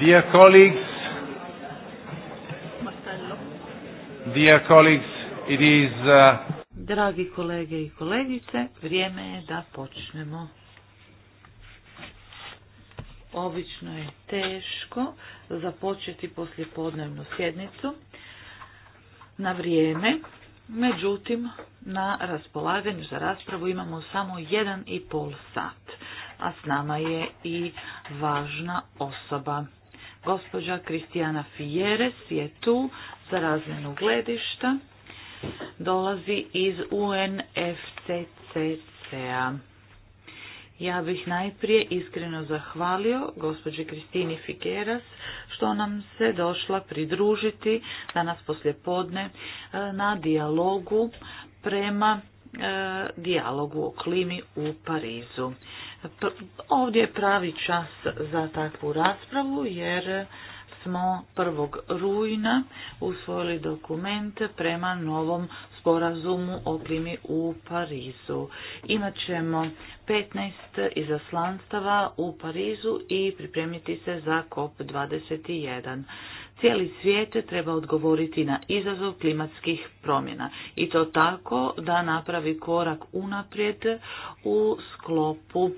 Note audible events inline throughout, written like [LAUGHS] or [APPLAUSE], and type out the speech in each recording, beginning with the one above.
Dear colleagues, dear colleagues, it is... Uh, Dragi kolege i kolegice, vrijeme je da počnemo. Obično je teško započeti poslijepodnevnu sjednicu na vrijeme, međutim na raspolaganju za raspravu imamo samo jedan i pol sat a s nama je i važna osoba. Gospođa Kristijana Fijeres je tu za razmjenu gledišta. Dolazi iz UNFCCC-a. Ja bih najprije iskreno zahvalio gospođi Kristini Figeras što nam se došla pridružiti danas poslje podne e, na dialogu prema e, dijalogu o klimi u Parizu. Ovdje je pravi čas za takvu raspravu jer smo 1. rujna usvojili dokument prema novom sporazumu o klimi u Parizu. Imaćemo 15 izaslanstava u Parizu i pripremiti se za COP21. Cijeli svijet treba odgovoriti na izazov klimatskih promjena i to tako da napravi korak unaprijed u sklopu e,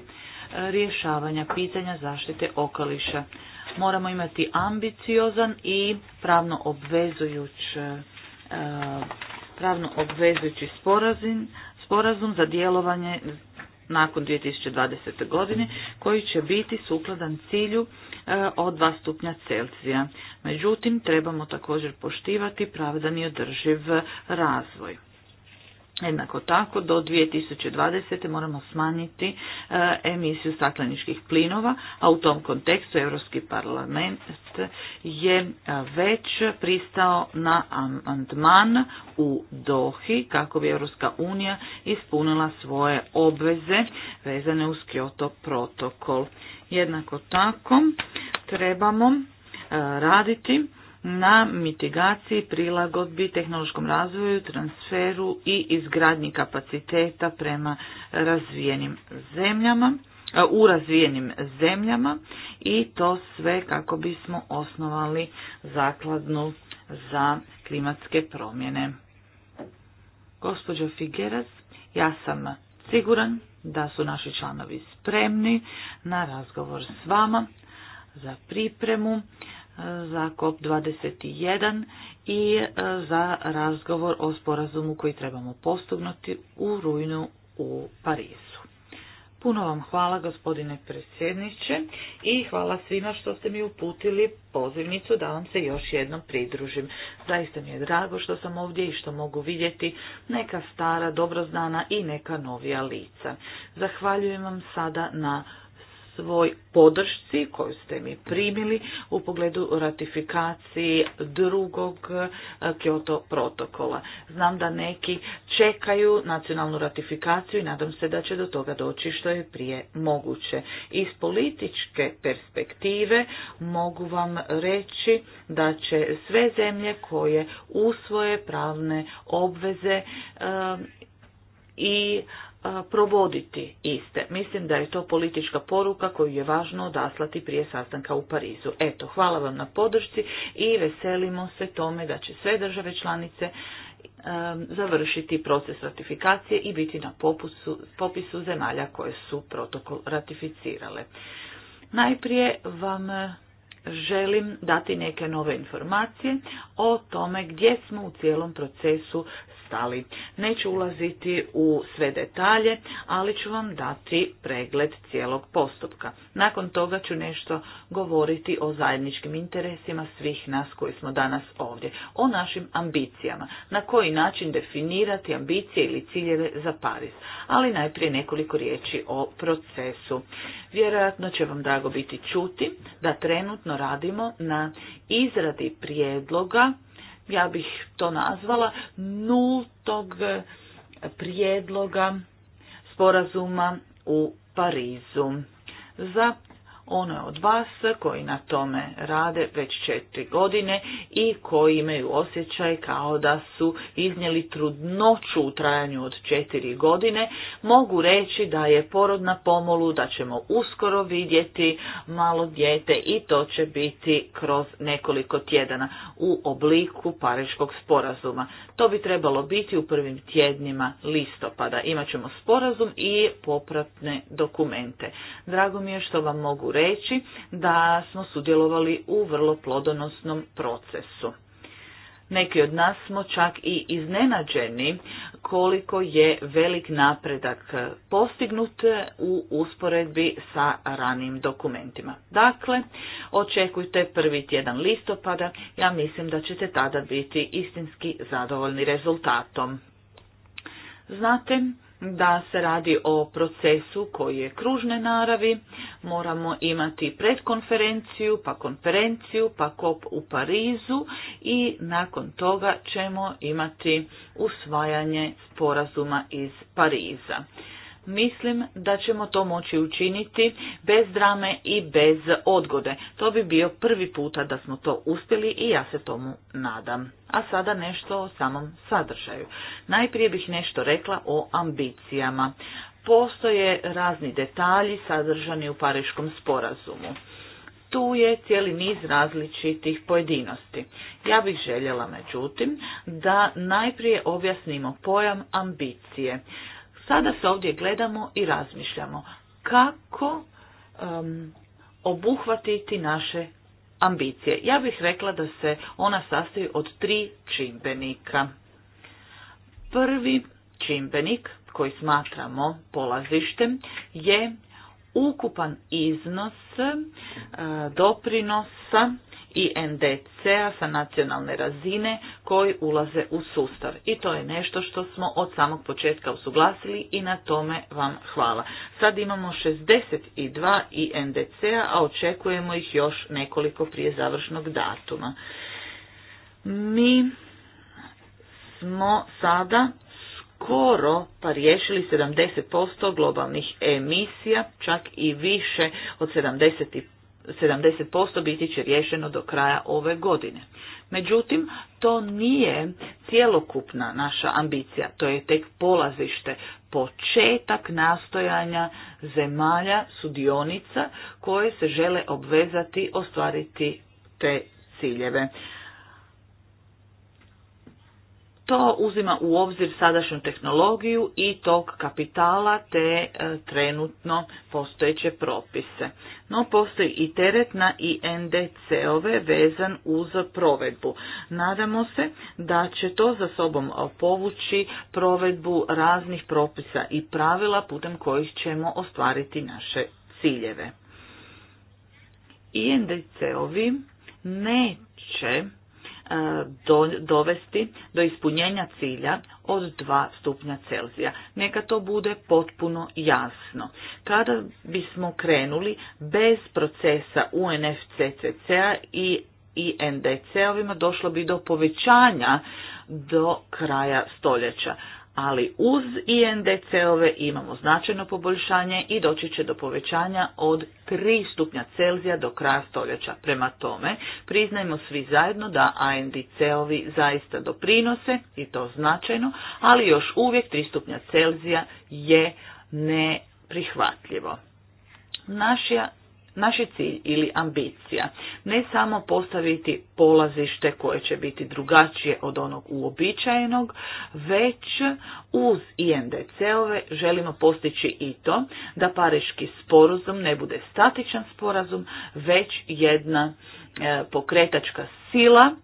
rješavanja pitanja zaštite okoliša. Moramo imati ambiciozan i pravno obvezujuć e, pravno obvezujući sporazum, sporazum za djelovanje nakon 2020. godine koji će biti sukladan cilju E, od 2 stupnja Celcija. Međutim, trebamo također poštivati pravdan i održiv razvoj. Jednako tako, do 2020. moramo smanjiti e, emisiju stakleničkih plinova, a u tom kontekstu Europski parlament je e, već pristao na amandman u Dohi kako bi Europska unija ispunila svoje obveze vezane uz Kyoto protokol. Jednako tako trebamo e, raditi na mitigaciji, prilagodbi, tehnološkom razvoju, transferu i izgradnji kapaciteta prema razvijenim zemljama e, u razvijenim zemljama i to sve kako bismo osnovali zakladnu za klimatske promjene. Gospođo Figueras, ja sam siguran da su naši članovi spremni na razgovor s vama za pripremu e, za COP21 i e, za razgovor o sporazumu koji trebamo postignuti u rujnu u Parizu. Puno vam hvala gospodine predsjedniče i hvala svima što ste mi uputili pozivnicu da vam se još jednom pridružim. Zaista mi je drago što sam ovdje i što mogu vidjeti neka stara, dobro znana i neka novija lica. Zahvaljujem vam sada na svoj podršci koju ste mi primili u pogledu ratifikaciji drugog e, Kyoto protokola. Znam da neki čekaju nacionalnu ratifikaciju i nadam se da će do toga doći što je prije moguće. Iz političke perspektive mogu vam reći da će sve zemlje koje usvoje pravne obveze e, i provoditi iste. Mislim da je to politička poruka koju je važno odaslati prije sastanka u Parizu. Eto, hvala vam na podršci i veselimo se tome da će sve države članice završiti proces ratifikacije i biti na popisu zemalja koje su protokol ratificirale. Najprije vam želim dati neke nove informacije o tome gdje smo u cijelom procesu ali Neću ulaziti u sve detalje, ali ću vam dati pregled cijelog postupka. Nakon toga ću nešto govoriti o zajedničkim interesima svih nas koji smo danas ovdje, o našim ambicijama, na koji način definirati ambicije ili ciljeve za Pariz. Ali najprije nekoliko riječi o procesu. Vjerojatno će vam drago biti čuti da trenutno radimo na izradi prijedloga ja bih to nazvala, nultog prijedloga sporazuma u Parizu za one od vas koji na tome rade već četiri godine i koji imaju osjećaj kao da su iznijeli trudnoću u trajanju od četiri godine, mogu reći da je porod na pomolu, da ćemo uskoro vidjeti malo dijete i to će biti kroz nekoliko tjedana u obliku Pariškog sporazuma. To bi trebalo biti u prvim tjednima listopada. Imaćemo sporazum i popratne dokumente. Drago mi je što vam mogu reći reći da smo sudjelovali u vrlo plodonosnom procesu. Neki od nas smo čak i iznenađeni koliko je velik napredak postignut u usporedbi sa ranim dokumentima. Dakle, očekujte prvi tjedan listopada, ja mislim da ćete tada biti istinski zadovoljni rezultatom. Znate, da se radi o procesu koji je kružne naravi, moramo imati predkonferenciju, pa konferenciju, pa kop u Parizu i nakon toga ćemo imati usvajanje sporazuma iz Pariza. Mislim da ćemo to moći učiniti bez drame i bez odgode. To bi bio prvi puta da smo to uspjeli i ja se tomu nadam. A sada nešto o samom sadržaju. Najprije bih nešto rekla o ambicijama. Postoje razni detalji sadržani u Pariškom sporazumu. Tu je cijeli niz različitih pojedinosti. Ja bih željela međutim da najprije objasnimo pojam ambicije. Sada se ovdje gledamo i razmišljamo kako obuhvatiti naše ambicije. Ja bih rekla da se ona sastoji od tri čimbenika. Prvi čimbenik koji smatramo polazištem je ukupan iznos doprinosa i NDC-a sa nacionalne razine koji ulaze u sustav. I to je nešto što smo od samog početka usuglasili i na tome vam hvala. Sad imamo 62 i NDC-a, a očekujemo ih još nekoliko prije završnog datuma. Mi smo sada skoro pa riješili 70% globalnih emisija, čak i više od 75% 70% biti će rješeno do kraja ove godine. Međutim, to nije cjelokupna naša ambicija, to je tek polazište, početak nastojanja zemalja, sudionica koje se žele obvezati ostvariti te ciljeve to uzima u obzir sadašnju tehnologiju i tog kapitala te e, trenutno postojeće propise. No postoji i teret na i NDC-ove vezan uz provedbu. Nadamo se da će to za sobom e, povući provedbu raznih propisa i pravila putem kojih ćemo ostvariti naše ciljeve. I ovi neće do, dovesti do ispunjenja cilja od 2 stupnja Celzija. Neka to bude potpuno jasno. Kada bismo krenuli bez procesa UNFCCC-a i i NDC-ovima došlo bi do povećanja do kraja stoljeća ali uz INDC-ove imamo značajno poboljšanje i doći će do povećanja od 3 stupnja Celzija do kraja stoljeća. Prema tome, priznajmo svi zajedno da indc ovi zaista doprinose, i to značajno, ali još uvijek 3 stupnja Celzija je neprihvatljivo. Naša naš cilj ili ambicija ne samo postaviti polazište koje će biti drugačije od onog uobičajenog, već uz INDC-ove želimo postići i to da Pariški sporazum ne bude statičan sporazum, već jedna e, pokretačka sila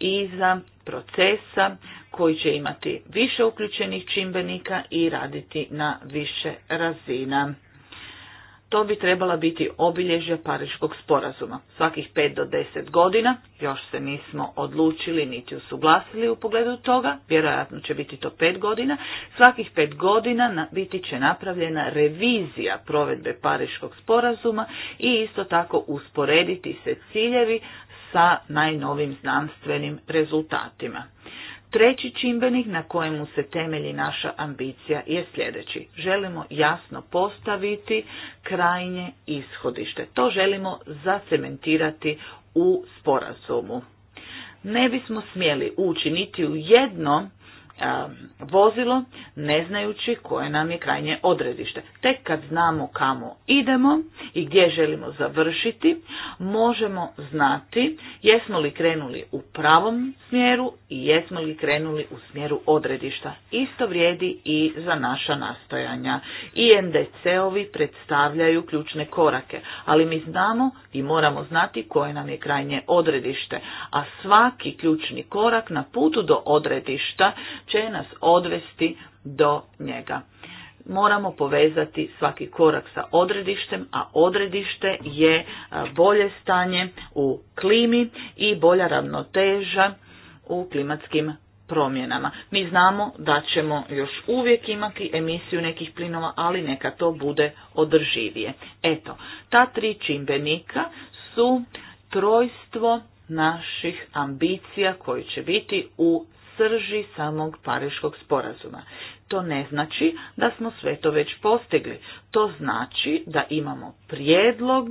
iza procesa koji će imati više uključenih čimbenika i raditi na više razina to bi trebala biti obilježja Pariškog sporazuma. Svakih 5 do deset godina, još se nismo odlučili niti usuglasili u pogledu toga, vjerojatno će biti to 5 godina, svakih 5 godina biti će napravljena revizija provedbe Pariškog sporazuma i isto tako usporediti se ciljevi sa najnovim znanstvenim rezultatima. Treći čimbenik na kojemu se temelji naša ambicija je sljedeći. Želimo jasno postaviti krajnje ishodište. To želimo zacementirati u sporazumu. Ne bismo smjeli učiniti u jedno vozilo ne znajući koje nam je krajnje odredište. Tek kad znamo kamo idemo i gdje želimo završiti, možemo znati jesmo li krenuli u pravom smjeru i jesmo li krenuli u smjeru odredišta. Isto vrijedi i za naša nastojanja. I NDC-ovi predstavljaju ključne korake, ali mi znamo i moramo znati koje nam je krajnje odredište, a svaki ključni korak na putu do odredišta će nas odvesti do njega. Moramo povezati svaki korak sa odredištem, a odredište je bolje stanje u klimi i bolja ravnoteža u klimatskim promjenama. Mi znamo da ćemo još uvijek imati emisiju nekih plinova, ali neka to bude održivije. Eto, ta tri čimbenika su trojstvo naših ambicija koji će biti u srži samog Pariškog sporazuma. To ne znači da smo sve to već postigli. To znači da imamo prijedlog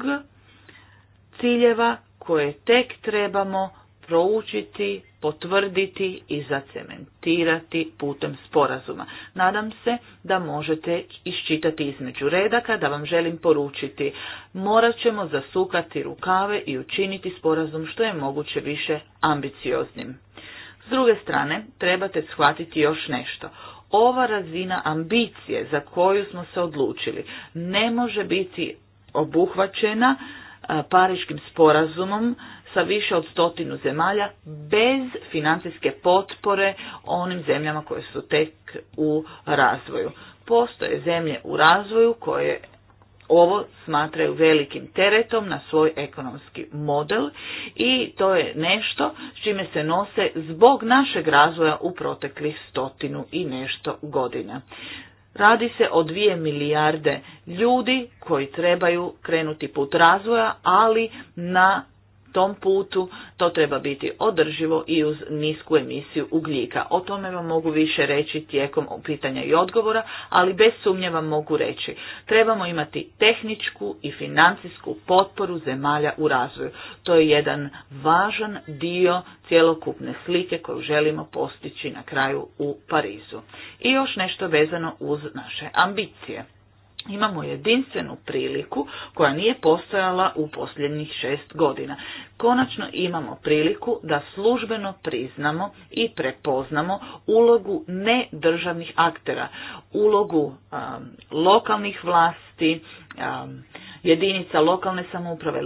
ciljeva koje tek trebamo proučiti, potvrditi i zacementirati putem sporazuma. Nadam se da možete iščitati između redaka, da vam želim poručiti. Morat ćemo zasukati rukave i učiniti sporazum što je moguće više ambicioznim. S druge strane, trebate shvatiti još nešto. Ova razina ambicije za koju smo se odlučili ne može biti obuhvaćena Pariškim sporazumom sa više od stotinu zemalja bez financijske potpore onim zemljama koje su tek u razvoju. Postoje zemlje u razvoju koje ovo smatraju velikim teretom na svoj ekonomski model i to je nešto s čime se nose zbog našeg razvoja u proteklih stotinu i nešto godina. Radi se o dvije milijarde ljudi koji trebaju krenuti put razvoja, ali na tom putu, to treba biti održivo i uz nisku emisiju ugljika. O tome vam mogu više reći tijekom pitanja i odgovora, ali bez sumnje vam mogu reći. Trebamo imati tehničku i financijsku potporu zemalja u razvoju. To je jedan važan dio cjelokupne slike koju želimo postići na kraju u Parizu. I još nešto vezano uz naše ambicije imamo jedinstvenu priliku koja nije postojala u posljednjih šest godina. Konačno imamo priliku da službeno priznamo i prepoznamo ulogu nedržavnih aktera, ulogu um, lokalnih vlasti, um, jedinica lokalne samouprave,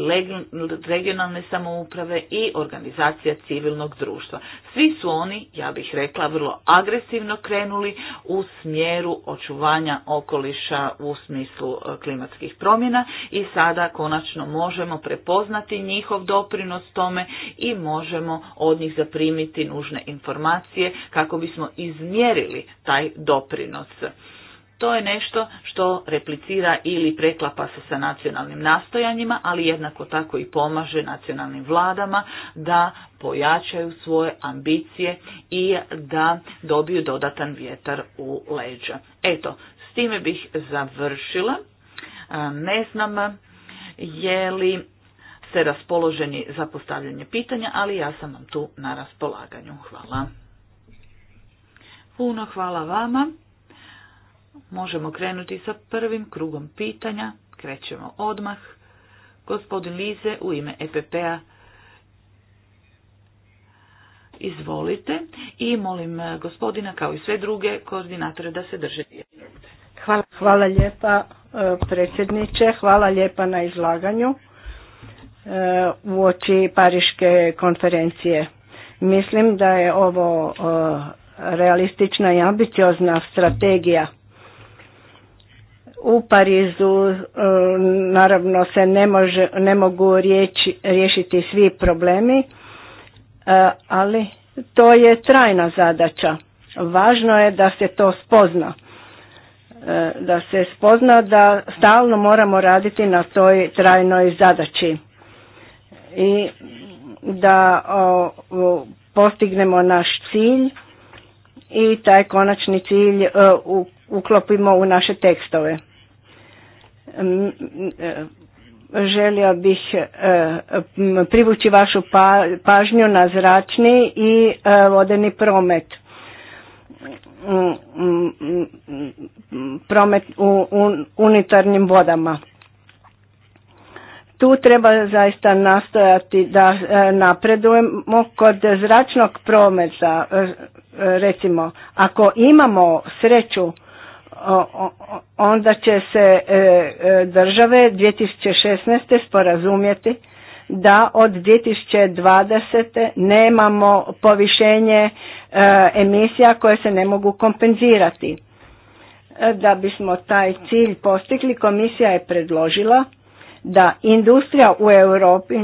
regionalne samouprave i organizacija civilnog društva. Svi su oni, ja bih rekla, vrlo agresivno krenuli u smjeru očuvanja okoliša u smislu e, klimatskih promjena i sada konačno možemo prepoznati njihov doprinos tome i možemo od njih zaprimiti nužne informacije kako bismo izmjerili taj doprinos. To je nešto što replicira ili preklapa se sa nacionalnim nastojanjima, ali jednako tako i pomaže nacionalnim vladama da pojačaju svoje ambicije i da dobiju dodatan vjetar u leđa. Eto, s time bih završila. Ne znam je li ste raspoloženi za postavljanje pitanja, ali ja sam vam tu na raspolaganju. Hvala. Puno hvala vama. Možemo krenuti sa prvim krugom pitanja. Krećemo odmah. Gospodin Lize u ime EPP-a. Izvolite i molim eh, gospodina kao i sve druge koordinatore da se drže. Hvala, hvala lijepa eh, predsjedniče, hvala lijepa na izlaganju eh, u oči Pariške konferencije. Mislim da je ovo realistična i ambiciozna strategija u Parizu e, naravno se ne, može, ne mogu riješiti svi problemi, e, ali to je trajna zadaća. Važno je da se to spozna. E, da se spozna da stalno moramo raditi na toj trajnoj zadaći. I da postignemo naš cilj i taj konačni cilj uklopimo u naše tekstove. E, želio bih e, privući vašu pa, pažnju na zračni i e, vodeni promet mm, mm, mm, promet u unitarnim vodama. Tu treba zaista nastojati da napredujemo kod zračnog prometa. Recimo, ako imamo sreću onda će se e, e, države 2016. sporazumjeti da od 2020. nemamo povišenje e, emisija koje se ne mogu kompenzirati. Da bismo taj cilj postigli, komisija je predložila da industrija u Europi,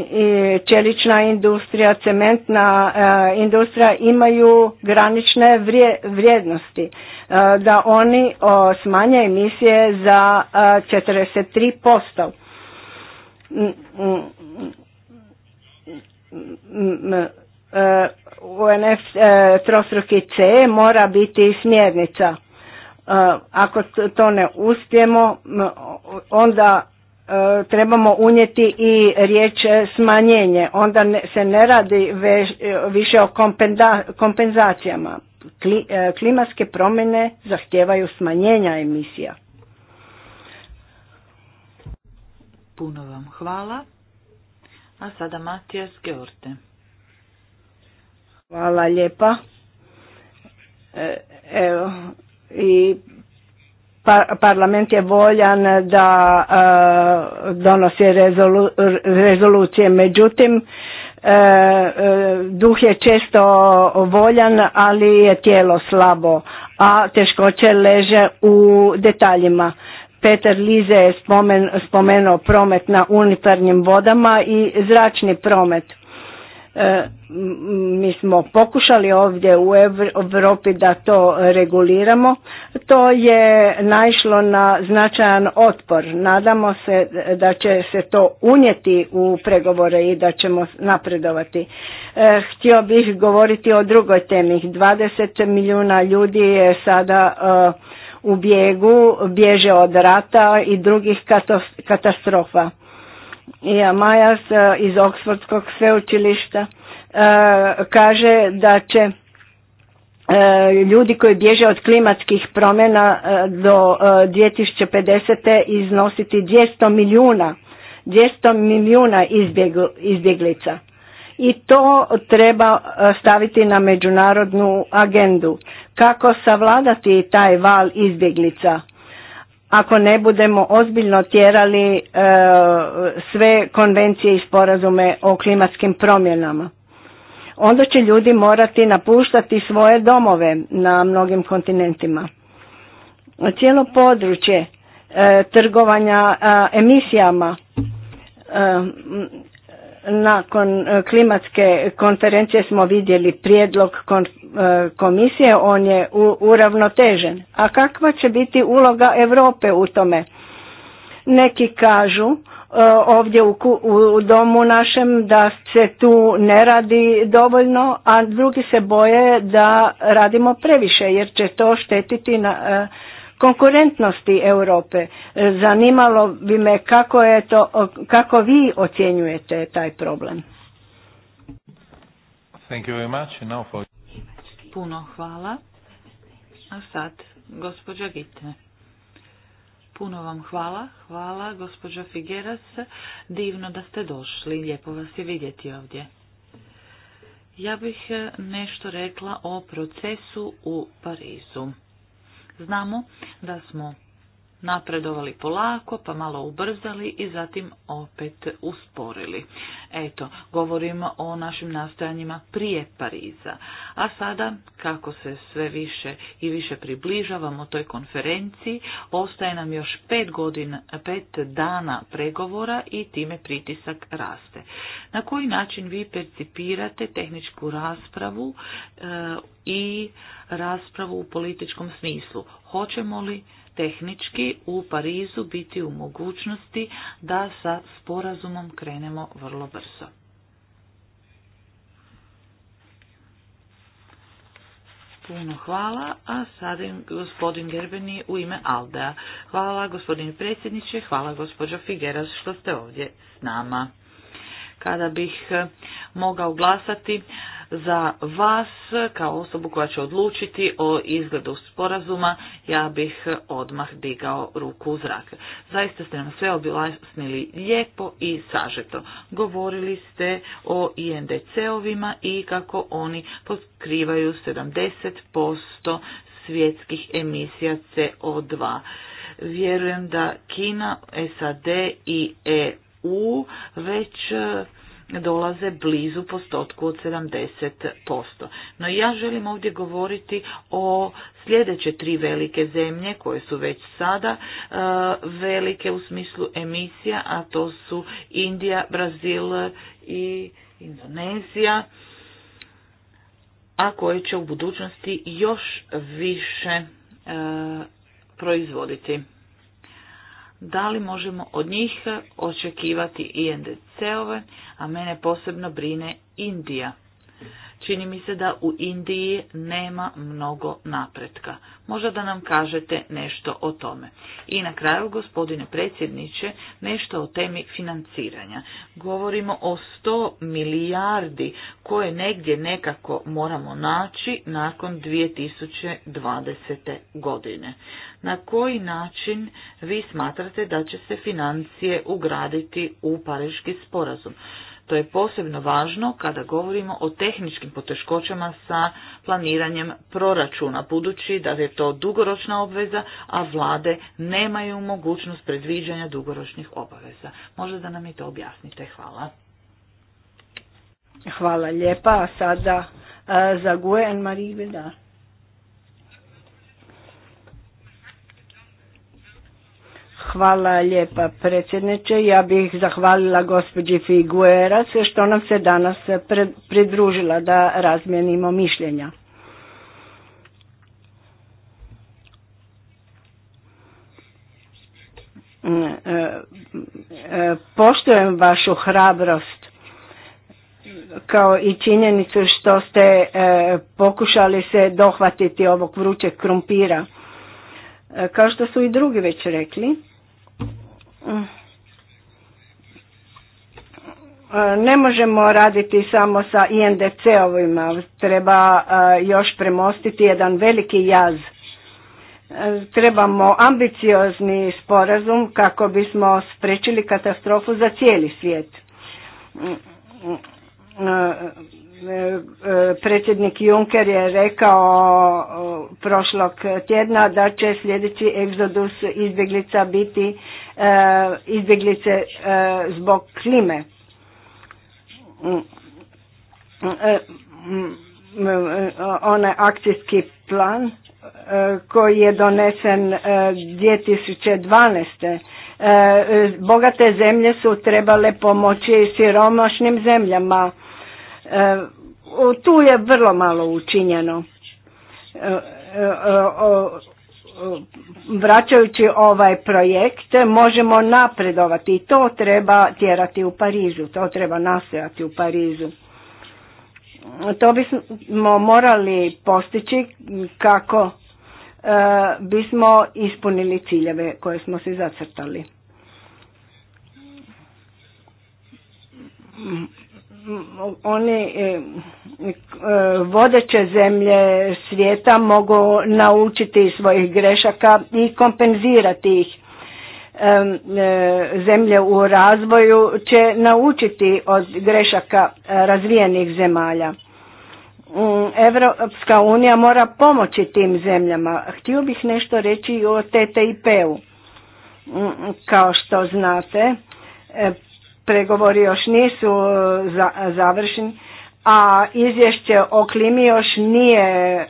čelična industrija, cementna industrija imaju granične vrijednosti. E, da oni smanje emisije za 43%. E, UNF e, trostruki C mora biti smjernica. Ako to ne uspijemo, onda trebamo unijeti i riječ smanjenje. Onda se ne radi više o kompenzacijama. E, klimatske promjene zahtijevaju smanjenja emisija. Puno vam hvala. A sada Matijas Georte. Hvala lijepa. E, evo, i pa, parlament je voljan da e, donosi rezolucije, međutim E, e, duh je često voljan, ali je tijelo slabo, a teškoće leže u detaljima. Peter Lize je spomenuo promet na unutarnjim vodama i zračni promet. E, mi smo pokušali ovdje u Europi da to reguliramo, to je naišlo na značajan otpor. Nadamo se da će se to unijeti u pregovore i da ćemo napredovati. E, htio bih govoriti o drugoj temi. 20 milijuna ljudi je sada e, u bijegu, bježe od rata i drugih katastrofa i Majas e, iz Oksfordskog sveučilišta e, kaže da će e, ljudi koji bježe od klimatskih promjena do 2050. iznositi 200 milijuna 200 milijuna izbjeglica. I to treba staviti na međunarodnu agendu. Kako savladati taj val izbjeglica? ako ne budemo ozbiljno tjerali e, sve konvencije i sporazume o klimatskim promjenama. Onda će ljudi morati napuštati svoje domove na mnogim kontinentima. Cijelo područje e, trgovanja e, emisijama nakon klimatske konferencije smo vidjeli prijedlog kon, E, komisije, on je uravnotežen. A kakva će biti uloga Europe u tome? Neki kažu e, ovdje u, domu našem da se tu ne radi dovoljno, a drugi se boje da radimo previše jer će to štetiti na e, konkurentnosti Europe. Zanimalo bi me kako je to, kako vi ocjenjujete taj problem. Thank you very much. Now for... Puno hvala. A sad, gospođa Gitne. Puno vam hvala. Hvala, gospođa Figeras. Divno da ste došli. Lijepo vas je vidjeti ovdje. Ja bih e, nešto rekla o procesu u Parizu. Znamo da smo napredovali polako, pa malo ubrzali i zatim opet usporili. Eto, govorimo o našim nastojanjima prije Pariza. A sada, kako se sve više i više približavamo toj konferenciji, ostaje nam još pet, godina, pet dana pregovora i time pritisak raste. Na koji način vi percipirate tehničku raspravu e, i raspravu u političkom smislu. Hoćemo li tehnički u Parizu biti u mogućnosti da sa sporazumom krenemo vrlo brzo? Puno hvala, a sada gospodin Gerbeni u ime Aldea. Hvala gospodine predsjedniče, hvala gospođo Figueras što ste ovdje s nama. Kada bih eh, mogao glasati, za vas, kao osobu koja će odlučiti o izgledu sporazuma, ja bih odmah digao ruku u zrak. Zaista ste nam sve objasnili lijepo i sažeto. Govorili ste o INDC-ovima i kako oni poskrivaju 70% svjetskih emisija CO2. Vjerujem da Kina, SAD i EU već dolaze blizu postotku od 70%. No ja želim ovdje govoriti o sljedeće tri velike zemlje koje su već sada e, velike u smislu emisija, a to su Indija, Brazil i Indonezija a koje će u budućnosti još više e, proizvoditi da li možemo od njih očekivati INDC-ove, a mene posebno brine Indija. Čini mi se da u Indiji nema mnogo napretka. Možda da nam kažete nešto o tome. I na kraju, gospodine predsjedniče, nešto o temi financiranja. Govorimo o 100 milijardi koje negdje nekako moramo naći nakon 2020. godine. Na koji način vi smatrate da će se financije ugraditi u Pariški sporazum? To je posebno važno kada govorimo o tehničkim poteškoćama sa planiranjem proračuna, budući da je to dugoročna obveza, a vlade nemaju mogućnost predviđanja dugoročnih obaveza. Možda da nam i to objasnite. Hvala. Hvala lijepa. A sada e, za Guen Marie Vidar. Hvala lijepa predsjedniče. Ja bih zahvalila gospođi Figueras što nam se danas pridružila da razmijenimo mišljenja. Mm, e, e, poštujem vašu hrabrost kao i činjenicu što ste e, pokušali se dohvatiti ovog vrućeg krumpira. Kao što su i drugi već rekli, Mm. Ne možemo raditi samo sa INDC-ovima, treba e, još premostiti jedan veliki jaz. E, trebamo ambiciozni sporazum kako bismo sprečili katastrofu za cijeli svijet mm. e, E, e, predsjednik Juncker je rekao e, prošlog tjedna da će sljedeći egzodus izbjeglica biti izbjeglice zbog klime. Onaj akcijski plan koji je donesen 2012. Bogate zemlje su trebale pomoći siromašnim zemljama E, tu je vrlo malo učinjeno. E, e, vraćajući ovaj projekt možemo napredovati i to treba tjerati u Parizu, to treba nastojati u Parizu. To bismo morali postići kako bismo ispunili ciljeve koje smo se zacrtali oni e, e, vodeće zemlje svijeta mogu naučiti svojih grešaka i kompenzirati ih. E, zemlje u razvoju će naučiti od grešaka razvijenih zemalja. Mm, Evropska unija mora pomoći tim zemljama. Htio bih nešto reći i o TTIP-u. Mm, kao što znate, pregovori još nisu e, za, završeni, a izvješće o klimi još nije e,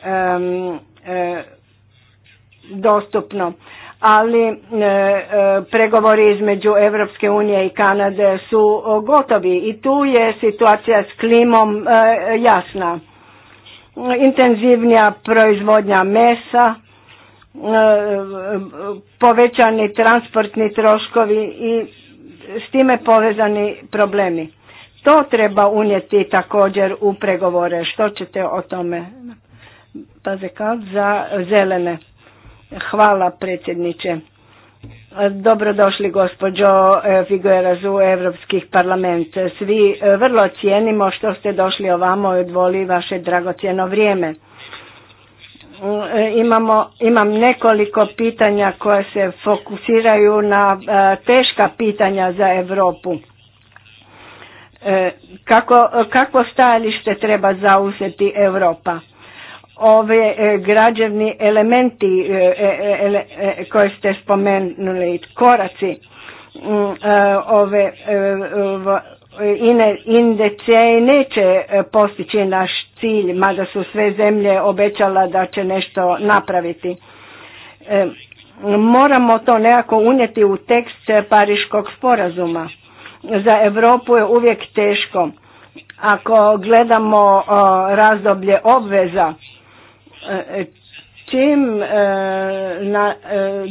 dostupno. Ali e, pregovori između Europske unije i Kanade su gotovi i tu je situacija s klimom jasna. Intenzivnija proizvodnja mesa, povećani transportni troškovi i s time povezani problemi. To treba unijeti također u pregovore. Što ćete o tome? Pazekal za zelene. Hvala predsjedniče. Dobrodošli gospođo e, Figuera u Evropskih parlament. Svi e, vrlo cijenimo što ste došli ovamo i odvoli vaše dragocjeno vrijeme. E, imamo, imam nekoliko pitanja koja se fokusiraju na e, teška pitanja za Europu. E, kako, stajalište treba zauzeti Europa? Ove građevni elementi koje ste spomenuli, koraci, ove Indecije neće e, postići naš cilj, mada su sve zemlje obećala da će nešto napraviti. E, moramo to nekako unijeti u tekst Pariškog sporazuma. Za Europu je uvijek teško. Ako gledamo razdoblje obveza, e, čim e, na, e,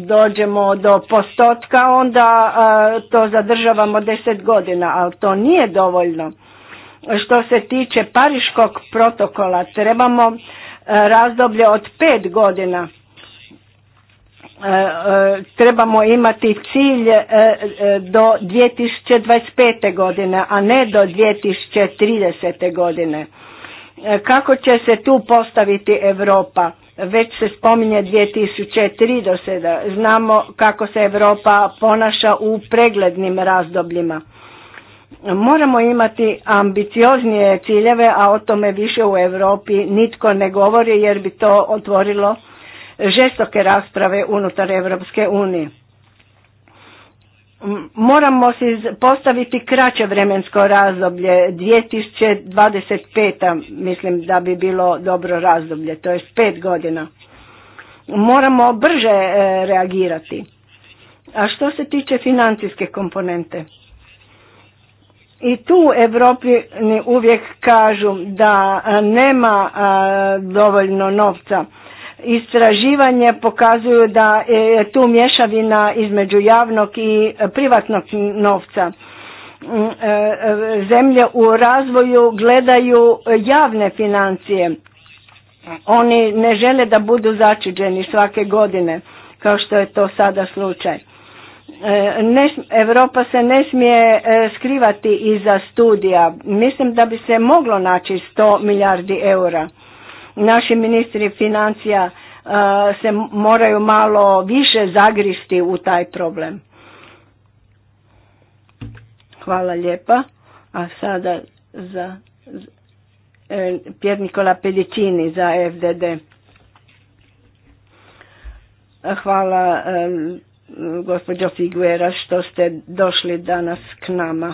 dođemo do postotka onda e, to zadržavamo deset godina, ali to nije dovoljno. Što se tiče Pariškog protokola trebamo razdoblje od pet godina. Trebamo imati cilj do 2025. godine, a ne do 2030. godine. Kako će se tu postaviti Europa? Već se spominje 2003 do sada. Znamo kako se Europa ponaša u preglednim razdobljima. Moramo imati ambicioznije ciljeve, a o tome više u Europi nitko ne govori jer bi to otvorilo žestoke rasprave unutar Europske unije moramo si postaviti kraće vremensko razdoblje, 2025. mislim da bi bilo dobro razdoblje, to je pet godina. Moramo brže e, reagirati. A što se tiče financijske komponente? I tu u Evropi uvijek kažu da e, nema e, dovoljno novca Istraživanje pokazuju da je tu mješavina između javnog i privatnog novca. Mm, e, e, zemlje u razvoju gledaju javne financije. Oni ne žele da budu začuđeni svake godine, kao što je to sada slučaj. E, ne, Europa se ne smije skrivati iza studija. Mislim da bi se moglo naći 100 milijardi eura. Naši ministri financija e, se moraju malo više zagristi u taj problem. Hvala lijepa. A sada za e, Pjer Nikola Pedicini za FDD. Hvala e, gospođo Figuera što ste došli danas k nama.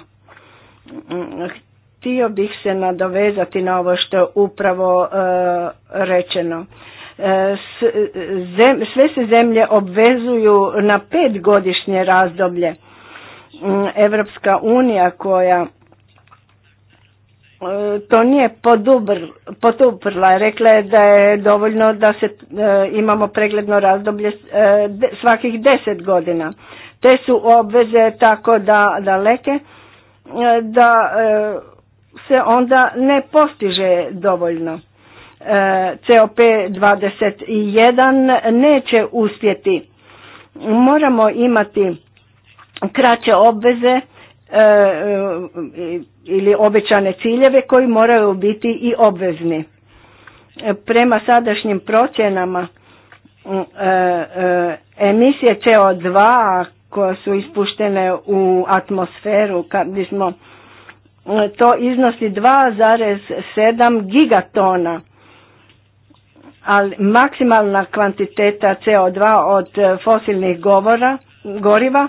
Htio bih se nadovezati na ovo što je upravo e, rečeno. E, sve se zemlje obvezuju na petgodišnje razdoblje. Mm, Evropska unija koja e, to nije podubr, potuprla, rekla je da je dovoljno da se imamo pregledno razdoblje svakih deset godina. Te su obveze tako da daleke da se onda ne postiže dovoljno. E, COP21 neće uspjeti. Moramo imati kraće obveze e, e, ili obećane ciljeve koji moraju biti i obvezni. Prema sadašnjim procjenama emisije CO2 koje su ispuštene u atmosferu kad bismo to iznosi 2,7 gigatona ali maksimalna kvantiteta CO2 od e, fosilnih govora, goriva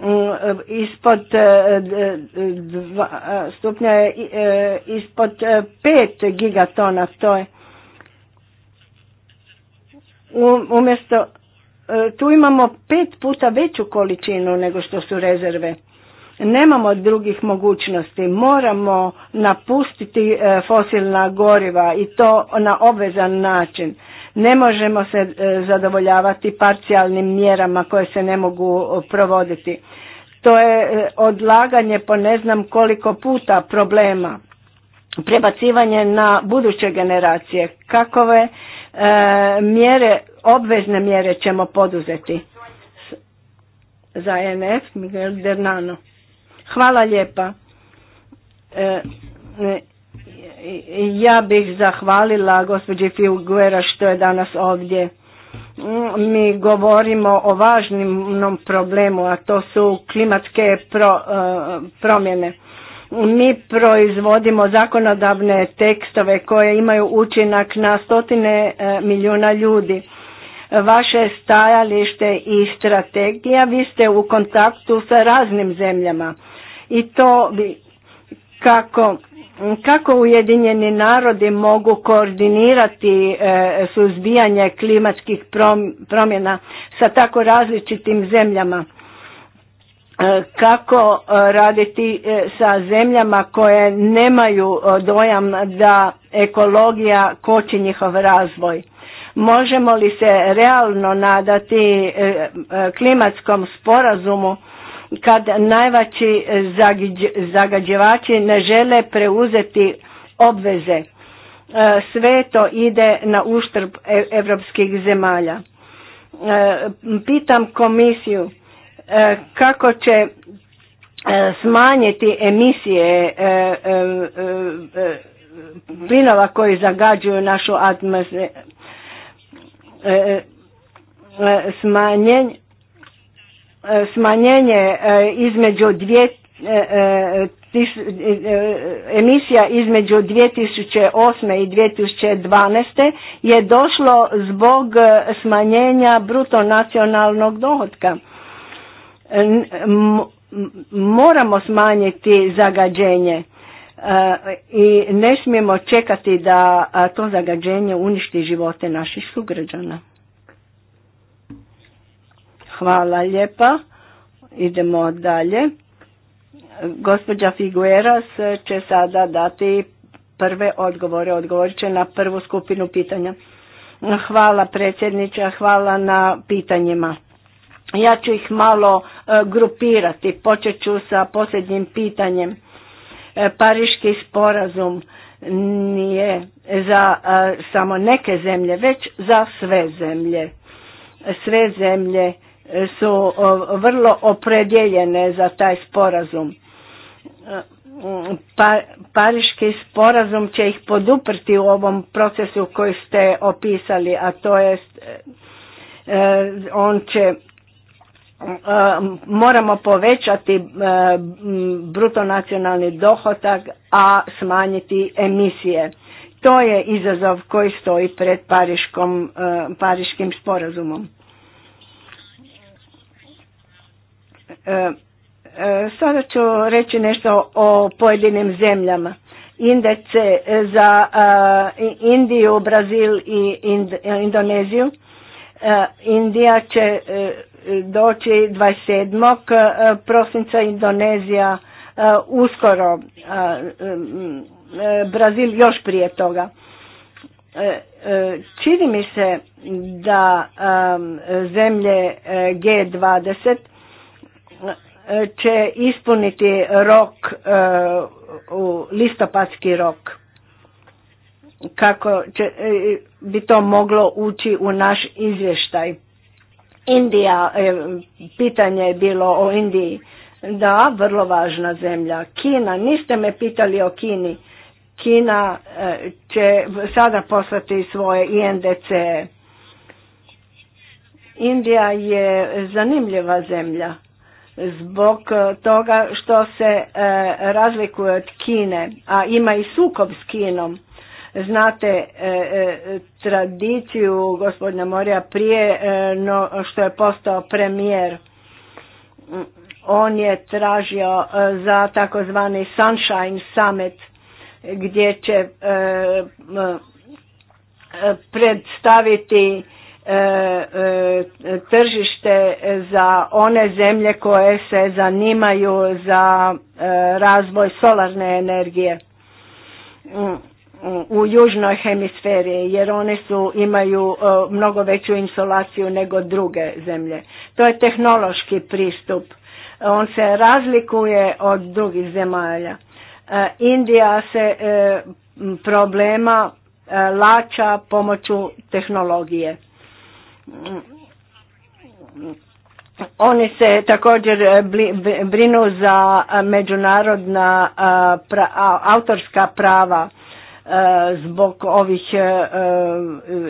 mm, e, ispod e, stupnja je ispod 5 gigatona to je umjesto tu imamo pet puta veću količinu nego što su rezerve Nemamo drugih mogućnosti, moramo napustiti e, fosilna goriva i to na obvezan način. Ne možemo se e, zadovoljavati parcijalnim mjerama koje se ne mogu provoditi. To je e, odlaganje po ne znam koliko puta problema, prebacivanje na buduće generacije. Kakove mjere, obvezne mjere ćemo poduzeti? Za NF, Miguel Dernano. Hvala lijepa. E, e, ja bih zahvalila gospođi Figuera što je danas ovdje. Mi govorimo o važnom problemu, a to su klimatske e, promjene. Mi proizvodimo zakonodavne tekstove koje imaju učinak na stotine milijuna ljudi. Vaše stajalište i strategija, vi ste u kontaktu sa raznim zemljama i to bi kako kako Ujedinjeni narodi mogu koordinirati e, suzbijanje klimatskih promjena sa tako različitim zemljama e, kako e, raditi sa zemljama koje nemaju dojam da ekologija koči njihov razvoj možemo li se realno nadati klimatskom sporazumu kad najvaći zagađivači ne žele preuzeti obveze. E, sve to ide na uštrb e, evropskih zemalja. E, pitam komisiju kako će smanjiti emisije plinova koji zagađuju našu atmosferu smanjenje E, smanjenje e, između dvije e, emisija između 2008. i 2012. je došlo zbog smanjenja bruto nacionalnog dohotka. Moramo smanjiti zagađenje i ne smijemo čekati da to zagađenje uništi živote naših sugrađana. Hvala lijepa. Idemo dalje. Gospođa Figueras će sada dati prve odgovore. Odgovorit će na prvu skupinu pitanja. Hvala predsjedniče, hvala na pitanjima. Ja ću ih malo e, grupirati. Počet ću sa posljednjim pitanjem. E, Pariški sporazum nije za e, samo neke zemlje, već za sve zemlje. Sve zemlje su vrlo opredjeljene za taj sporazum. E, pa, Pariški sporazum će ih poduprti u ovom procesu koji ste opisali, a to je e, e, on će moramo povećati bruto nacionalni dohotak, a smanjiti emisije. To je izazov koji stoji pred Pariškom, Pariškim sporazumom. E, e, sada ću reći nešto o pojedinim zemljama. Indece e, za Indiju, Brazil i Indoneziju. Indija će doći 27. prosinca, Indonezija uskoro, Brazil još prije toga. Čini mi se da zemlje G20 će ispuniti rok, e, u listopadski rok, kako će, e, bi to moglo ući u naš izvještaj. Indija, e, pitanje je bilo o Indiji. Da, vrlo važna zemlja. Kina, niste me pitali o Kini. Kina će sada poslati svoje INDC. Indija je zanimljiva zemlja zbog e, toga što se e, razlikuje od Kine, a ima i sukob s Kinom. Znate e, tradiciju gospodina Morija prije no, što je postao premijer. On je tražio za takozvani Sunshine Summit gdje će predstaviti E, e, tržište za one zemlje koje se zanimaju za e, razvoj solarne energije mm, mm, u južnoj hemisferi jer one su imaju mnogo veću insolaciju nego druge zemlje. To je tehnološki pristup. On se razlikuje od drugih zemalja. Indija se problema lača pomoću tehnologije. Oni se također eh, brinu za eh, međunarodna eh, autorska prava zbog ovih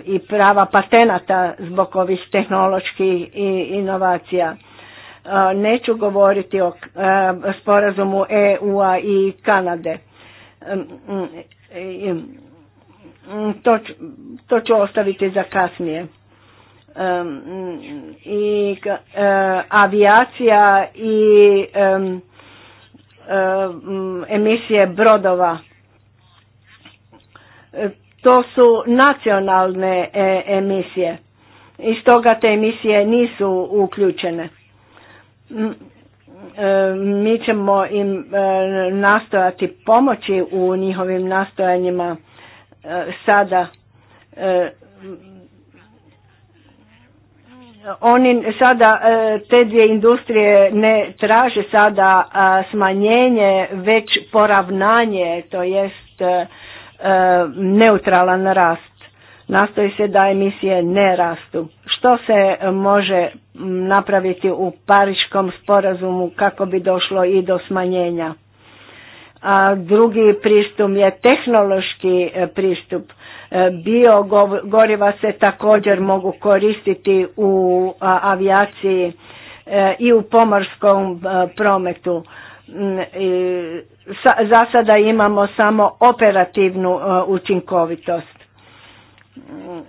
i prava patenata zbog ovih tehnoloških inovacija. Neću govoriti o sporazumu eu i Kanade. Mm, mm, to ću ostaviti za kasnije i e, avijacija i emisije brodova. E, to su nacionalne e, emisije i toga te emisije nisu uključene. Mi ćemo im nastojati pomoći u njihovim nastojanjima sada oni sada, e, te dvije industrije ne traže sada smanjenje, već poravnanje, to jest e, e, neutralan rast. Nastoji se da emisije ne rastu. Što se može napraviti u pariškom sporazumu kako bi došlo i do smanjenja? A drugi pristup je tehnološki pristup E, Bio goriva se također mogu koristiti u avijaciji e, i u pomorskom e, prometu. Mm, za sada imamo samo operativnu učinkovitost. Mm,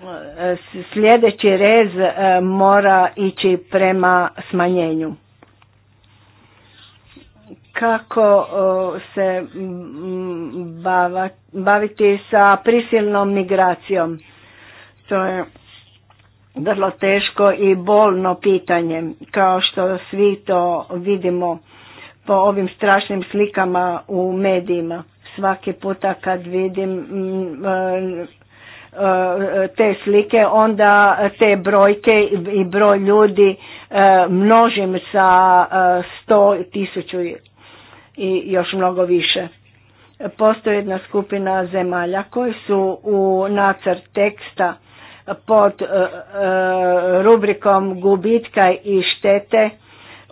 sljedeći rez mora ići prema smanjenju kako se mm, baviti sa prisilnom migracijom. To je vrlo teško i bolno pitanje, kao što svi to vidimo po ovim strašnim slikama u medijima. Svaki puta kad vidim mm, e, e, te slike, onda te brojke i broj ljudi e, množim sa sto tisuću i još mnogo više. Postoji jedna skupina zemalja koji su u nacrt teksta pod e, e, rubrikom gubitka i štete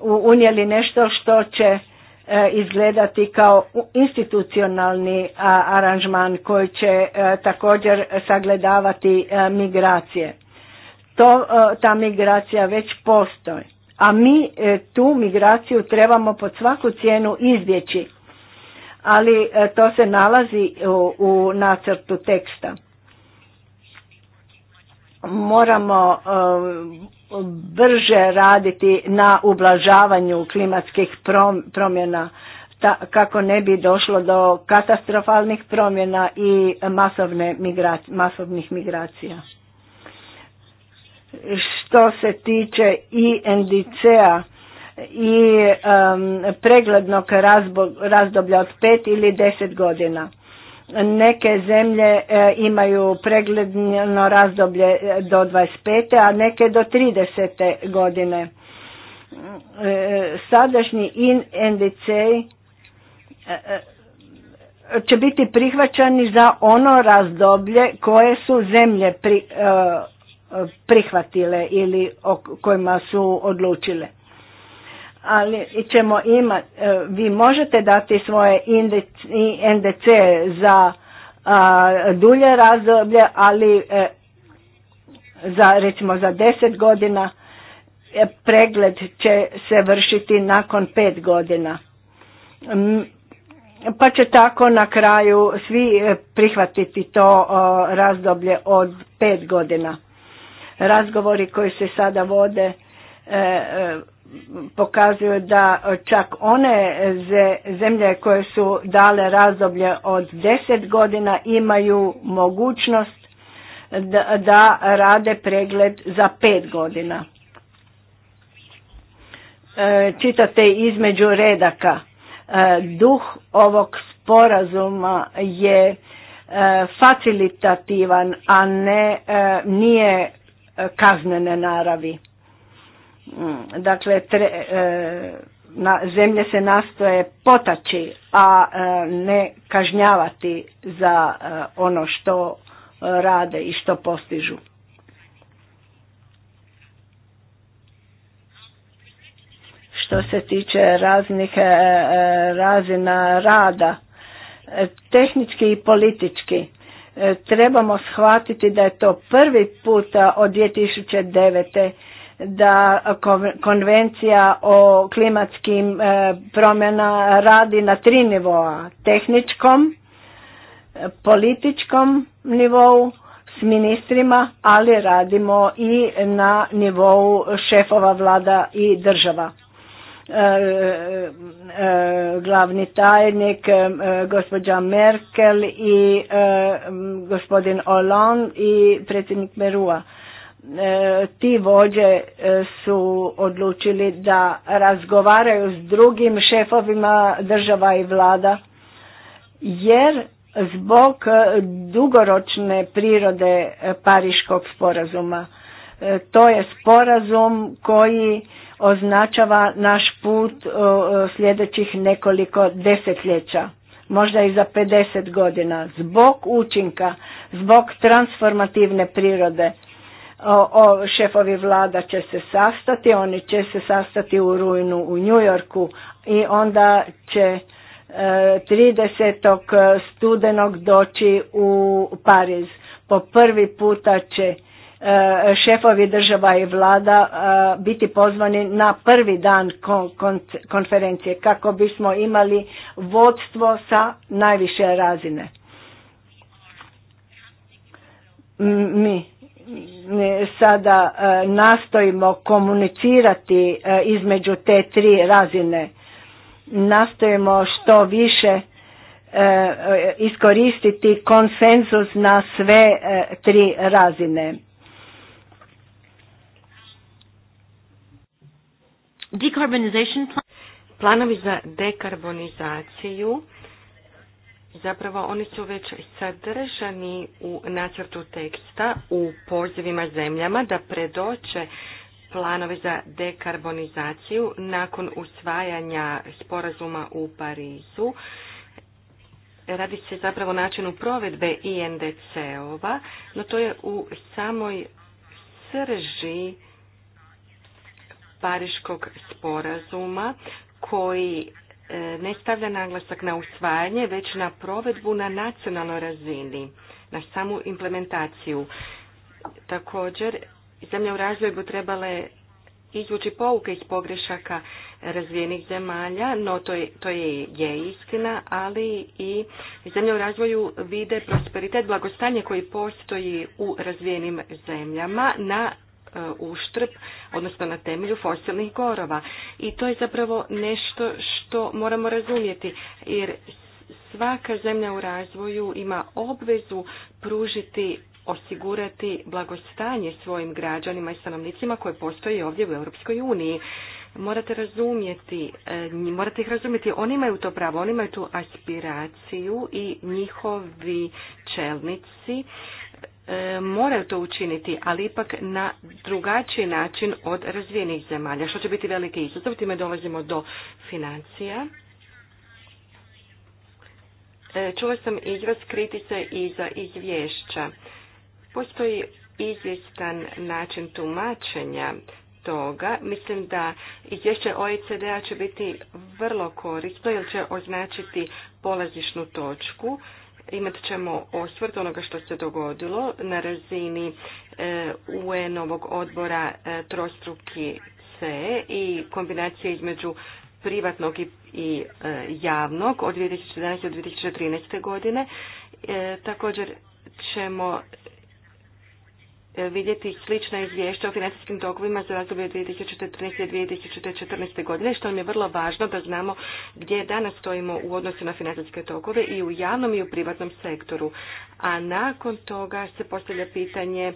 unijeli nešto što će e, izgledati kao institucionalni aranžman koji će također sagledavati migracije. To, ta migracija već postoji a mi e, tu migraciju trebamo pod svaku cijenu izbjeći ali e, to se nalazi u, nacrtu teksta moramo e, brže raditi na ublažavanju klimatskih promjena ta, kako ne bi došlo do katastrofalnih promjena i masovne masovnih migracija što se tiče i NDC-a i preglednog razdoblja od pet ili deset godina. Neke zemlje e, imaju pregledno razdoblje e, do 25. a neke do 30. godine. E, sadašnji in NDC će biti prihvaćani za ono razdoblje koje su zemlje pri, prihvatile ili o kojima su odlučile. Ali ćemo imati, e, vi možete dati svoje NDC za dulje razdoblje, ali e, za recimo za deset godina e, pregled će se vršiti nakon pet godina. Pa će tako na kraju svi prihvatiti to razdoblje od pet godina. Razgovori koji se sada vode e, e, pokazuju da čak one zemlje koje su dale razdoblje od 10 godina imaju mogućnost da rade pregled za 5 godina. E, čitate između redaka. Duh ovog sporazuma je facilitativan, a ne nije kaznene naravi. Mm, dakle, tre, e, na, zemlje se nastoje potaći, a e, ne kažnjavati za e, ono što rade i što postižu. Što se tiče raznih razina rada, tehnički i politički, E, trebamo shvatiti da je to prvi puta od 2009. da konvencija o klimatskim e, promjena radi na tri nivoa. Tehničkom, e, političkom nivou s ministrima, ali radimo i na nivou šefova vlada i država. E, e, glavni tajnik e, gospođa Merkel i gospodin Hollande i predsjednik Merua. Ti vođe su odlučili da razgovaraju s drugim šefovima država i vlada jer zbog dugoročne prirode Pariškog sporazuma. To je sporazum koji označava naš put sljedećih nekoliko desetljeća, možda i za 50 godina, zbog učinka, zbog transformativne prirode. O, šefovi vlada će se sastati, oni će se sastati u rujnu u Njujorku i onda će 30. E, studenog doći u Pariz. Po prvi puta će E, šefovi država i vlada e, biti pozvani na prvi dan konferencije kako bismo imali vodstvo sa najviše razine. Mi sada e, nastojimo komunicirati između te tri razine. Nastojimo što više iskoristiti konsenzus na sve tri razine Decarbonization Planovi za dekarbonizaciju Zapravo oni su već sadržani u nacrtu teksta u pozivima zemljama da predoče planove za dekarbonizaciju nakon usvajanja sporazuma u Parizu. Radi se zapravo načinu provedbe INDC-ova, no to je u samoj srži Pariškog sporazuma koji e, ne stavlja naglasak na usvajanje, već na provedbu na nacionalnoj razini, na samu implementaciju. Također, zemlje u razvoju bi trebale izvući pouke iz pogrešaka razvijenih zemalja, no to je, to je, je istina, ali i zemlje u razvoju vide prosperitet, blagostanje koji postoji u razvijenim zemljama na E, uštrb, odnosno na temelju fosilnih gorova. I to je zapravo nešto što moramo razumjeti, jer svaka zemlja u razvoju ima obvezu pružiti osigurati blagostanje svojim građanima i stanovnicima koje postoje ovdje u Europskoj uniji. Morate razumjeti, e, morate ih razumjeti, oni imaju to pravo, oni imaju tu aspiraciju i njihovi čelnici E, moraju to učiniti, ali ipak na drugačiji način od razvijenih zemalja, što će biti veliki izazov. Time dolazimo do financija. E, čula sam izraz kritice i za izvješća. Postoji izvjestan način tumačenja toga. Mislim da izvješće OECD-a će biti vrlo korisno jer će označiti polazišnu točku imat ćemo osvrt onoga što se dogodilo na razini e, UN-ovog odbora e, trostruki C i kombinacije između privatnog i e, javnog od 2011. do 2013. godine. Također ćemo vidjeti slična izvješća o financijskim tokovima za razdoblje 2014. i 2014. godine, što nam je vrlo važno da znamo gdje danas stojimo u odnosu na financijske tokove i u javnom i u privatnom sektoru. A nakon toga se postavlja pitanje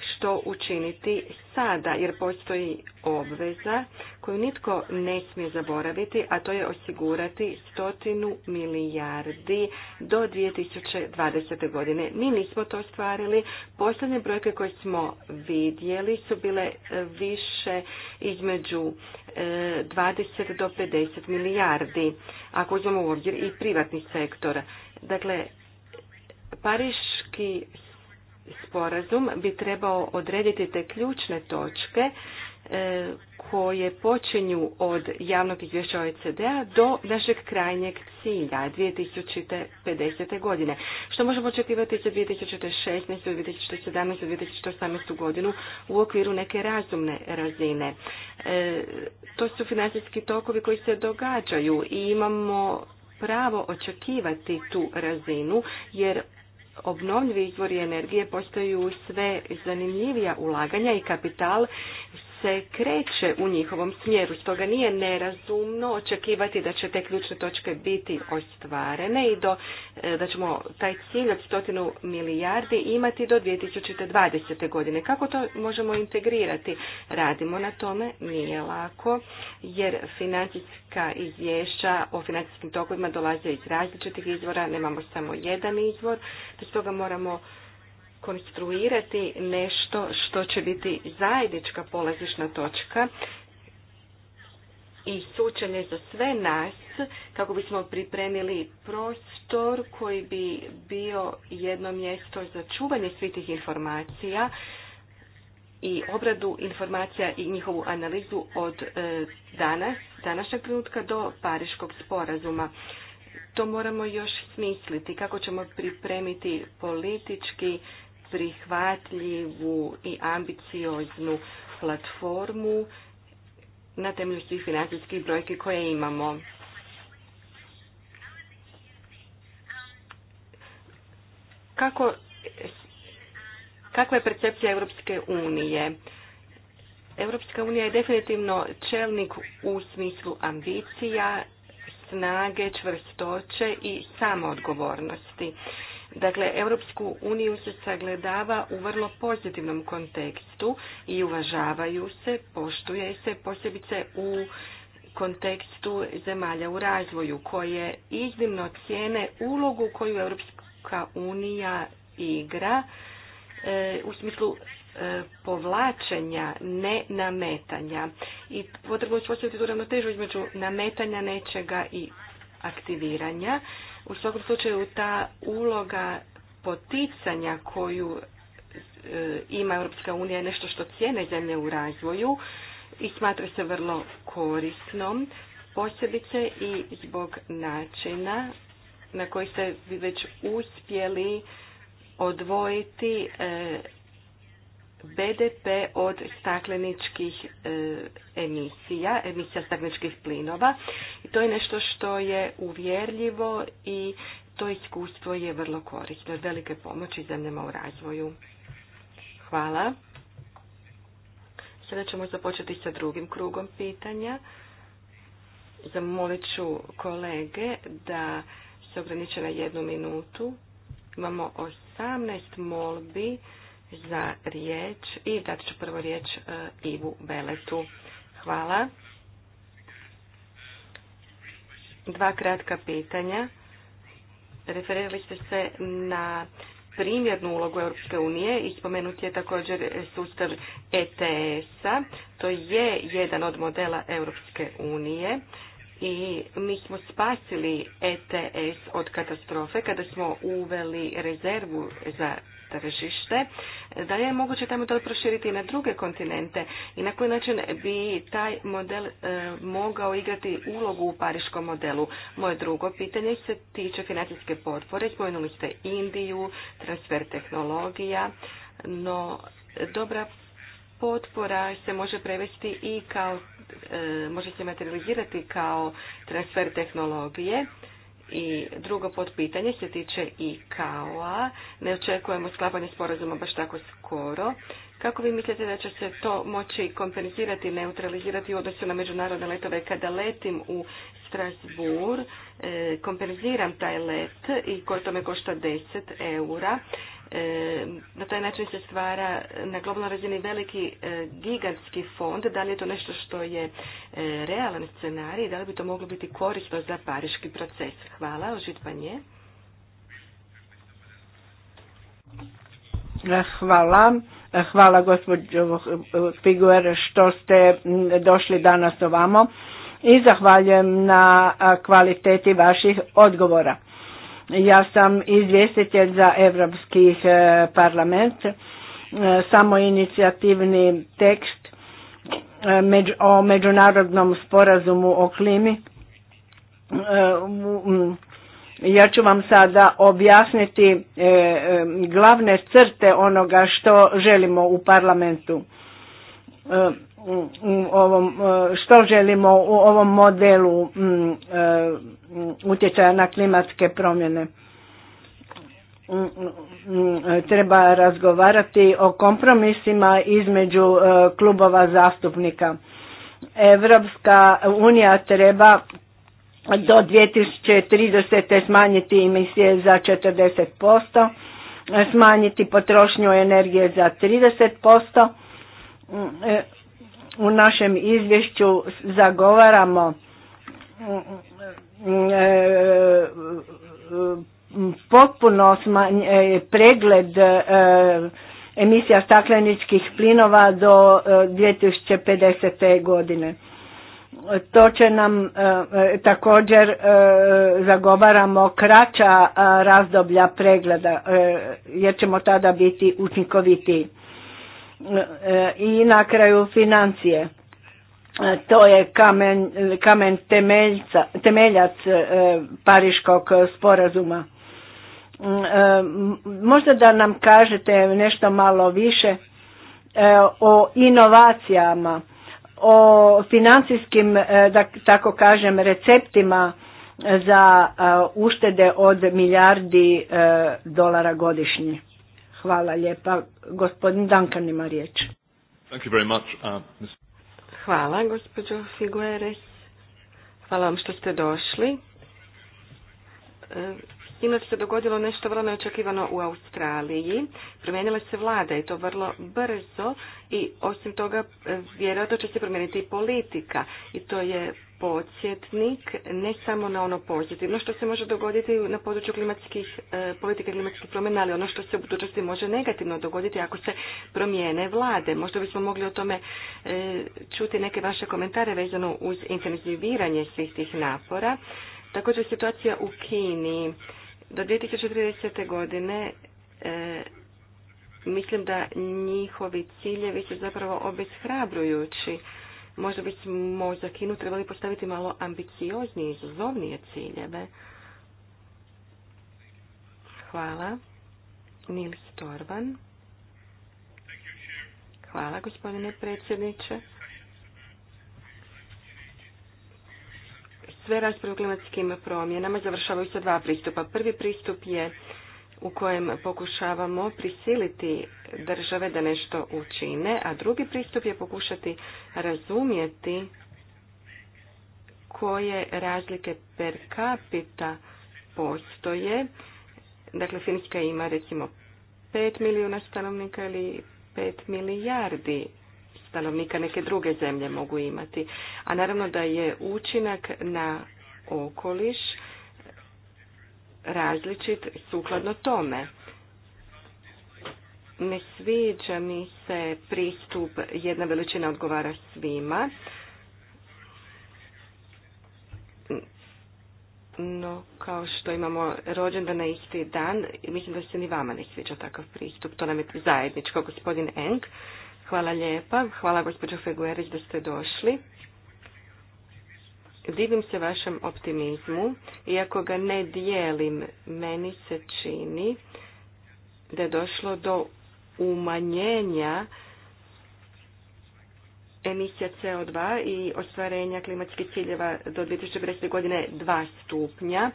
što učiniti sada, jer postoji obveza koju nitko ne smije zaboraviti, a to je osigurati stotinu milijardi do 2020. godine. Mi nismo to ostvarili. Posljednje brojke koje smo vidjeli su bile e, više između 20 e, do 50 milijardi, ako uzmemo u obzir i privatni sektor. Dakle, Pariški sporazum bi trebao odrediti te ključne točke e, koje počinju od javnog izvješća OECD-a do našeg krajnjeg cilja 2050. godine. Što možemo očekivati za 2016. 2017. 2018. godinu u okviru neke razumne razine. E, to su financijski tokovi koji se događaju i imamo pravo očekivati tu razinu jer obnovljivi izvori energije postaju sve zanimljivija ulaganja i kapital se kreće u njihovom smjeru, stoga nije nerazumno očekivati da će te ključne točke biti ostvarene i do, e, da ćemo taj cilj od stotinu milijardi imati do 2020. godine. Kako to možemo integrirati? Radimo na tome, nije lako, jer financijska izvješća o financijskim tokovima dolaze iz različitih izvora, nemamo samo jedan izvor, te stoga moramo konstruirati nešto što će biti zajednička polazišna točka i sučenje za sve nas kako bismo pripremili prostor koji bi bio jedno mjesto za čuvanje svih tih informacija i obradu informacija i njihovu analizu od e, danas, današnjeg trenutka do Pariškog sporazuma. To moramo još smisliti kako ćemo pripremiti politički prihvatljivu i ambicioznu platformu na temelju svih financijskih brojki koje imamo. Kako, kakva je percepcija Europske unije? Europska unija je definitivno čelnik u smislu ambicija, snage, čvrstoće i samoodgovornosti. Dakle, Europsku uniju se sagledava u vrlo pozitivnom kontekstu i uvažavaju se, poštuje se posebice u kontekstu zemalja u razvoju koje iznimno cijene ulogu koju Europska unija igra e, u smislu e, povlačenja, ne nametanja. I potrebno je postaviti tu ravnotežu između nametanja nečega i aktiviranja. U svakom slučaju ta uloga poticanja koju e, ima Europska unija je nešto što cijene zemlje u razvoju i smatra se vrlo korisnom, posebice i zbog načina na koji ste vi već uspjeli odvojiti e, BDP od stakleničkih e, emisija, emisija stakleničkih plinova. I to je nešto što je uvjerljivo i to iskustvo je vrlo korisno, velike pomoći zemljama u razvoju. Hvala. Sada ćemo započeti sa drugim krugom pitanja. Zamolit ću kolege da se ograniče na jednu minutu. Imamo 18 molbi za riječ i dat ću prvo riječ e, Ivu Beletu. Hvala. Dva kratka pitanja. Referirali ste se na primjernu ulogu Europske unije i spomenut je također sustav ETS-a. To je jedan od modela Europske unije i mi smo spasili ETS od katastrofe kada smo uveli rezervu za tržište, da je moguće taj model proširiti i na druge kontinente i na koji način bi taj model e, mogao igrati ulogu u pariškom modelu. Moje drugo pitanje se tiče financijske potpore, spomenuli ste Indiju, transfer tehnologija, no dobra potpora se može prevesti i kao, e, može se materializirati kao transfer tehnologije i drugo potpitanje se tiče i kao Ne očekujemo sklapanje sporazuma baš tako skoro. Kako vi mislite da će se to moći kompenzirati, neutralizirati u odnosu na međunarodne letove? Kada letim u Strasbourg, e, kompenziram taj let i koji to me košta 10 eura. E, na taj način se stvara na globalnoj razini veliki e, gigantski fond. Da li je to nešto što je e, realan scenarij? Da li bi to moglo biti korisno za pariški proces? Hvala, Ožit Panje. Hvala. Hvala gospođo Figuer što ste došli danas ovamo i zahvaljujem na kvaliteti vaših odgovora. Ja sam izvjestitelj za Europski eh, parlament, eh, samo inicijativni tekst eh, o međunarodnom sporazumu o klimi. Mm, ja ću vam sada objasniti glavne crte onoga što želimo u parlamentu u ovom, e, što želimo u ovom modelu e, utjecaja na klimatske promjene. Mm, mm, mm, e, treba razgovarati o kompromisima između klubova zastupnika. Evropska unija treba do 2030. smanjiti emisije za 40%, smanjiti potrošnju energije za 30%, u našem izvješću zagovaramo mm, mm, mm, e, potpuno e, pregled e, emisija stakleničkih plinova do 2050. godine. To će nam također zagovaramo kraća razdoblja pregleda jer ćemo tada biti učinkovitiji. E, i na kraju financije. E, to je kamen, kamen temeljca, temeljac e, Pariškog sporazuma. Možda da nam kažete nešto malo više o inovacijama, o financijskim, da tako kažem, receptima za uštede od milijardi dolara godišnje. Hvala lijepa. Gospodin Duncan ima riječ. Thank you very much, uh, Hvala, gospođo Figueres. Hvala vam što ste došli. E, Inače se dogodilo nešto vrlo neočekivano u Australiji. Promijenila se vlada i to vrlo brzo i osim toga e, vjerojatno će se promijeniti i politika i to je podsjetnik ne samo na ono pozitivno što se može dogoditi na području klimatskih, e, politike klimatskih promjena, ali ono što se u budućnosti može negativno dogoditi ako se promijene vlade. Možda bismo mogli o tome e, čuti neke vaše komentare vezano uz intenziviranje svih tih napora. Također situacija u Kini. Do 2030. godine e, mislim da njihovi ciljevi su zapravo obeshrabrujući Možda bismo za Kinu trebali postaviti malo ambicioznije, izazovnije ciljeve. Hvala. Nils Torban. Hvala, gospodine predsjedniče. Sve rasprave o klimatskim promjenama završavaju se dva pristupa. Prvi pristup je u kojem pokušavamo prisiliti države da nešto učine, a drugi pristup je pokušati razumjeti koje razlike per capita postoje. Dakle, Finska ima recimo 5 milijuna stanovnika ili 5 milijardi stanovnika neke druge zemlje mogu imati. A naravno da je učinak na okoliš različit sukladno tome. Ne sviđa mi se pristup jedna veličina odgovara svima. No, kao što imamo rođendan na isti dan, mislim da se ni vama ne sviđa takav pristup. To nam je zajedničko, gospodin Eng. Hvala lijepa. Hvala gospođo Feguerić da ste došli. Divim se vašem optimizmu, iako ga ne dijelim, meni se čini da je došlo do umanjenja emisija CO2 i ostvarenja klimatskih ciljeva do 2050. godine dva stupnja.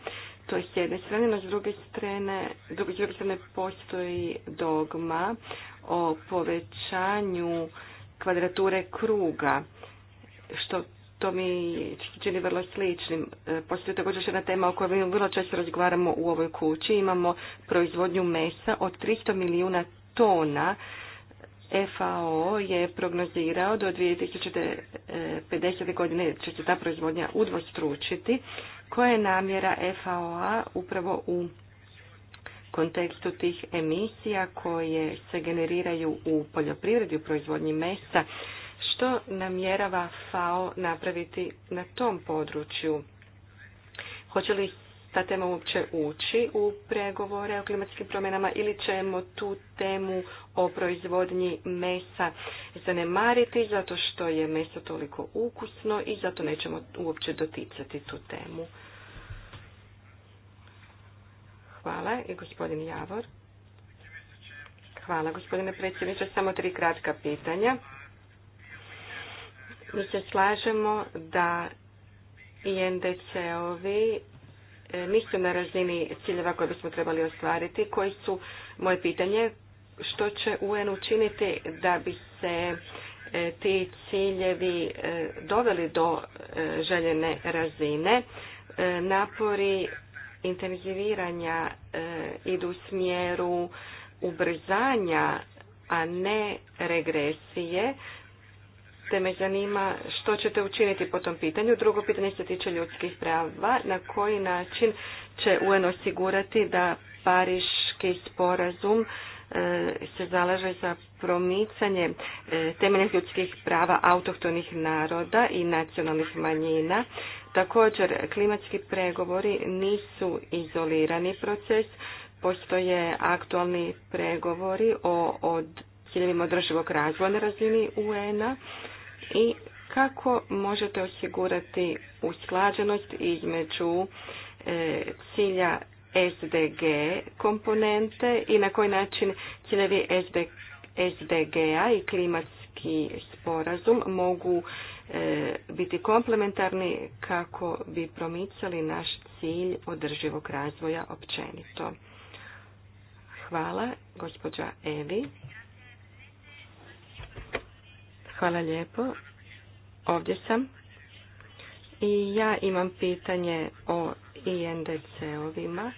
To je s jedne strane, no s druge strane, s druge strane postoji dogma o povećanju kvadrature kruga, što to mi čini vrlo sličnim. E, postoji također jedna tema o kojoj mi vrlo često razgovaramo u ovoj kući. Imamo proizvodnju mesa od 300 milijuna tona. FAO je prognozirao do 2050. godine će se ta proizvodnja udvostručiti. Koja je namjera FAO-a upravo u kontekstu tih emisija koje se generiraju u poljoprivredi, u proizvodnji mesa? Što namjerava FAO napraviti na tom području? Hoće li ta tema uopće ući u pregovore o klimatskim promjenama ili ćemo tu temu o proizvodnji mesa zanemariti zato što je meso toliko ukusno i zato nećemo uopće doticati tu temu. Hvala i gospodin Javor. Hvala gospodine predsjedniče. Samo tri kratka pitanja. Mi se slažemo da i NDC-ovi e, nisu na razini ciljeva koje bismo trebali ostvariti, koji su moje pitanje što će UN učiniti da bi se e, ti ciljevi e, doveli do željene razine. Napori intenziviranja idu u smjeru ubrzanja, a ne regresije. Dakle, me zanima što ćete učiniti po tom pitanju. Drugo pitanje se tiče ljudskih prava. Na koji način će UN osigurati da Pariški sporazum e, se zalaže za promicanje e, temeljnih ljudskih prava autohtonih naroda i nacionalnih manjina. Također, klimatski pregovori nisu izolirani proces. Postoje aktualni pregovori o od ciljevima održivog razvoja na razini UN-a i kako možete osigurati usklađenost između e, cilja SDG komponente i na koji način ciljevi SDG-a i klimatski sporazum mogu e, biti komplementarni kako bi promicali naš cilj održivog razvoja općenito. Hvala, gospođa Evi. Hvala lijepo. Ovdje sam. I ja imam pitanje o INDC-ovima,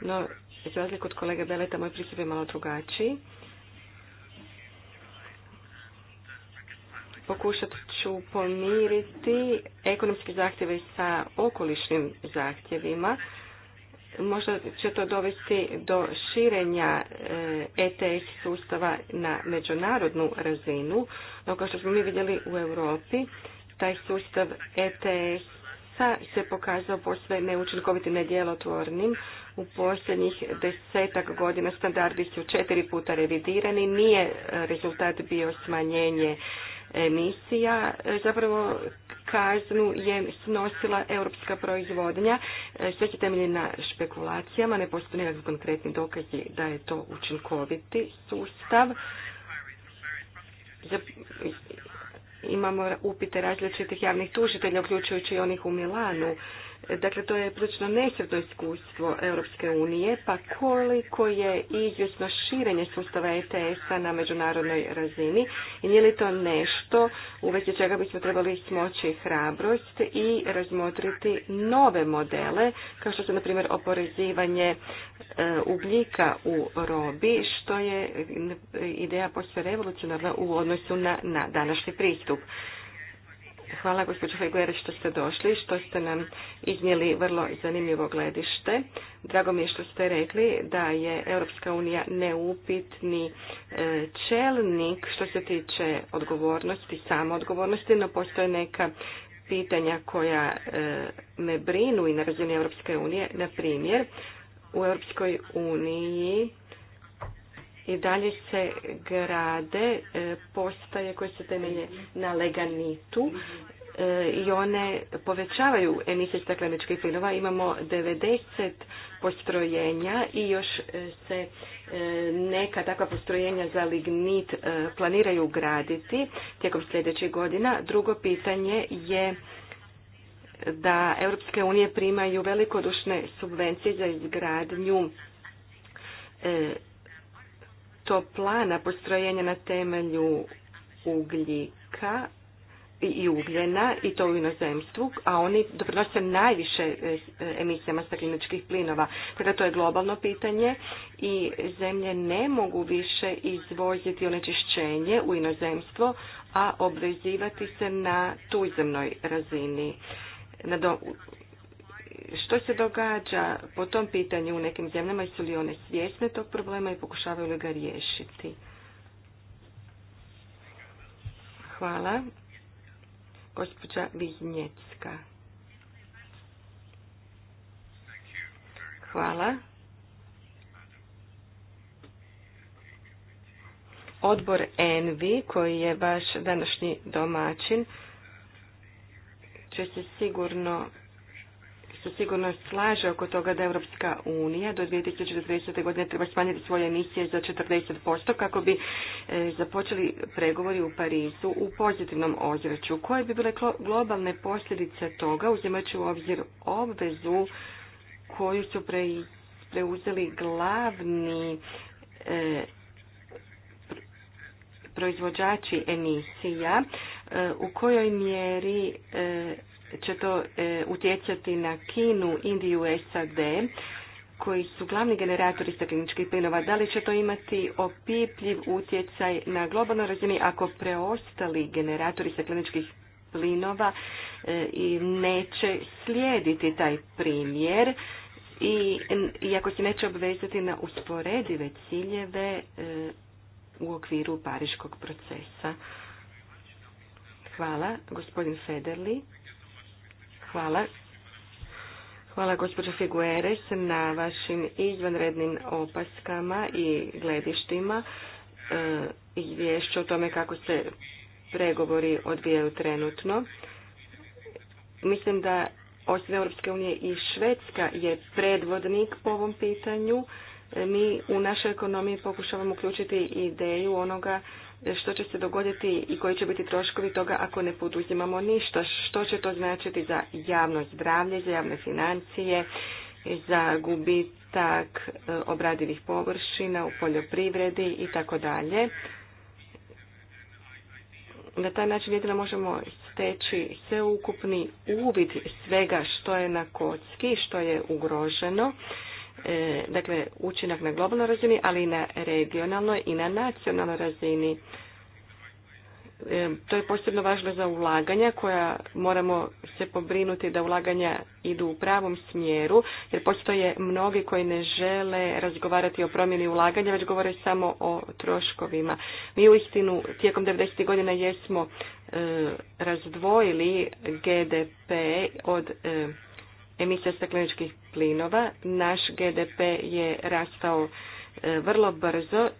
no za razliku od kolege Beleta moj pristup je malo drugačiji. Pokušat ću pomiriti ekonomske zahtjeve sa okolišnim zahtjevima možda će to dovesti do širenja ETS e sustava na međunarodnu razinu, no kao što smo mi vidjeli u Europi, taj sustav ets se pokazao posve neučinkovitim nedjelotvornim. U posljednjih desetak godina standardi su četiri puta revidirani, nije rezultat bio smanjenje emisija, e, zapravo kaznu je snosila europska proizvodnja. E, sve će temelji na špekulacijama, ne postoje nikakvi konkretni dokazi da je to učinkoviti sustav. Imamo upite različitih javnih tužitelja, uključujući i onih u Milanu Dakle, to je prilično nesretno iskustvo Europske unije, pa koliko je izvjesno širenje sustava ETS-a na međunarodnoj razini i nije li to nešto u vezi čega bismo trebali smoći hrabrost i razmotriti nove modele, kao što su, na primjer, oporezivanje e, ugljika u robi, što je ideja posve revolucionarna u odnosu na, na današnji pristup. Hvala gospođo Fegler što ste došli, što ste nam iznijeli vrlo zanimljivo gledište. Drago mi je što ste rekli da je Europska unija neupitni e, čelnik što se tiče odgovornosti, samoodgovornosti, no postoje neka pitanja koja e, me brinu i na razini Europske unije. Na primjer, u Europskoj uniji i dalje se grade e, postaje koje se temelje na leganitu e, i one povećavaju emisije stakleničkih plinova. Imamo 90 postrojenja i još se e, neka takva postrojenja za lignit planiraju graditi tijekom sljedećih godina. Drugo pitanje je da Europske unije primaju velikodušne subvencije za izgradnju to plana postrojenja na temelju ugljika i ugljena i to u inozemstvu, a oni doprinose najviše e, e, emisijama stakleničkih plinova. Kada to je globalno pitanje i zemlje ne mogu više izvoziti onečišćenje u inozemstvo, a obvezivati se na tuzemnoj razini. Na što se događa po tom pitanju u nekim zemljama, su li one svjesne tog problema i pokušavaju li ga riješiti? Hvala. Gospođa Viznjecka. Hvala. Odbor Envi, koji je vaš današnji domaćin, će se sigurno se sigurno slaže oko toga da Europska unija do 2020. godine treba smanjiti svoje emisije za 40% kako bi e, započeli pregovori u Parizu u pozitivnom ozračju. Koje bi bile globalne posljedice toga uzimajući u obzir obvezu koju su preuzeli glavni e, proizvođači emisija, e, u kojoj mjeri će to e, utjecati na Kinu, Indiju, SAD, koji su glavni generatori stakleničkih plinova, da li će to imati opipljiv utjecaj na globalnoj razini ako preostali generatori stakleničkih plinova e, i neće slijediti taj primjer i, i ako se neće obvezati na usporedive ciljeve e, u okviru pariškog procesa. Hvala, gospodin Federli. Hvala. Hvala gospođo Figueres na vašim izvanrednim opaskama i gledištima. i e, izvješću o tome kako se pregovori odvijaju trenutno. Mislim da osim Europske unije i Švedska je predvodnik po ovom pitanju. E, mi u našoj ekonomiji pokušavamo uključiti ideju onoga što će se dogoditi i koji će biti troškovi toga ako ne poduzimamo ništa. Što će to značiti za javno zdravlje, za javne financije, za gubitak e, obradivih površina u poljoprivredi i tako dalje. Na taj način jedino možemo steći sveukupni uvid svega što je na kocki, što je ugroženo E, dakle učinak na globalnoj razini, ali i na regionalnoj i na nacionalnoj razini. E, to je posebno važno za ulaganja koja moramo se pobrinuti da ulaganja idu u pravom smjeru, jer postoje mnogi koji ne žele razgovarati o promjeni ulaganja, već govore samo o troškovima. Mi u istinu tijekom 90. godina jesmo e, razdvojili GDP od emisija stakleničkih plinova. Naš GDP je rastao e, vrlo brzo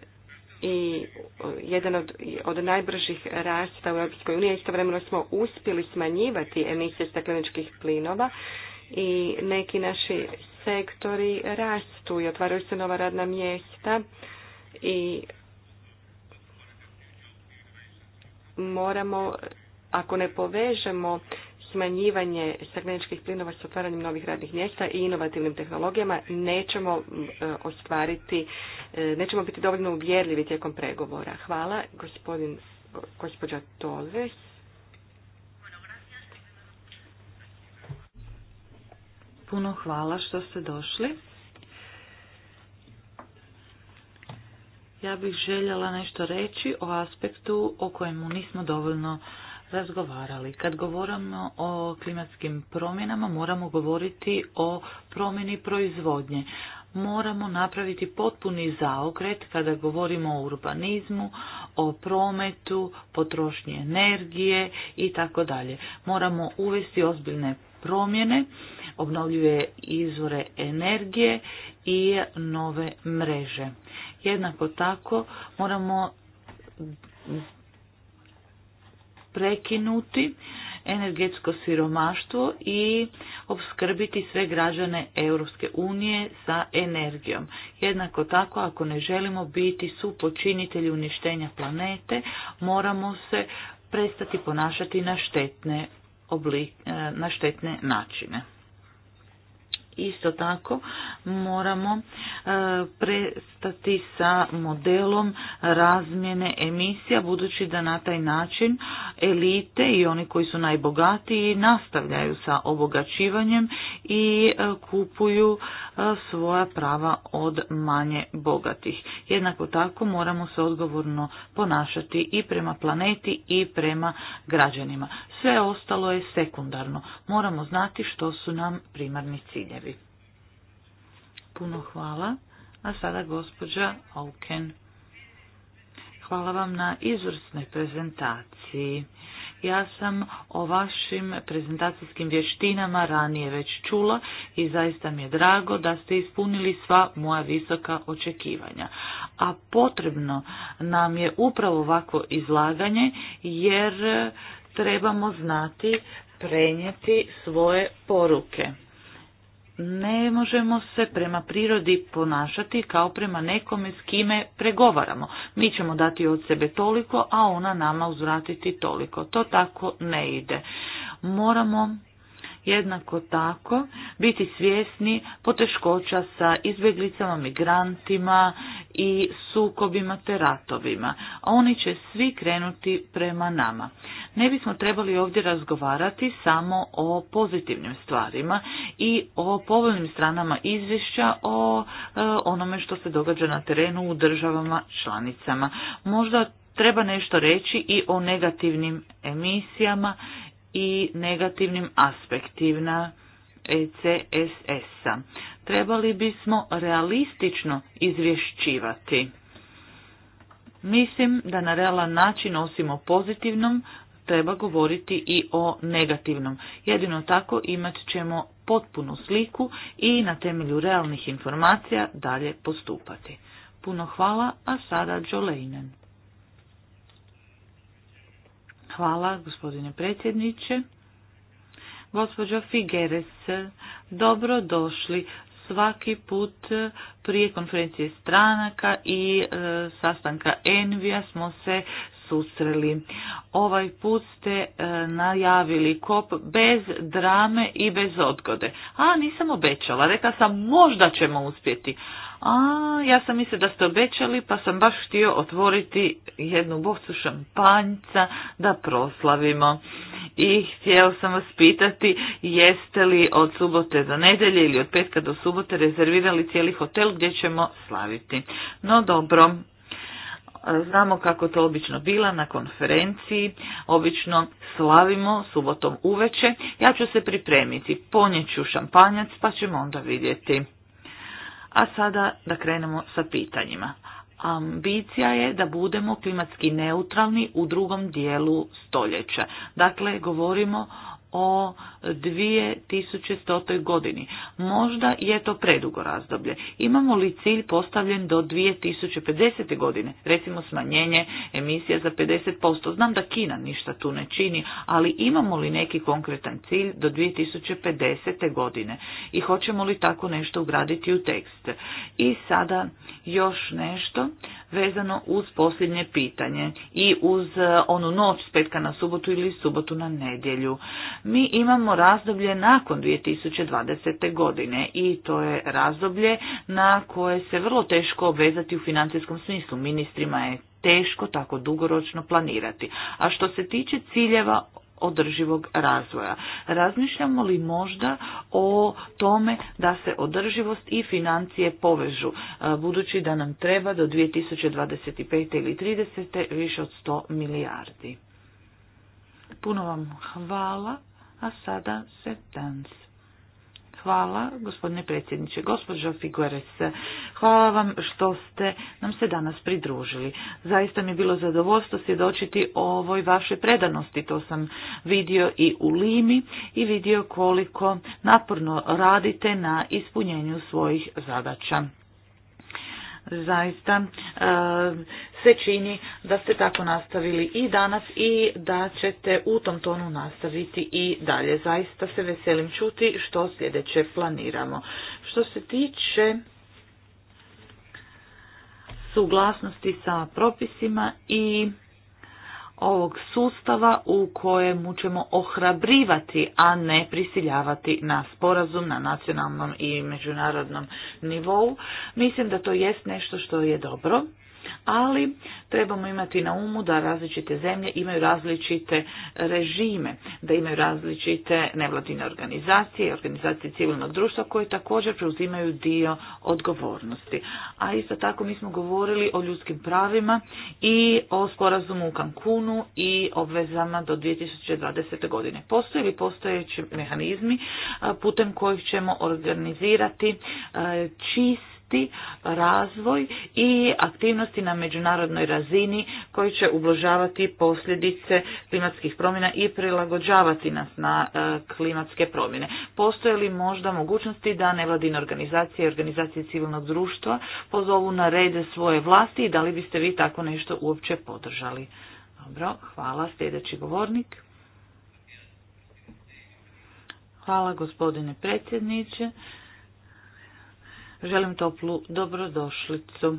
i e, jedan od, od najbržih rasta u Europskoj uniji. Istovremeno smo uspjeli smanjivati emisije stakleničkih plinova i neki naši sektori rastu i otvaraju se nova radna mjesta i moramo, ako ne povežemo smanjivanje stakleničkih plinova s otvaranjem novih radnih mjesta i inovativnim tehnologijama nećemo e, ostvariti, e, nećemo biti dovoljno uvjerljivi tijekom pregovora. Hvala, gospodin, gospođa Tolves. Puno hvala što ste došli. Ja bih željela nešto reći o aspektu o kojemu nismo dovoljno razgovarali. Kad govorimo o klimatskim promjenama, moramo govoriti o promjeni proizvodnje. Moramo napraviti potpuni zaokret kada govorimo o urbanizmu, o prometu, potrošnji energije i tako dalje. Moramo uvesti ozbiljne promjene, obnovljive izvore energije i nove mreže. Jednako tako moramo prekinuti energetsko siromaštvo i opskrbiti sve građane Europske unije sa energijom. Jednako tako, ako ne želimo biti supočinitelji uništenja planete, moramo se prestati ponašati na štetne, eh, na štetne načine. Isto tako moramo e, prestati sa modelom razmjene emisija budući da na taj način elite i oni koji su najbogatiji nastavljaju sa obogaćivanjem i e, kupuju e, svoja prava od manje bogatih. Jednako tako moramo se odgovorno ponašati i prema planeti i prema građanima. Sve ostalo je sekundarno. Moramo znati što su nam primarni ciljevi. Puno hvala. A sada gospođa Auken. Hvala vam na izvrsnoj prezentaciji. Ja sam o vašim prezentacijskim vještinama ranije već čula i zaista mi je drago da ste ispunili sva moja visoka očekivanja. A potrebno nam je upravo ovako izlaganje jer trebamo znati prenijeti svoje poruke ne možemo se prema prirodi ponašati kao prema nekome s kime pregovaramo. Mi ćemo dati od sebe toliko, a ona nama uzvratiti toliko. To tako ne ide. Moramo jednako tako biti svjesni poteškoća sa izbjeglicama, migrantima i sukobima te ratovima. Oni će svi krenuti prema nama. Ne bismo trebali ovdje razgovarati samo o pozitivnim stvarima i o povoljnim stranama izvješća o e, onome što se događa na terenu u državama članicama. Možda treba nešto reći i o negativnim emisijama i negativnim aspektivna ECSS-a. Trebali bismo realistično izvješćivati. Mislim da na realan način, osim o pozitivnom, treba govoriti i o negativnom. Jedino tako imat ćemo potpunu sliku i na temelju realnih informacija dalje postupati. Puno hvala, a sada Jolejnen. Hvala, gospodine predsjedniče. Gospođo Figueres, dobro došli svaki put prije konferencije stranaka i e, sastanka Envija smo se susreli. Ovaj put ste e, najavili kop bez drame i bez odgode. A nisam obećala, rekla sam možda ćemo uspjeti, a, ja sam mislila da ste obećali, pa sam baš htio otvoriti jednu bocu šampanjca da proslavimo. I htjela sam vas pitati, jeste li od subote za nedelje ili od petka do subote rezervirali cijeli hotel gdje ćemo slaviti. No dobro, znamo kako to obično bila na konferenciji, obično slavimo subotom uveče, ja ću se pripremiti, ponjeću šampanjac pa ćemo onda vidjeti. A sada da krenemo sa pitanjima. Ambicija je da budemo klimatski neutralni u drugom dijelu stoljeća. Dakle, govorimo o 2100. godini. Možda je to predugo razdoblje. Imamo li cilj postavljen do 2050. godine? Recimo smanjenje emisija za 50%. Znam da Kina ništa tu ne čini, ali imamo li neki konkretan cilj do 2050. godine? I hoćemo li tako nešto ugraditi u tekst? I sada još nešto vezano uz posljednje pitanje i uz e, onu noć s petka na subotu ili subotu na nedjelju mi imamo razdoblje nakon 2020. godine i to je razdoblje na koje se vrlo teško obvezati u financijskom smislu. Ministrima je teško tako dugoročno planirati. A što se tiče ciljeva održivog razvoja. Razmišljamo li možda o tome da se održivost i financije povežu, e, budući da nam treba do 2025. ili 30. više od 100 milijardi. Puno vam hvala. A sada se Hvala, gospodine predsjedniče. Gospođo Figueres, hvala vam što ste nam se danas pridružili. Zaista mi je bilo zadovoljstvo svjedočiti o ovoj vašoj predanosti. To sam vidio i u Limi i vidio koliko naporno radite na ispunjenju svojih zadaća zaista e, se čini da ste tako nastavili i danas i da ćete u tom tonu nastaviti i dalje. Zaista se veselim čuti što sljedeće planiramo. Što se tiče suglasnosti sa propisima i ovog sustava u kojemu ćemo ohrabrivati, a ne prisiljavati na sporazum na nacionalnom i međunarodnom nivou. Mislim da to jest nešto što je dobro ali trebamo imati na umu da različite zemlje imaju različite režime, da imaju različite nevladine organizacije, i organizacije civilnog društva koje također preuzimaju dio odgovornosti. A isto tako mi smo govorili o ljudskim pravima i o sporazumu u Cancunu i obvezama do 2020. godine. Postoje li postojeći mehanizmi putem kojih ćemo organizirati čist razvoj i aktivnosti na međunarodnoj razini koji će ublažavati posljedice klimatskih promjena i prilagođavati nas na e, klimatske promjene. Postoje li možda mogućnosti da nevladine organizacije i organizacije civilnog društva pozovu na rede svoje vlasti i da li biste vi tako nešto uopće podržali? Dobro, hvala. Sljedeći govornik. Hvala gospodine predsjedniče. Želim toplu dobrodošlicu.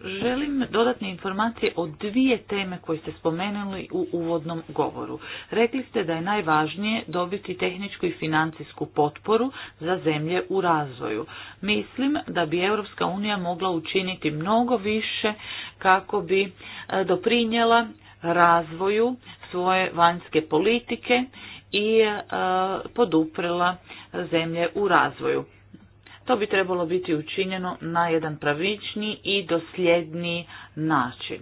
Želim dodatne informacije o dvije teme koje ste spomenuli u uvodnom govoru. Rekli ste da je najvažnije dobiti tehničku i financijsku potporu za zemlje u razvoju. Mislim da bi Europska unija mogla učiniti mnogo više kako bi e, doprinjela razvoju svoje vanjske politike i e, poduprela zemlje u razvoju. To bi trebalo biti učinjeno na jedan pravični i dosljedni način.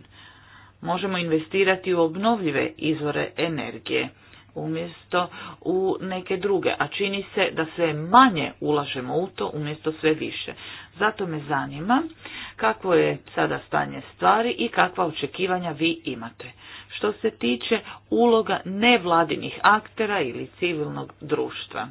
Možemo investirati u obnovljive izvore energije umjesto u neke druge, a čini se da sve manje ulažemo u to umjesto sve više. Zato me zanima kakvo je sada stanje stvari i kakva očekivanja vi imate. Što se tiče uloga nevladinih aktera ili civilnog društva.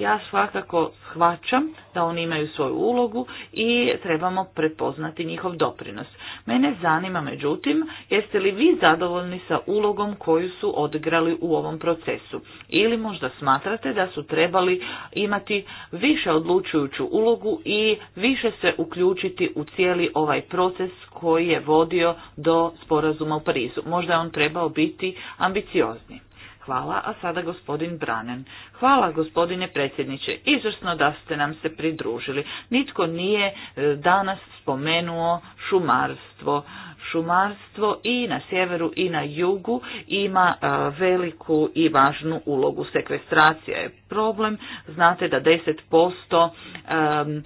Ja svakako shvaćam da oni imaju svoju ulogu i trebamo prepoznati njihov doprinos. Mene zanima međutim, jeste li vi zadovoljni sa ulogom koju su odigrali u ovom procesu ili možda smatrate da su trebali imati više odlučujuću ulogu i više se uključiti u cijeli ovaj proces koji je vodio do sporazuma u Parizu. Možda je on trebao biti ambiciozni. Hvala, a sada gospodin Branen. Hvala gospodine predsjedniče, izvrsno da ste nam se pridružili. Nitko nije e, danas spomenuo šumarstvo. Šumarstvo i na sjeveru i na jugu ima e, veliku i važnu ulogu. Sekvestracija je problem, znate da 10% e,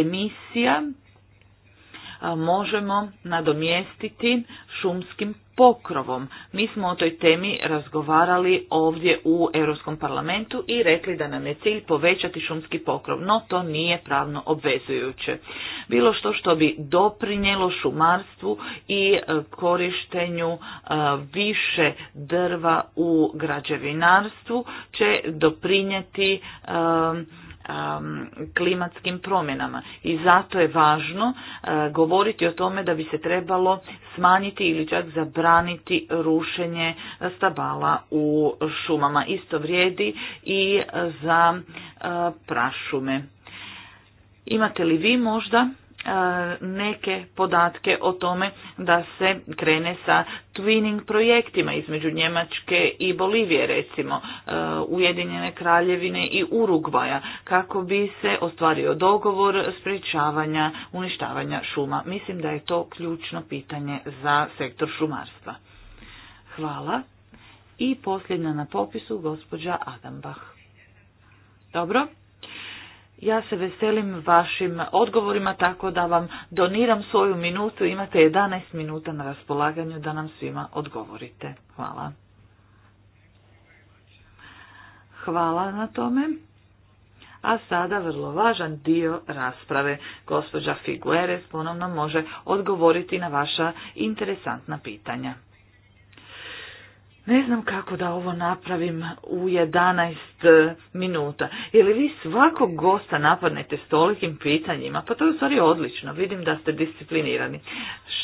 emisija možemo nadomjestiti šumskim pokrovom. Mi smo o toj temi razgovarali ovdje u Europskom parlamentu i rekli da nam je cilj povećati šumski pokrov, no to nije pravno obvezujuće. Bilo što što bi doprinjelo šumarstvu i e, korištenju e, više drva u građevinarstvu će doprinjeti e, klimatskim promjenama i zato je važno e, govoriti o tome da bi se trebalo smanjiti ili čak zabraniti rušenje stabala u šumama. Isto vrijedi i za e, prašume. Imate li vi možda neke podatke o tome da se krene sa twinning projektima između Njemačke i Bolivije recimo, Ujedinjene kraljevine i Urugvaja kako bi se ostvario dogovor sprečavanja, uništavanja šuma. Mislim da je to ključno pitanje za sektor šumarstva. Hvala. I posljedna na popisu gospođa Adambah. Dobro. Ja se veselim vašim odgovorima tako da vam doniram svoju minutu. Imate 11 minuta na raspolaganju da nam svima odgovorite. Hvala. Hvala na tome. A sada vrlo važan dio rasprave. Gospođa Figueres ponovno može odgovoriti na vaša interesantna pitanja. Ne znam kako da ovo napravim u 11 e, minuta. Je li vi svakog gosta napadnete s tolikim pitanjima? Pa to je u stvari odlično. Vidim da ste disciplinirani.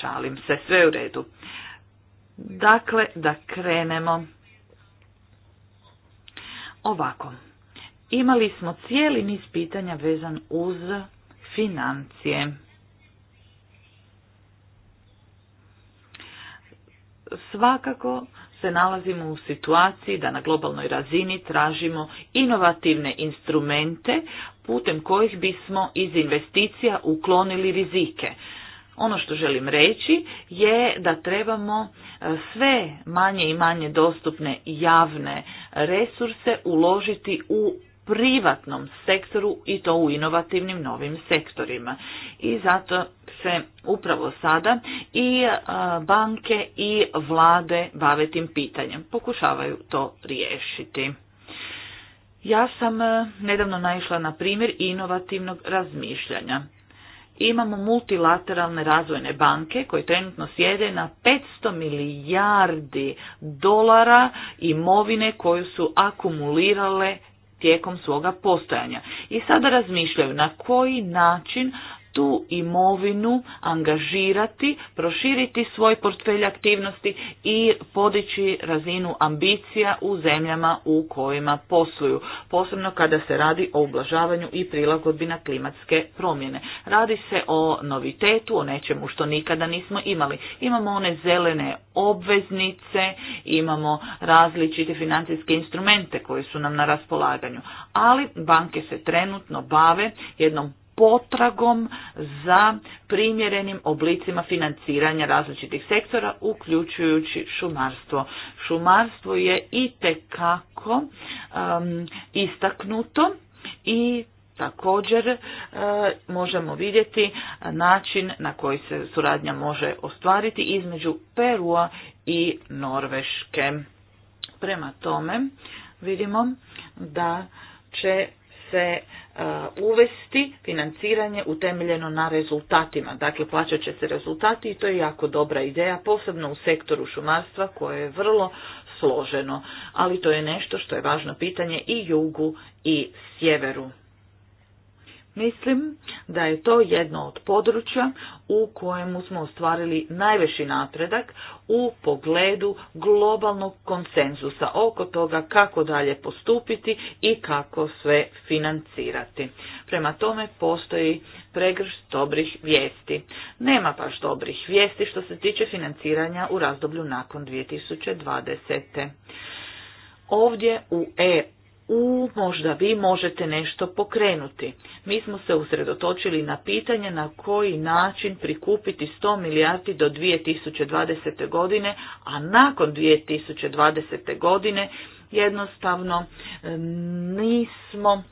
Šalim se, sve u redu. Dakle, da krenemo. Ovako. Imali smo cijeli niz pitanja vezan uz financije. Svakako se nalazimo u situaciji da na globalnoj razini tražimo inovativne instrumente putem kojih bismo iz investicija uklonili rizike. Ono što želim reći je da trebamo e, sve manje i manje dostupne javne resurse uložiti u privatnom sektoru i to u inovativnim novim sektorima. I zato se upravo sada i banke i vlade bave tim pitanjem, pokušavaju to riješiti. Ja sam nedavno naišla na primjer inovativnog razmišljanja. Imamo multilateralne razvojne banke koje trenutno sjede na 500 milijardi dolara imovine koju su akumulirale tijekom svoga postojanja. I sada razmišljaju na koji način tu imovinu angažirati, proširiti svoj portfelj aktivnosti i podići razinu ambicija u zemljama u kojima posluju, posebno kada se radi o ublažavanju i prilagodbi na klimatske promjene. Radi se o novitetu, o nečemu što nikada nismo imali. Imamo one zelene obveznice, imamo različite financijske instrumente koji su nam na raspolaganju, ali banke se trenutno bave jednom potragom za primjerenim oblicima financiranja različitih sektora, uključujući šumarstvo. Šumarstvo je i tekako um, istaknuto i također e, možemo vidjeti način na koji se suradnja može ostvariti između Perua i Norveške. Prema tome vidimo da će se E, uvesti financiranje utemeljeno na rezultatima. Dakle, plaćat će se rezultati i to je jako dobra ideja, posebno u sektoru šumarstva koje je vrlo složeno, ali to je nešto što je važno pitanje i jugu i sjeveru Mislim da je to jedno od područja u kojemu smo ostvarili najveći napredak u pogledu globalnog konsenzusa oko toga kako dalje postupiti i kako sve financirati. Prema tome postoji pregrš dobrih vijesti. Nema baš dobrih vijesti što se tiče financiranja u razdoblju nakon 2020. Ovdje u E u možda vi možete nešto pokrenuti. Mi smo se usredotočili na pitanje na koji način prikupiti 100 milijardi do 2020. godine, a nakon 2020. godine jednostavno nismo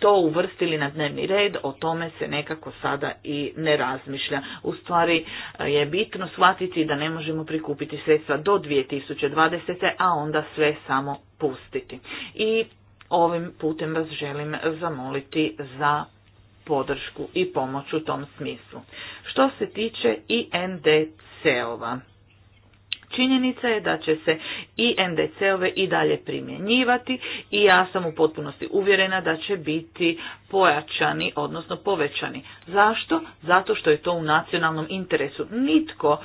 to uvrstili na dnevni red, o tome se nekako sada i ne razmišlja. U stvari e, je bitno shvatiti da ne možemo prikupiti sredstva do 2020. a onda sve samo pustiti. I ovim putem vas želim zamoliti za podršku i pomoć u tom smislu. Što se tiče i NDC-ova, Činjenica je da će se i MDC-ove i dalje primjenjivati i ja sam u potpunosti uvjerena da će biti pojačani, odnosno povećani. Zašto? Zato što je to u nacionalnom interesu. Nitko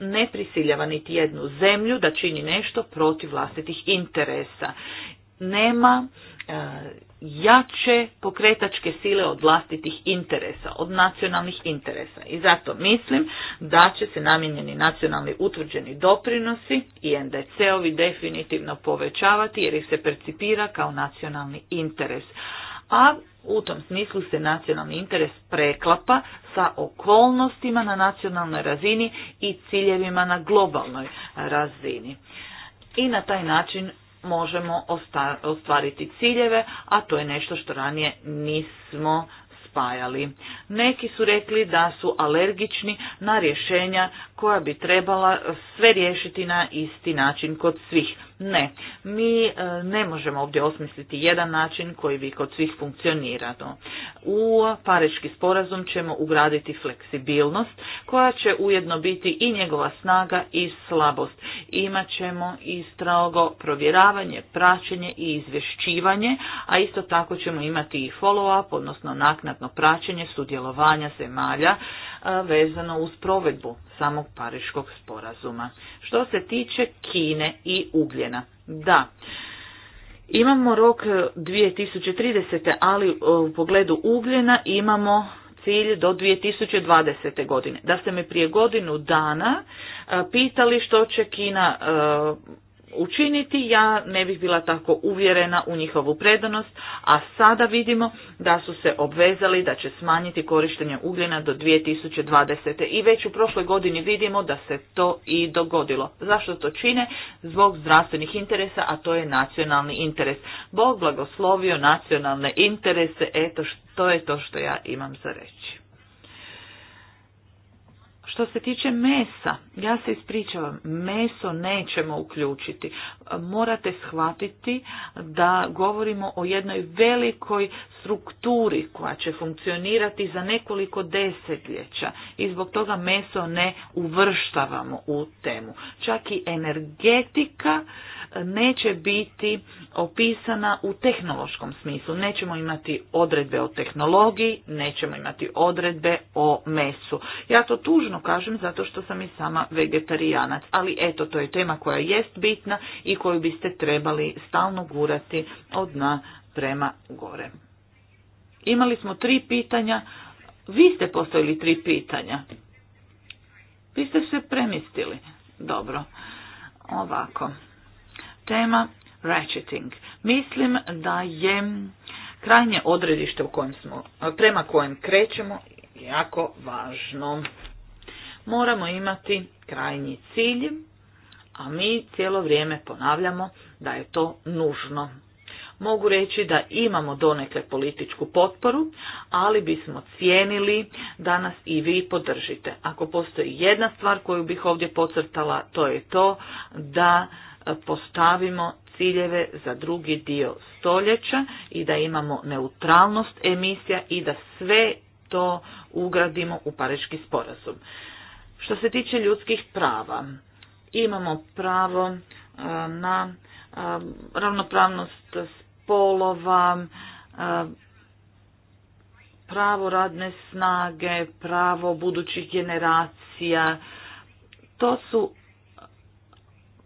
ne prisiljava niti jednu zemlju da čini nešto protiv vlastitih interesa. Nema E, jače pokretačke sile od vlastitih interesa, od nacionalnih interesa. I zato mislim da će se namijenjeni nacionalni utvrđeni doprinosi i NDC-ovi definitivno povećavati jer ih se percipira kao nacionalni interes. A u tom smislu se nacionalni interes preklapa sa okolnostima na nacionalnoj razini i ciljevima na globalnoj razini. I na taj način možemo ostvariti ciljeve, a to je nešto što ranije nismo spajali. Neki su rekli da su alergični na rješenja koja bi trebala sve riješiti na isti način kod svih. Ne, mi e, ne možemo ovdje osmisliti jedan način koji bi kod svih funkcionirao. U Pariški sporazum ćemo ugraditi fleksibilnost koja će ujedno biti i njegova snaga i slabost. Imaćemo i strogo provjeravanje, praćenje i izvješćivanje, a isto tako ćemo imati i follow-up, odnosno naknadno praćenje sudjelovanja zemalja vezano uz provedbu samog pariškog sporazuma. Što se tiče Kine i ugljena, da, imamo rok 2030. E, ali e, u pogledu ugljena imamo cilj do 2020. godine. Da ste me prije godinu dana e, pitali što će Kina učiniti, ja ne bih bila tako uvjerena u njihovu predanost, a sada vidimo da su se obvezali da će smanjiti korištenje ugljena do 2020. I već u prošloj godini vidimo da se to i dogodilo. Zašto to čine? Zbog zdravstvenih interesa, a to je nacionalni interes. Bog blagoslovio nacionalne interese, eto što je to što ja imam za reći. Što se tiče mesa, ja se ispričavam, meso nećemo uključiti. Morate shvatiti da govorimo o jednoj velikoj strukturi koja će funkcionirati za nekoliko desetljeća i zbog toga meso ne uvrštavamo u temu. Čak i energetika e, neće biti opisana u tehnološkom smislu. Nećemo imati odredbe o tehnologiji, nećemo imati odredbe o mesu. Ja to tužno kažem zato što sam i sama vegetarijanac, ali eto, to je tema koja jest bitna i koju biste trebali stalno gurati od dna prema gore. Imali smo tri pitanja. Vi ste postavili tri pitanja. Vi ste se premistili. Dobro. Ovako. Tema ratcheting. Mislim da je krajnje odredište u kojem smo, prema kojem krećemo jako važno. Moramo imati krajnji cilj, a mi cijelo vrijeme ponavljamo da je to nužno. Mogu reći da imamo donekle političku potporu, ali bismo cijenili da nas i vi podržite. Ako postoji jedna stvar koju bih ovdje pocrtala, to je to da postavimo ciljeve za drugi dio stoljeća i da imamo neutralnost emisija i da sve to ugradimo u Pariški sporazum. Što se tiče ljudskih prava, imamo pravo eh, na eh, ravnopravnost spolova, e, pravo radne snage, pravo budućih generacija. To su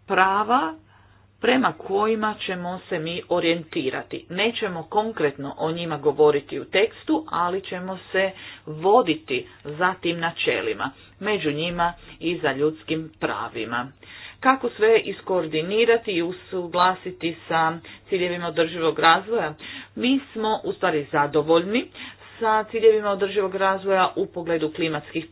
prava prema kojima ćemo se mi orijentirati. Nećemo konkretno o njima govoriti u tekstu, ali ćemo se voditi za tim načelima, među njima i za ljudskim pravima kako sve iskoordinirati i usuglasiti sa ciljevima održivog razvoja. Mi smo u stvari zadovoljni sa ciljevima održivog razvoja u pogledu klimatskih e,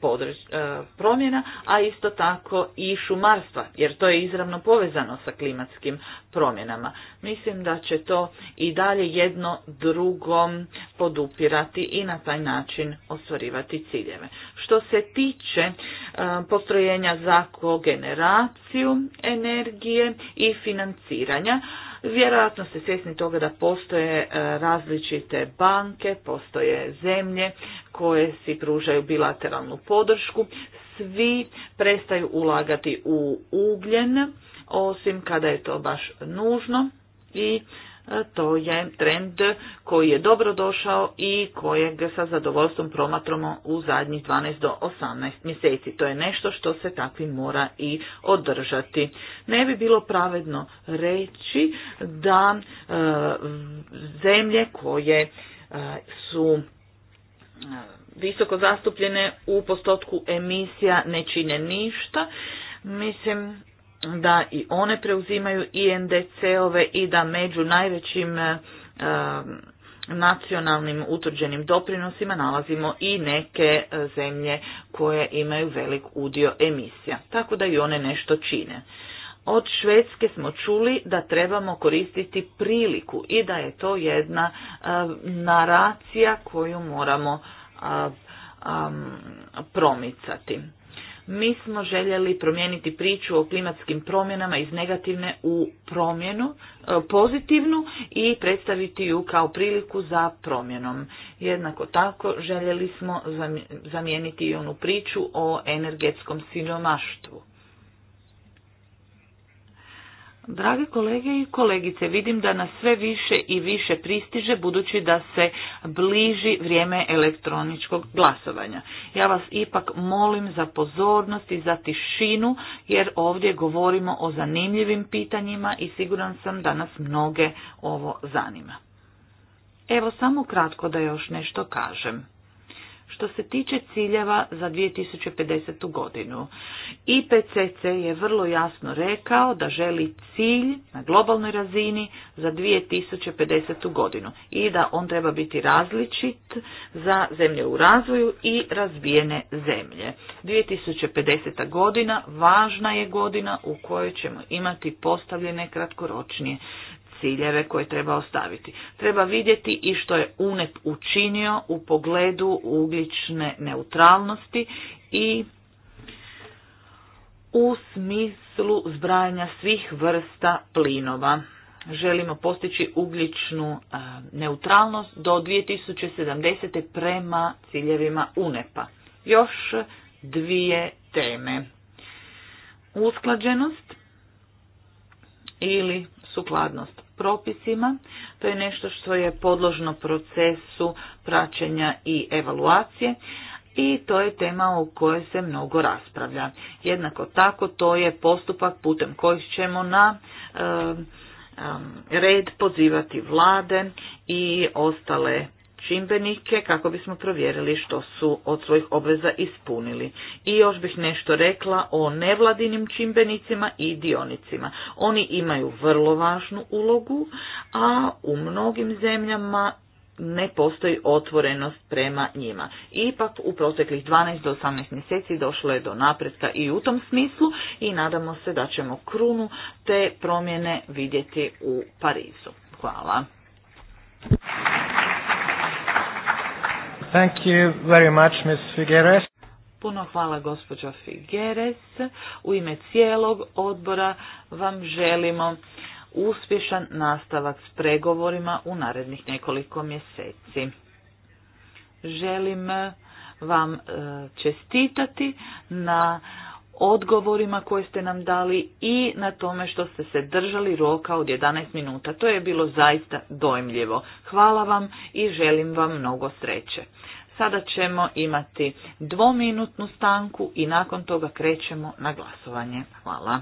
promjena, a isto tako i šumarstva, jer to je izravno povezano sa klimatskim promjenama. Mislim da će to i dalje jedno drugom podupirati i na taj način ostvarivati ciljeve. Što se tiče e, postrojenja za kogeneraciju energije i financiranja, Vjerojatno ste svjesni toga da postoje e, različite banke, postoje zemlje koje si pružaju bilateralnu podršku. Svi prestaju ulagati u ugljen, osim kada je to baš nužno i e, to je trend koji je dobro došao i kojeg sa zadovoljstvom promatramo u zadnjih 12 do 18 mjeseci. To je nešto što se takvi mora i održati. Ne bi bilo pravedno reći da e, zemlje koje e, su visoko zastupljene u postotku emisija ne čine ništa. Mislim da i one preuzimaju indc ove i da među najvećim eh, nacionalnim utvrđenim doprinosima nalazimo i neke eh, zemlje koje imaju velik udio emisija, tako da i one nešto čine. Od Švedske smo čuli da trebamo koristiti priliku i da je to jedna eh, naracija koju moramo promicati. Mi smo željeli promijeniti priču o klimatskim promjenama iz negativne u promjenu, e, pozitivnu i predstaviti ju kao priliku za promjenom. Jednako tako željeli smo zamijeniti i onu priču o energetskom siromaštvu. Dragi kolege i kolegice, vidim da nas sve više i više pristiže budući da se bliži vrijeme elektroničkog glasovanja. Ja vas ipak molim za pozornost i za tišinu jer ovdje govorimo o zanimljivim pitanjima i siguran sam da nas mnoge ovo zanima. Evo samo kratko da još nešto kažem što se tiče ciljeva za 2050. godinu. IPCC je vrlo jasno rekao da želi cilj na globalnoj razini za 2050. godinu i da on treba biti različit za zemlje u razvoju i razvijene zemlje. 2050. godina važna je godina u kojoj ćemo imati postavljene kratkoročnije ciljeve koje treba ostaviti. Treba vidjeti i što je UNEP učinio u pogledu ugljične neutralnosti i u smislu zbrajanja svih vrsta plinova. Želimo postići ugljičnu e, neutralnost do 2070. prema ciljevima UNEP-a. Još dvije teme. Usklađenost ili sukladnost propisima. To je nešto što je podložno procesu praćenja i evaluacije i to je tema o kojoj se mnogo raspravlja. Jednako tako to je postupak putem kojih ćemo na red pozivati vlade i ostale čimbenike kako bismo provjerili što su od svojih obveza ispunili. I još bih nešto rekla o nevladinim čimbenicima i dionicima. Oni imaju vrlo važnu ulogu, a u mnogim zemljama ne postoji otvorenost prema njima. Ipak u proteklih 12 do 18 mjeseci došlo je do napretka i u tom smislu i nadamo se da ćemo krunu te promjene vidjeti u Parizu. Hvala. Thank you very much, Ms. Figueres. Puno hvala gospođo Figueres. U ime cijelog odbora vam želimo uspješan nastavak s pregovorima u narednih nekoliko mjeseci. Želim eh, vam eh, čestitati na odgovorima koje ste nam dali i na tome što ste se držali roka od 11 minuta. To je bilo zaista dojmljivo. Hvala vam i želim vam mnogo sreće. Sada ćemo imati dvominutnu stanku i nakon toga krećemo na glasovanje. Hvala.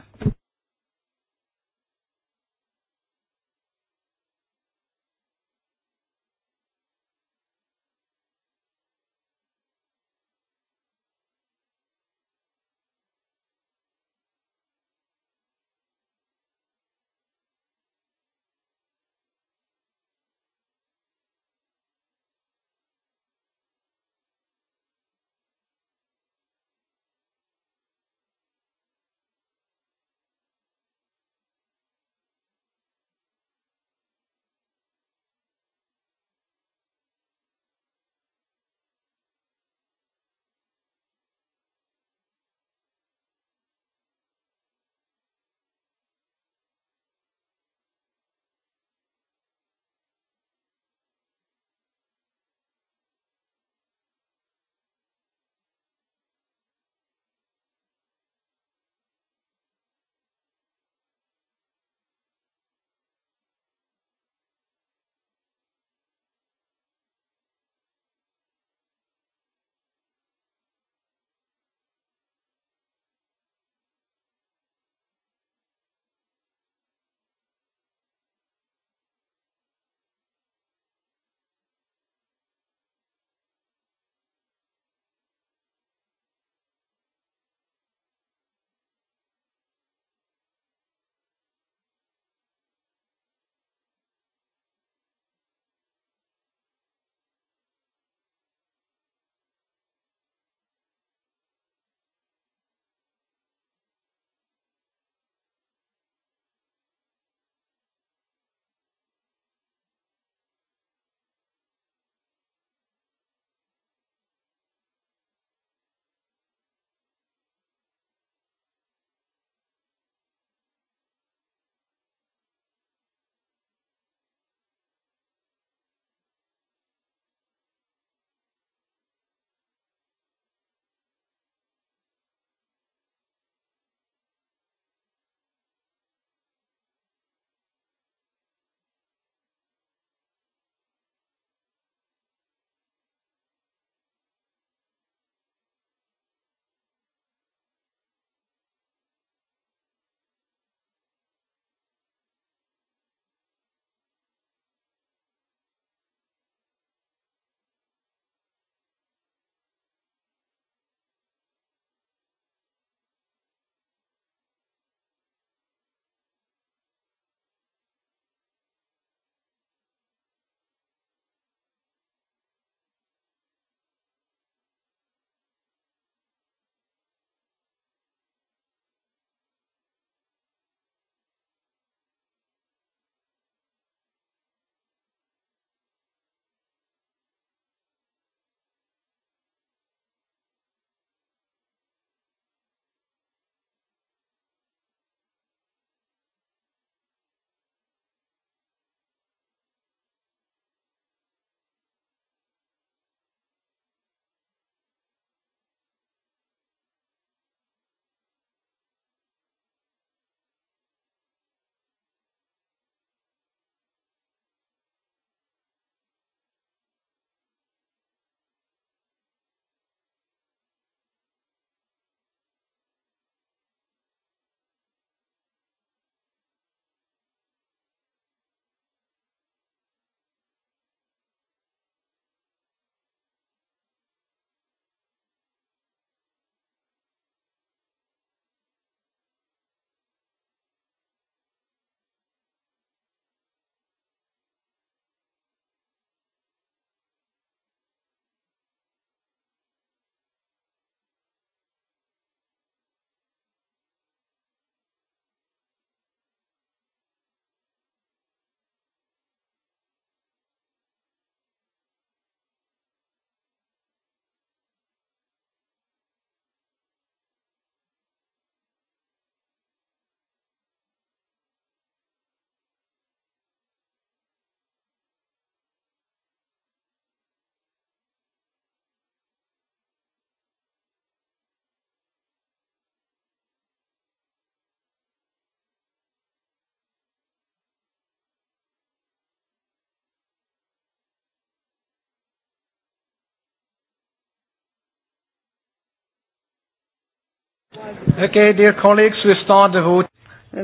Okay, dear colleagues, we start the vote.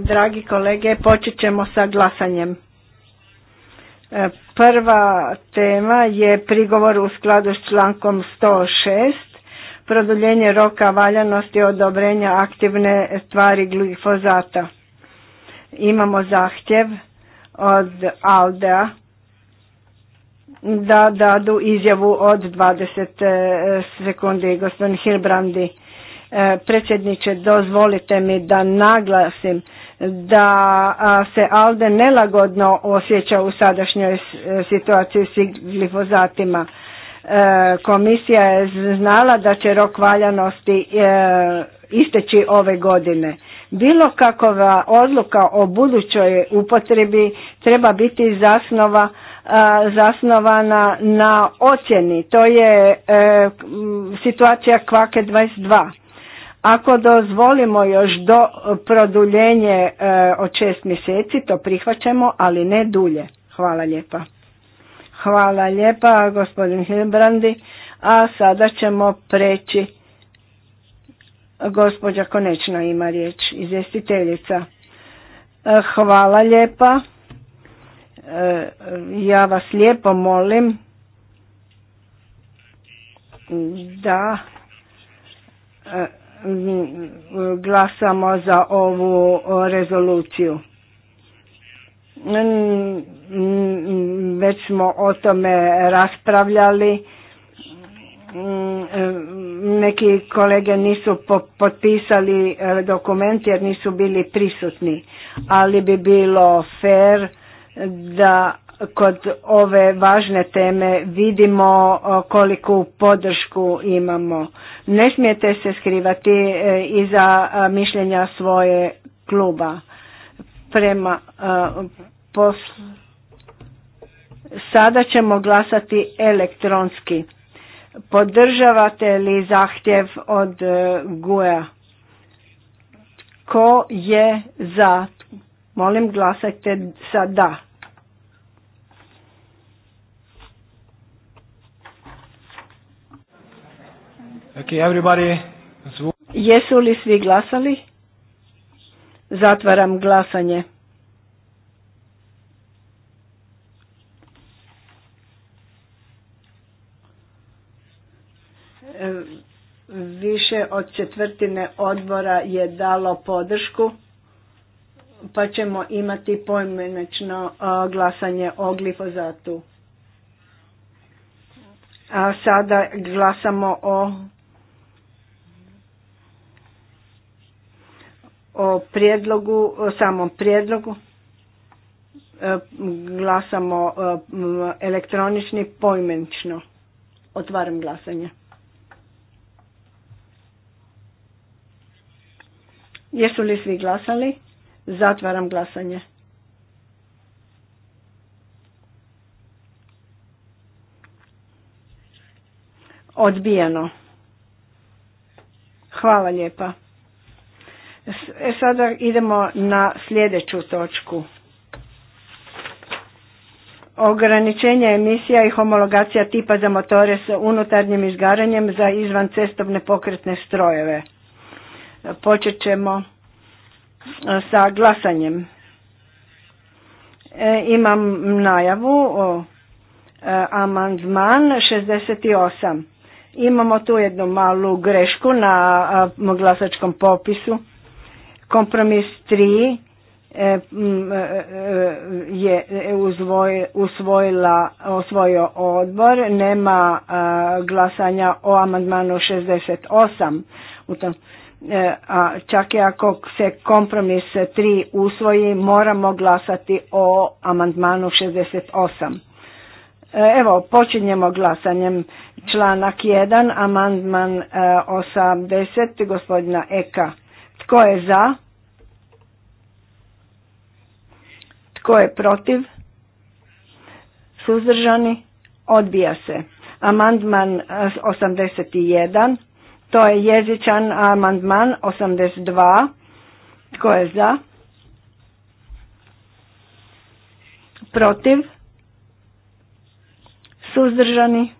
Dragi kolege, počet ćemo sa glasanjem. E, prva tema je prigovor u skladu s člankom 106, produljenje roka valjanosti odobrenja aktivne tvari glifozata. Imamo zahtjev od Aldea da dadu izjavu od 20 e, sekundi gospodin hilbrandi E, predsjedniče, dozvolite mi da naglasim da se Alde nelagodno osjeća u sadašnjoj e, situaciji s glifozatima. E, komisija je znala da će rok valjanosti isteći ove godine. Bilo kakva odluka o budućoj upotrebi treba biti zasnova zasnovana na ocjeni. To je situacija kvake 22. Ako dozvolimo još do produljenje e, od šest mjeseci, to prihvaćamo, ali ne dulje. Hvala lijepa. Hvala lijepa, gospodin Hilbrandi. A sada ćemo preći. Gospođa Konečna ima riječ, izvjestiteljica. E, hvala lijepa. E, ja vas lijepo molim da glasamo za ovu rezoluciju. Već smo o tome raspravljali. Neki kolege nisu potpisali e, dokument jer nisu bili prisutni, ali bi bilo fair da kod ove važne teme vidimo koliku podršku imamo. Ne smijete se skrivati e, iza mišljenja svoje kluba. Prema Sada ćemo glasati elektronski. Podržavate li zahtjev od e, GUE-a? Ko je za? Molim glasajte sa da. Okay, everybody. Jesu li svi glasali? Zatvaram glasanje. E, više od četvrtine odbora je dalo podršku, pa ćemo imati pojmenečno glasanje o glifozatu. A sada glasamo o o prijedlogu, o samom prijedlogu. E, glasamo e, elektronični poimenično. Otvaram glasanje. Jesu li svi glasali? Zatvaram glasanje. Odbijeno. Hvala lijepa. E, sada idemo na sljedeću točku. Ograničenje emisija i homologacija tipa za motore s unutarnjim izgaranjem za izvan cestovne pokretne strojeve. Počet ćemo e, sa glasanjem. E, imam najavu o e, amandman 68. Imamo tu jednu malu grešku na a, glasačkom popisu. Kompromis 3 e, e, e, je usvojila, osvojio odbor, nema glasanja o amandmanu 68 u tom a čak i ako se kompromis 3 usvoji, moramo glasati o amandmanu 68. Evo, počinjemo glasanjem članak 1, amandman 80, gospodina Eka. Tko je za? Tko je protiv? Suzdržani? Odbija se. Amandman 81. E, to je jezičan amandman 82. Tko je za? Protiv? Suzdržani?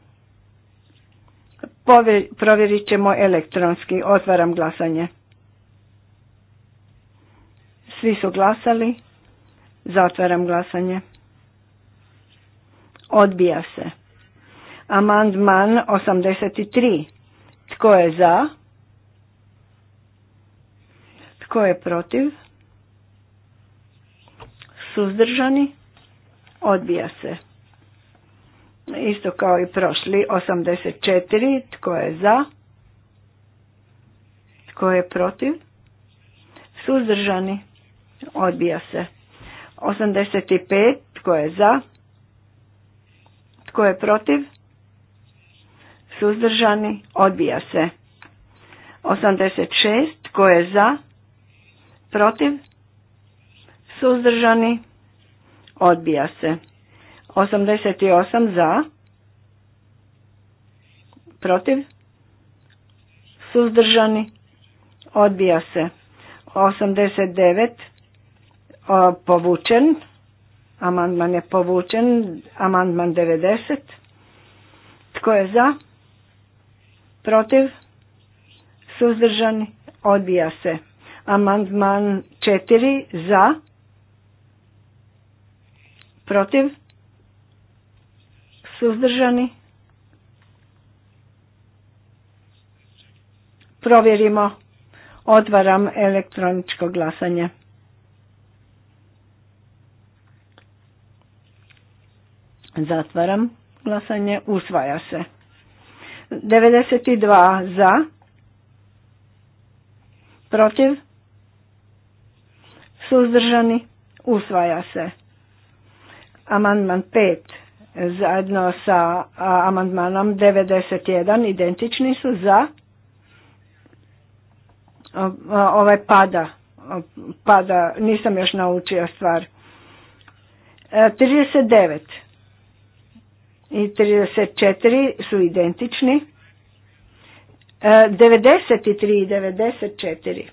Provjerit ćemo elektronski. Otvaram glasanje. Svi su glasali. Zatvaram glasanje. Odbija se. Amandman 83. Tko je za? Tko je protiv? Suzdržani? Odbija se. Isto kao i prošli. 84. Tko je za? Tko je protiv? Suzdržani? Odbija se. 85. Tko je za? Tko je protiv? Suzdržani? Odbija se. 86. Tko je za? Protiv? Suzdržani? Odbija se. 88 za. Protiv? Suzdržani? Odbija se. 89 povučen. Amandman je povučen. Amandman 90. Tko je za? Protiv? Suzdržani? Odbija se. Amandman 4. Za? Protiv? Suzdržani? Provjerimo. Otvaram elektroničko glasanje. Zatvaram glasanje. Usvaja se. 92 za. Protiv. Suzdržani. Usvaja se. Amandman 5 zajedno sa amandmanom 91 identični su za. Ovaj pada. Pada. Nisam još naučio stvar. 39 e, i 34 su identični. 93 e, i 94. E,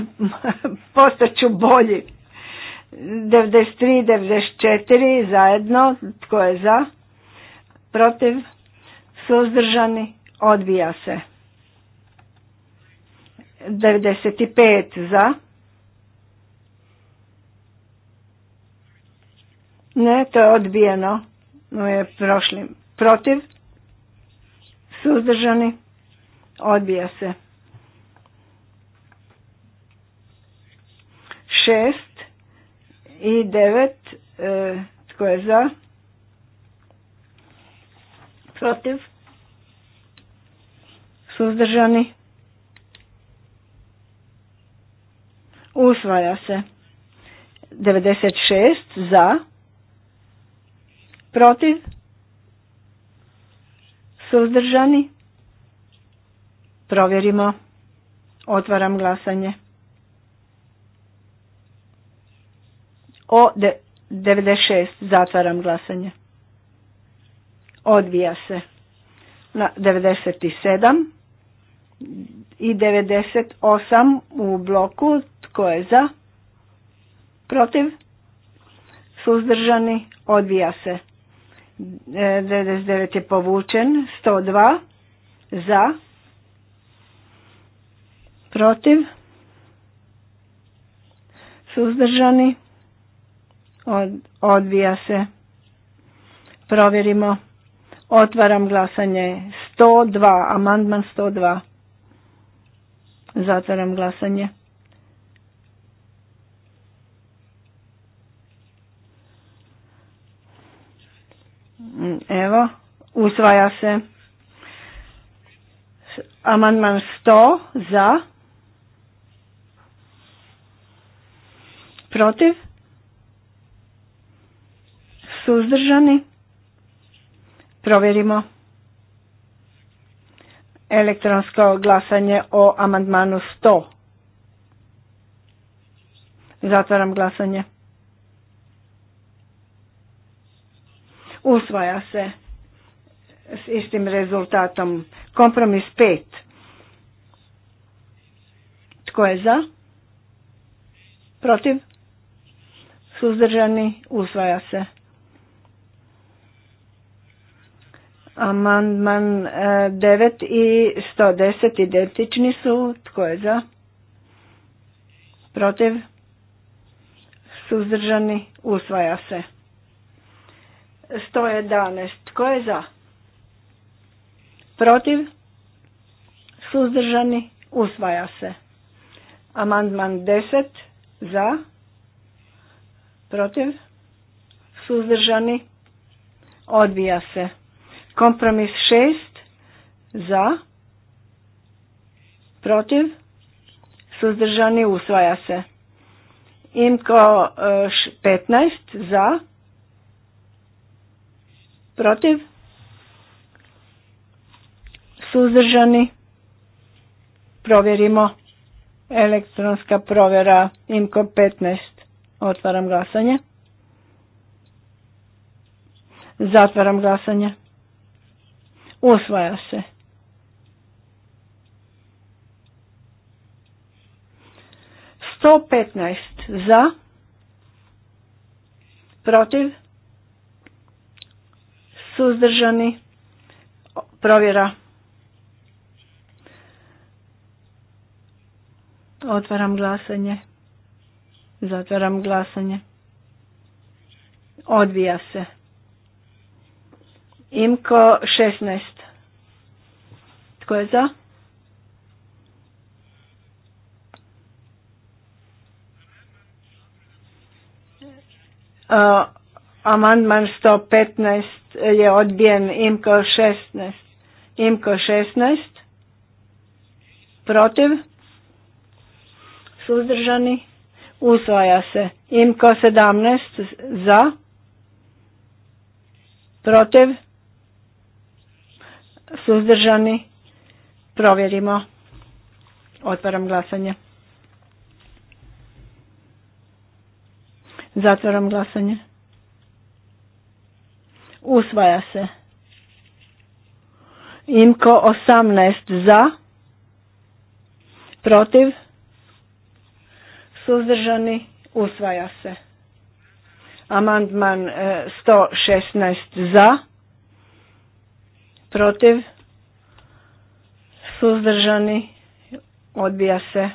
[LAUGHS] Postaću bolji. 93 i 94 zajedno. Tko je za? Protiv? Suzdržani? Odbija se. 95 za. Ne, to je odbijeno. No je prošli. Protiv? Suzdržani? Odbija se. Šest i devet. E, tko je za? Protiv? Suzdržani? Usvaja se. 96 za Protiv? Suzdržani? Provjerimo. Otvaram glasanje. O 96 zatvaram glasanje. Odvija se na 97 i 98 u bloku. Tko je za? Protiv? Suzdržani? Odvija se. 99 je povučen. 102 za. Protiv. Suzdržani. odvija se. Provjerimo. Otvaram glasanje. 102. Amandman 102. Zatvaram glasanje. Evo, usvaja se. Amandman 100 za. Protiv. Suzdržani. Provjerimo. Elektronsko glasanje o amandmanu 100. Zatvaram glasanje. Usvaja se s istim rezultatom. Kompromis 5. Tko je za? Protiv? Suzdržani? Usvaja se. Amandman 9 e, i deset identični su. Tko je za? Protiv? Suzdržani? Usvaja se. 111. Tko je za? Protiv? Suzdržani? Usvaja se. Amandman 10. Za? Protiv? Suzdržani? Odbija se. Kompromis 6. Za? Protiv? Suzdržani? Usvaja se. Imko 15. E, za? Protiv? Suzdržani? Provjerimo. Elektronska provjera Imko 15. Otvaram glasanje. Zatvaram glasanje. Usvaja se. Sto petnaest za, protiv, suzdržani, provjera. Otvaram glasanje. Zatvaram glasanje. Odvija se. Imko 16. Tko je za? Uh, amandman 115 je odbijen IMKO 16. IMKO 16. Protiv. Suzdržani. Usvaja se. IMKO 17. Za. Protiv. Suzdržani. Provjerimo. Otvaram glasanje. Zatvaram glasanje usvaja se. Imko 18 za, protiv, suzdržani, usvaja se. Amandman 116 e, za, protiv, suzdržani, odbija se.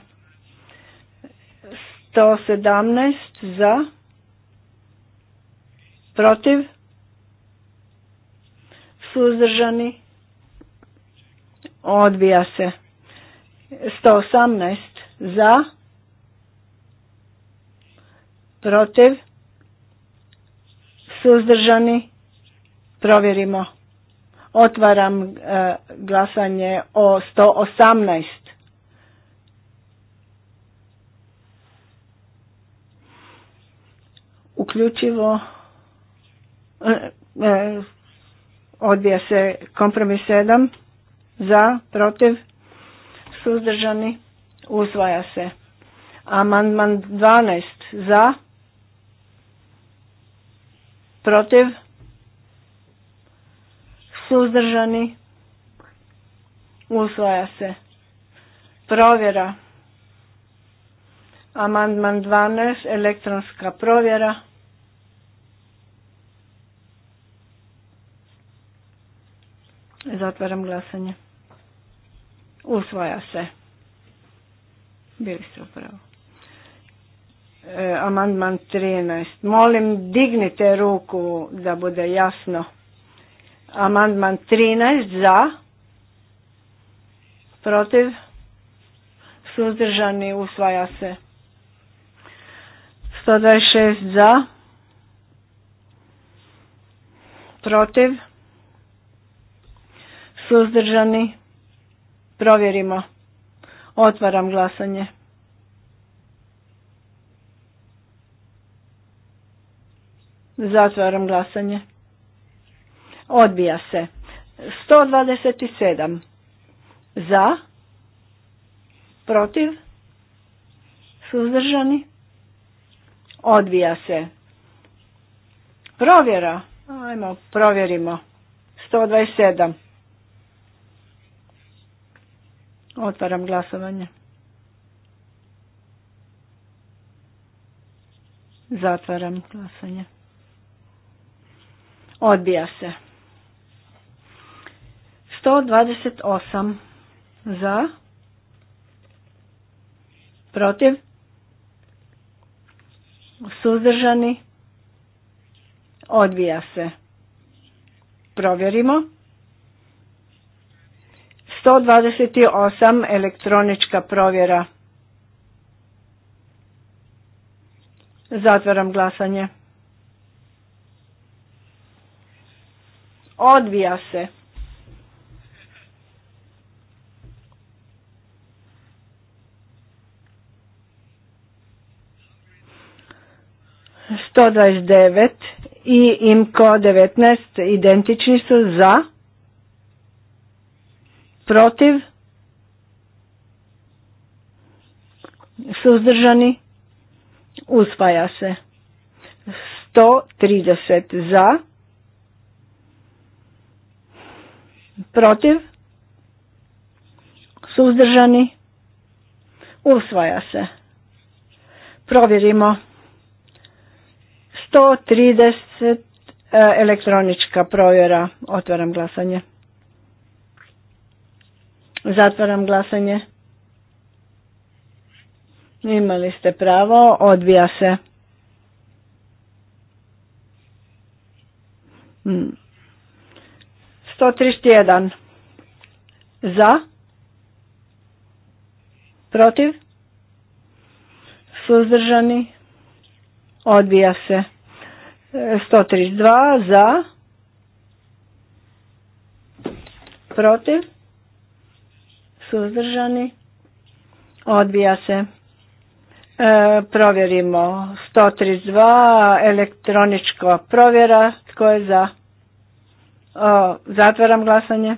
117 za, protiv, suzdržani, odbija se. 118 za, protiv, suzdržani, provjerimo. Otvaram e, glasanje o 118. Uključivo e, e, Odbija se kompromis 7. Za, protiv, suzdržani, usvaja se. Amandman 12. Za, protiv, suzdržani, usvaja se. Provjera. Amandman 12. Elektronska provjera. Zatvaram glasanje. Usvaja se. Bili ste upravo. E, amandman 13. Molim, dignite ruku da bude jasno. Amandman 13 za, protiv, suzdržani, usvaja se. 126 za, protiv, suzdržani, provjerimo. Otvaram glasanje. Zatvaram glasanje. Odbija se. 127. Za. Protiv. Suzdržani. Odbija se. Provjera. Ajmo, provjerimo. 127. Otvaram glasovanje. Zatvaram glasovanje. Odbija se. 128 za. Protiv. Suzdržani. Odbija se. Provjerimo. 128 elektronička provjera. Zatvaram glasanje. Odvija se. Sto dvadeset devet i imko devetnaest identični su za protiv, suzdržani, usvaja se. 130 za, protiv, suzdržani, usvaja se. Provjerimo. 130 e, elektronička provjera. Otvaram glasanje. Zatvaram glasanje. Imali ste pravo, Odvija se. Hmm. 131 za protiv suzdržani Odvija se 132 za protiv suzdržani, odbija se. E, provjerimo 132, elektronička provjera, tko je za? O, zatvaram glasanje.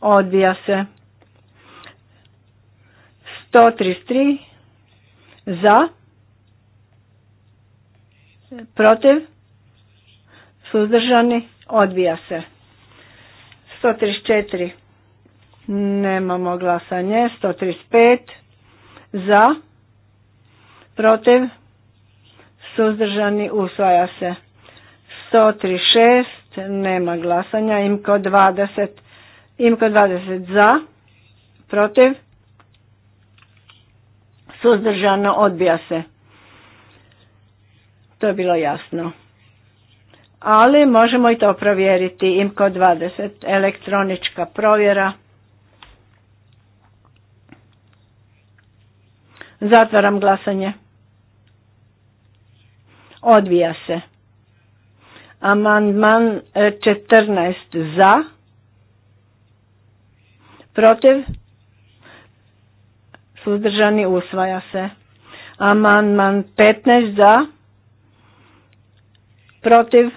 Odbija se. 133 za, protiv, suzdržani, odbija se. 134 Nemamo glasanje. 135 za, protiv, suzdržani, usvaja se. 136 nema glasanja. Imko 20, imko 20 za, protiv, suzdržano, odbija se. To je bilo jasno. Ali možemo i to provjeriti. Imko 20, elektronička provjera. Zatvaram glasanje. Odvija se. Amandman 14 e, za. Protiv. Suzdržani usvaja se. Amandman 15 za. Protiv.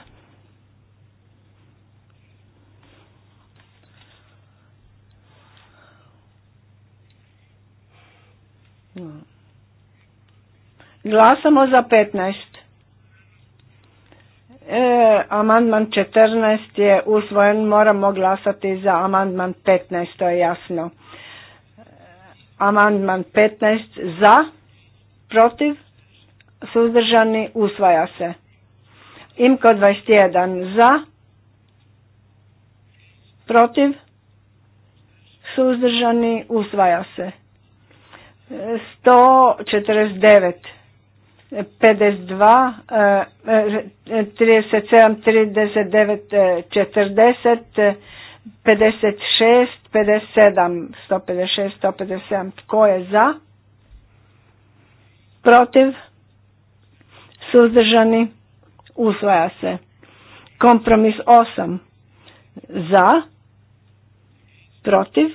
Glasamo za 15. E, amandman 14 je usvojen, moramo glasati za amandman 15, to je jasno. E, amandman 15 za, protiv, suzdržani, usvaja se. Imko 21 za, protiv, suzdržani, usvaja se. 149 e, 52, 37, 39, 40, 56, 57, 156, 157. Tko je za? Protiv? Suzdržani? Usvaja se. Kompromis 8. Za? Protiv?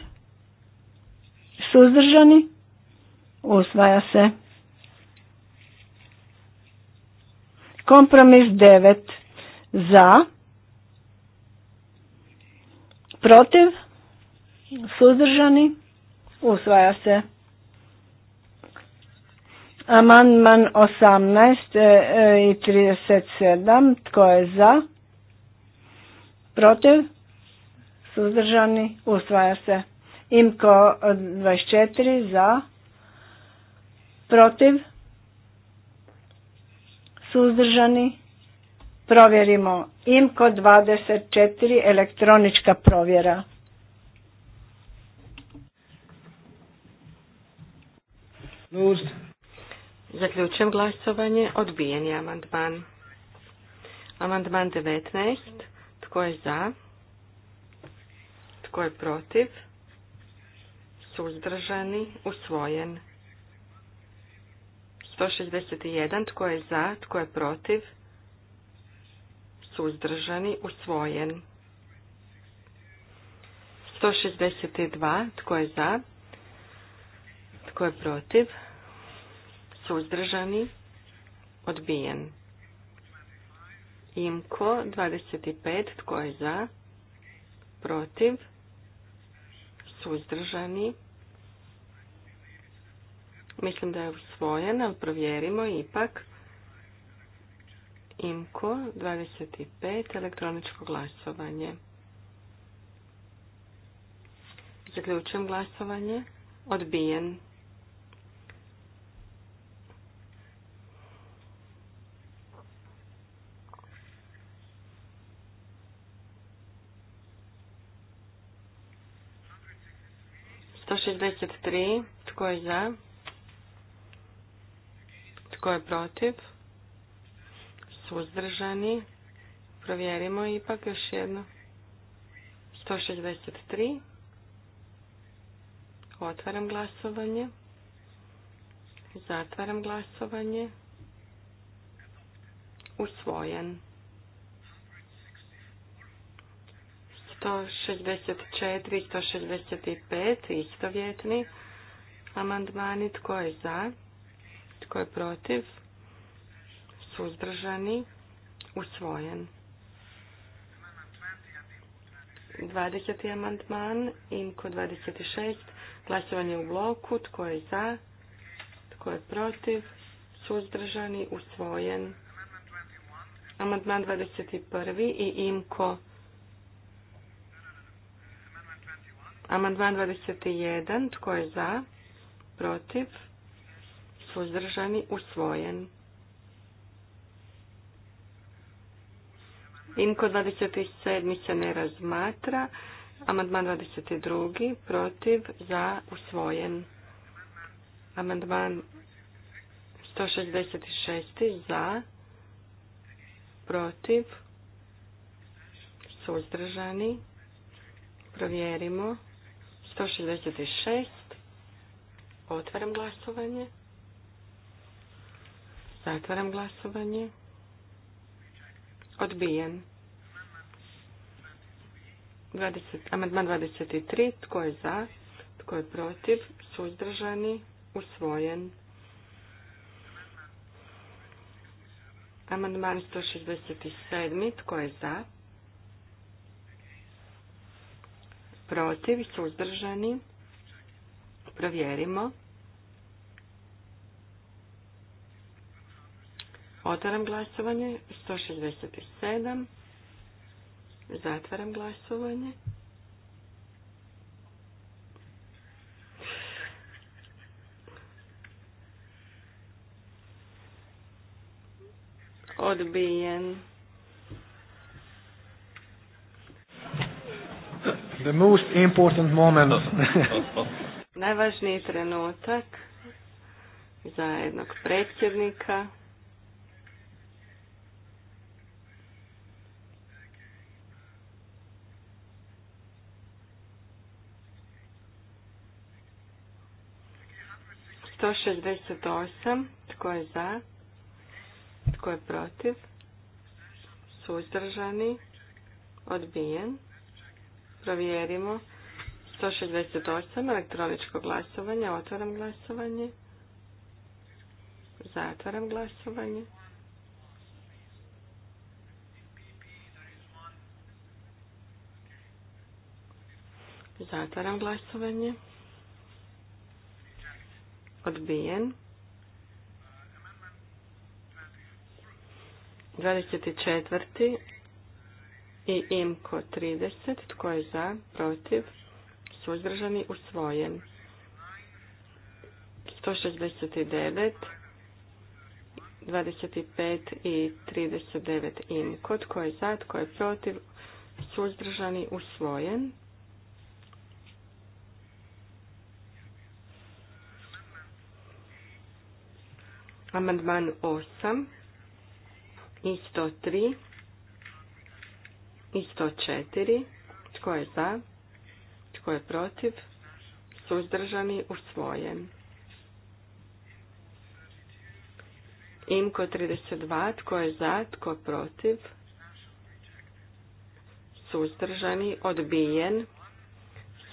Suzdržani? Usvaja se. Kompromis 9 za, protiv, suzdržani, usvaja se. Amandman 18 e, e, i 37, tko je za, protiv, suzdržani, usvaja se. Imko 24 za, protiv, suzdržani, provjerimo IMCO 24 elektronička provjera. Zaključujem glasovanje. Odbijen je amandman. Amandman 19. Tko je za? Tko je protiv? Suzdržani. Usvojen. 161. Tko je za? Tko je protiv? Suzdržani. Usvojen. 162. Tko je za? Tko je protiv? Suzdržani. Odbijen. Imko 25. Tko je za? Protiv? Suzdržani. Mislim da je usvojen, ali provjerimo ipak. Imko 25, elektroničko glasovanje. Zaključujem glasovanje. Odbijen. Sto Tko je za? Tko je protiv? Suzdržani. Provjerimo ipak još jedno. 163. Otvaram glasovanje. Zatvaram glasovanje. Usvojen. 164 i 165 istovjetni amandmani. Tko je za? Tko je protiv? Suzdržani? Usvojen. 20. amandman, IMKO 26, glasovanje u bloku, tko je za, tko je protiv, suzdržani, usvojen. Amandman 21. i IMKO. Amandman 21, tko je za, protiv, suzdržani, usvojen. Inko 27. se ne razmatra. Amandman 22. protiv za usvojen. Amandman 166. za protiv suzdržani. Provjerimo. 166. Otvaram glasovanje. Zatvaram glasovanje. Odbijen. Amadman 23. Tko je za? Tko je protiv? Suzdržani? Usvojen. Amandman 167. Tko je za? Protiv? Suzdržani? Provjerimo. Otvaram glasovanje. 167. Zatvaram glasovanje. Odbijen. The most important moment. Najvažniji trenutak za jednog predsjednika. 168. Tko je za? Tko je protiv? Suzdržani? Odbijen? Provjerimo. 168. Elektroničko glasovanje. Otvaram glasovanje. Zatvaram glasovanje. Zatvaram glasovanje. Odbijen. 24. i imko 30. Tko je za? Protiv? Suzdržani? Usvojen. 169. 25 i 39 imko. Tko je za? Tko je protiv? Suzdržani? Usvojen. Amandman 8 i 103 i 104. Tko je za? Tko je protiv? Suzdržani usvojen. Imko 32. Tko je za? Tko je protiv? Suzdržani odbijen.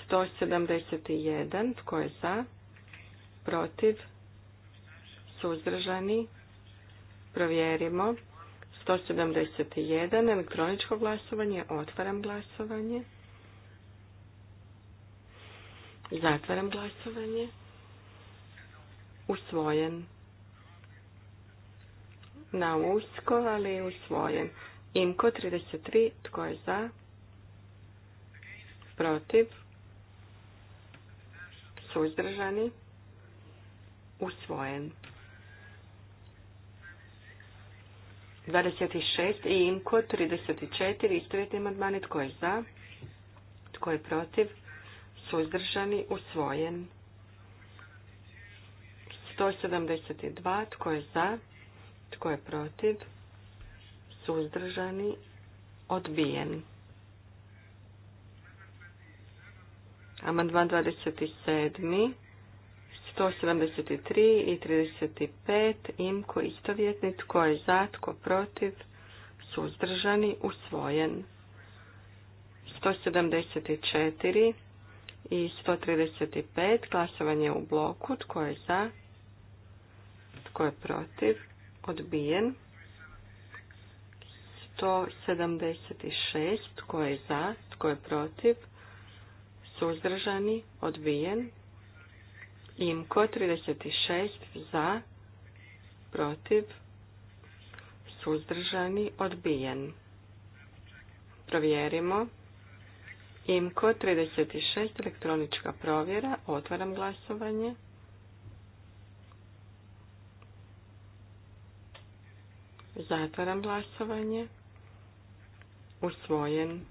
171. Tko je za? Protiv? suzdržani, provjerimo. 171, elektroničko glasovanje, otvaram glasovanje. Zatvaram glasovanje. Usvojen. Na usko, ali usvojen. Imko 33, tko je za? Protiv? Suzdržani? Usvojen. 26 i imko 34, istovjetni amandmane tko je za, tko je protiv, suzdržani, usvojen. 172, tko je za, tko je protiv, suzdržani, odbijen. Amandman 27. 173 i 35 imko istovjetni tko je za, tko protiv, suzdržani, usvojen. 174 i 135 glasovanje u bloku tko je za, tko je protiv, odbijen. 176 tko je za, tko je protiv, suzdržani, odbijen. Imko 36 za, protiv, suzdržani, odbijen. Provjerimo. Imko 36, elektronička provjera, otvaram glasovanje. Zatvaram glasovanje. Usvojen.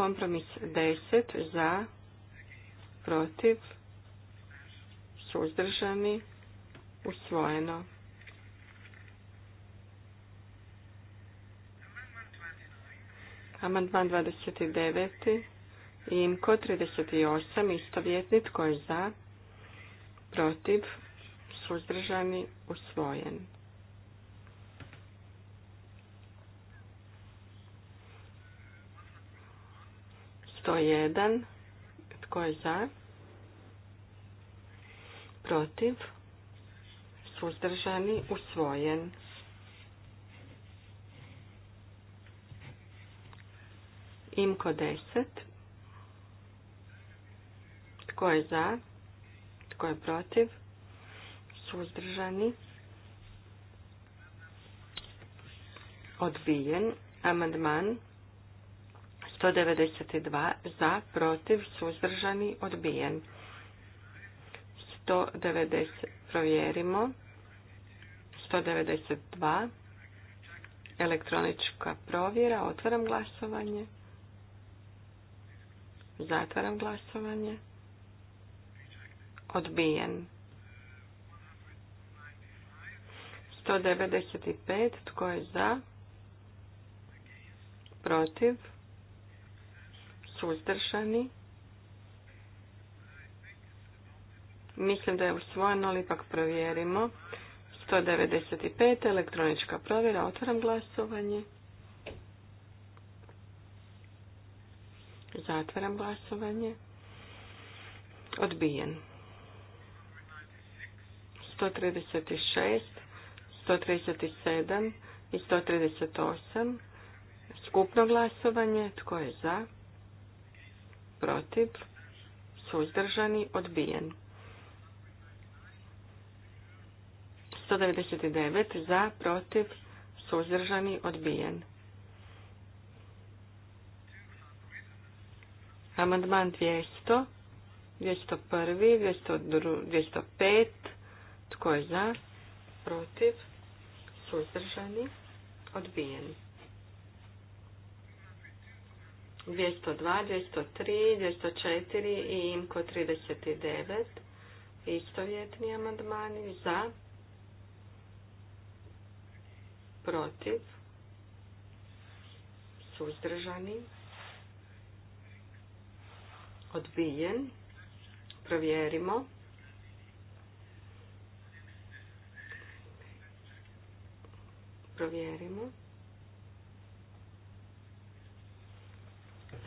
Kompromis 10 za, protiv, suzdržani, usvojeno. Amandman 29. imko 38. Istovjetni tko je za, protiv, suzdržani, usvojen. 101. Tko je za? Protiv? Suzdržani? Usvojen. Imko 10. Tko je za? Tko je protiv? Suzdržani? Odbijen. Amandman 192 za, protiv, suzdržani, odbijen. 190, provjerimo. 192, elektronička provjera, otvaram glasovanje. Zatvaram glasovanje. Odbijen. 195, tko je za? Protiv? suzdržani. Mislim da je usvojeno, ali ipak provjerimo. 195. elektronička provjera. Otvaram glasovanje. Zatvaram glasovanje. Odbijen. 136, 137 i 138. Skupno glasovanje. Tko je za? protiv, suzdržani, odbijen. 199 za, protiv, suzdržani, odbijen. Amandman 200, 201, 205, tko je za, protiv, suzdržani, odbijen. 202, 203, 204 i IMKO 39. Istovjetni amandmani za, protiv, suzdržani, odbijen. Provjerimo. Provjerimo.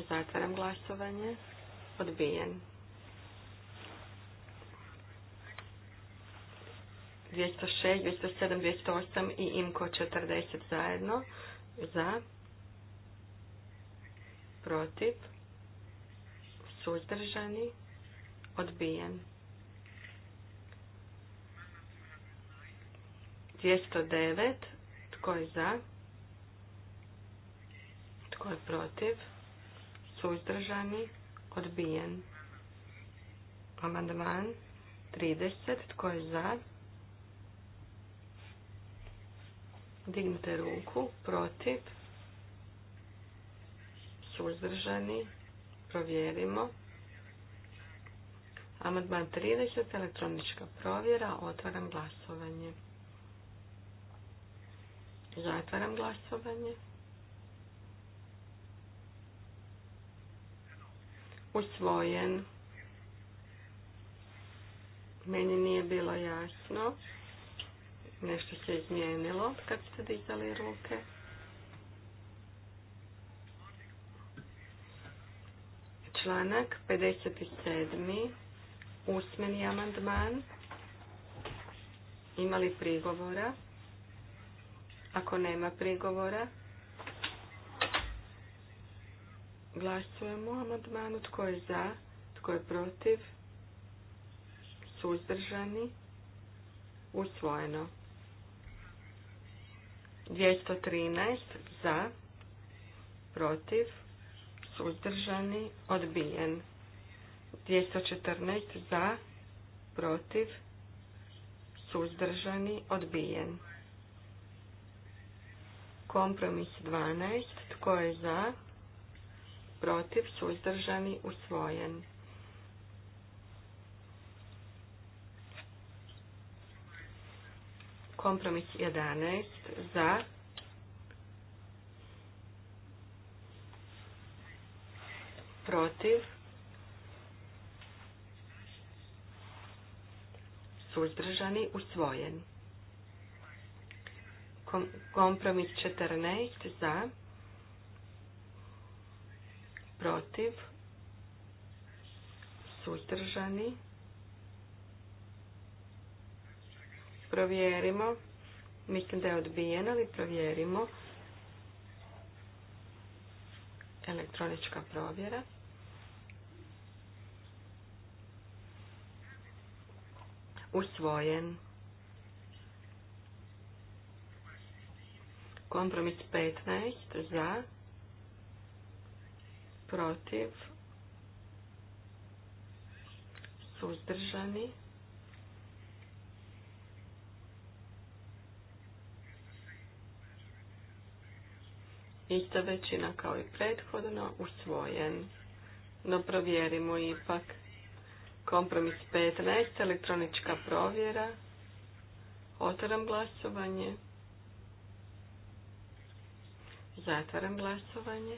Zatvaram glasovanje. Odbijen. 206, 207, 208 i IMKO 40 zajedno. Za. Protiv. Suzdržani. Odbijen. 209. Tko je za? Tko je protiv? suzdržani, odbijen. Amandman 30. Tko je za? Dignite ruku. Protiv. Suzdržani. Provjerimo. Amandman 30. Elektronička provjera. Otvaram glasovanje. Zatvaram glasovanje. usvojen. Meni nije bilo jasno. Nešto se izmijenilo kad ste dizali ruke. Članak 57. Usmeni amandman. Imali prigovora? Ako nema prigovora, Glasujemo o amandmanu. Tko je za? Tko je protiv? Suzdržani? Usvojeno. 213 za, protiv, suzdržani, odbijen. 214 za, protiv, suzdržani, odbijen. Kompromis 12, tko je za, protiv, suzdržani, usvojen. Kompromis 11 za, protiv, suzdržani, usvojen. Kompromis 14 za, protiv, Sutržani. Provjerimo. Mislim da je odbijen, ali provjerimo. Elektronička provjera. Usvojen. Kompromis 15 za protiv, suzdržani. Ista većina kao i prethodno usvojen. No provjerimo ipak. Kompromis 15, elektronička provjera. Otvaram glasovanje. Zatvaram glasovanje.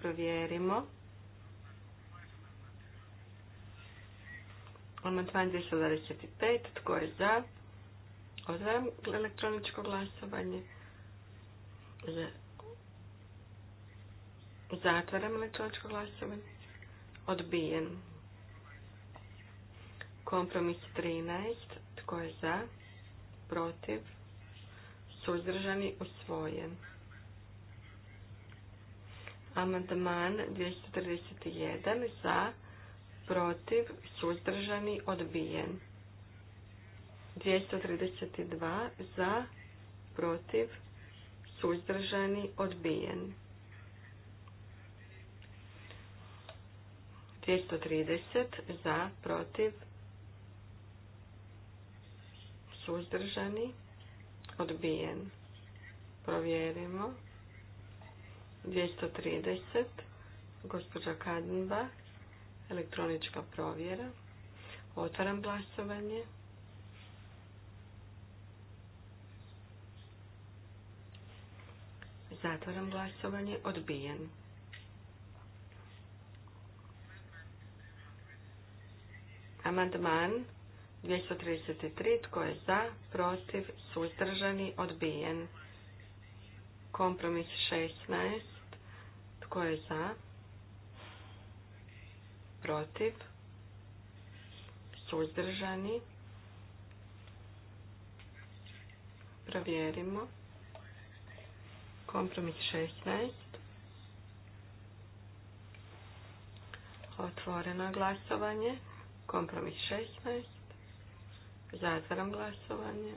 provjerimo. Amandman 225. Tko je za? Otvaram elektroničko glasovanje. Zatvaram elektroničko glasovanje. Odbijen. Kompromis 13. Tko je za? Protiv? Suzdržani? Usvojen. Amandman 241 za, protiv, suzdržani, odbijen. 232 za, protiv, suzdržani, odbijen. 230 za, protiv, suzdržani, odbijen. Provjerimo. 230, gospođa Kadnba, elektronička provjera. Otvaram glasovanje. Zatvaram glasovanje. Odbijen. Amandman 233. Tko je za, protiv, suzdržani, odbijen. Kompromis 16. Tko je za? Protiv? Suzdržani? Provjerimo. Kompromis 16. Otvoreno glasovanje. Kompromis 16. Zatvaram glasovanje.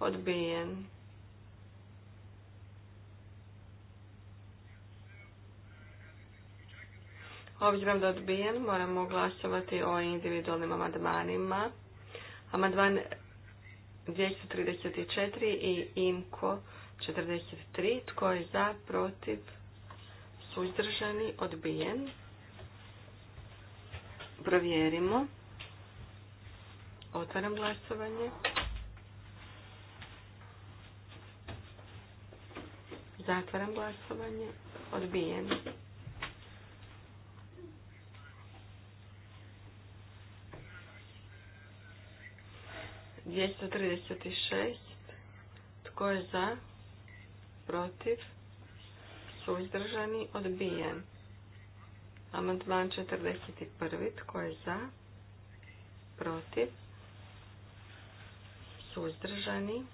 Odbijen. Obzirom da odbijen, moramo glasovati o individualnim amandmanima. Amandman 234 i INKO 43. Tko je za, protiv, suzdržani, odbijen? Provjerimo. Otvaram glasovanje. Zatvaram glasovanje. Odbijen. 236. Tko je za? Protiv? Suzdržani? Odbijen. Amandman 41. Tko je za? Protiv? Suzdržani?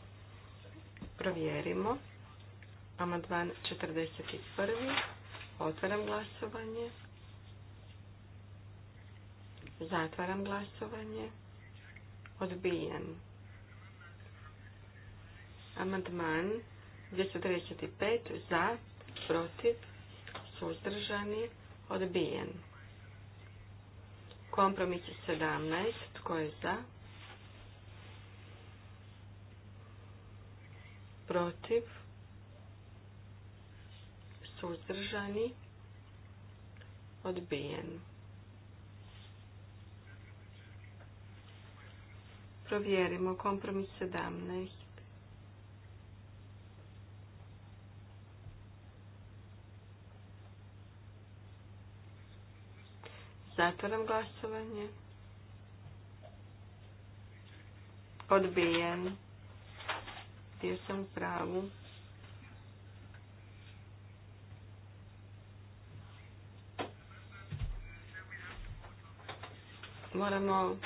Provjerimo. Amandman 41. Otvaram glasovanje. Zatvaram glasovanje. Odbijen. Amandman 235 za, protiv, suzdržani, odbijen. Kompromis 17, tko je za? Protiv, suzdržani, odbijen. Provjerimo kompromis 17. Zatvaram glasovanje. Odbijen. Bio sam u pravu. Moramo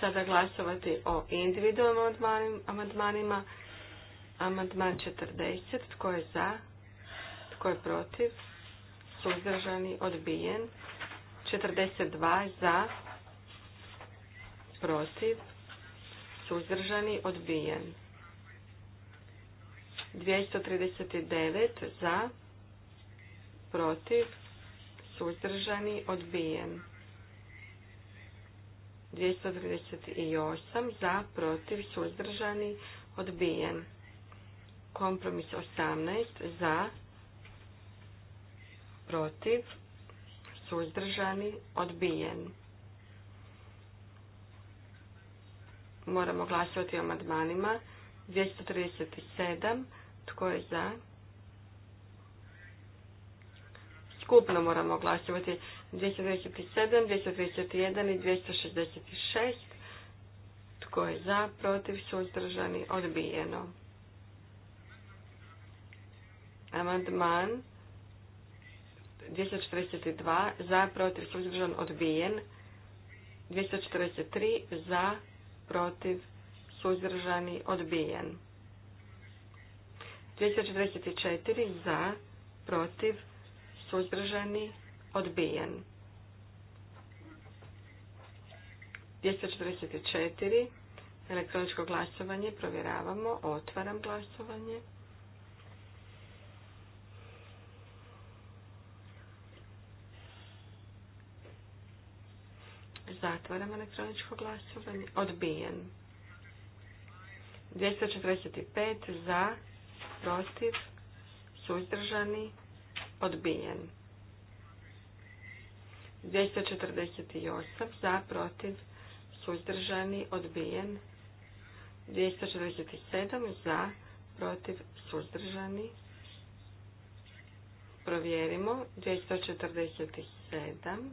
sada glasovati o individualnim amandmanima. Amandman 40. Tko je za? Tko je protiv? Suzdržani? Odbijen. 42 za, protiv, suzdržani, odbijen. 239 za, protiv, suzdržani, odbijen. 238 za, protiv, suzdržani, odbijen. Kompromis 18 za, protiv, suzdržani, odbijen. Moramo glasovati o amandmanima. 237. Tko je za? Skupno moramo glasovati 237, 231 i 266. Tko je za, protiv, suzdržani, odbijeno. Amandman 242 za, protiv, suzdržan, odbijen. 243 za, protiv, suzdržani, odbijen. 244 za, protiv, suzdržani, odbijen. 244 elektroničko glasovanje provjeravamo, otvaram glasovanje. Zatvaram elektroničko glasovanje. Odbijen. 245 za, protiv, suzdržani, odbijen. 248 za, protiv, suzdržani, odbijen. 247 za, protiv, suzdržani. Provjerimo. 247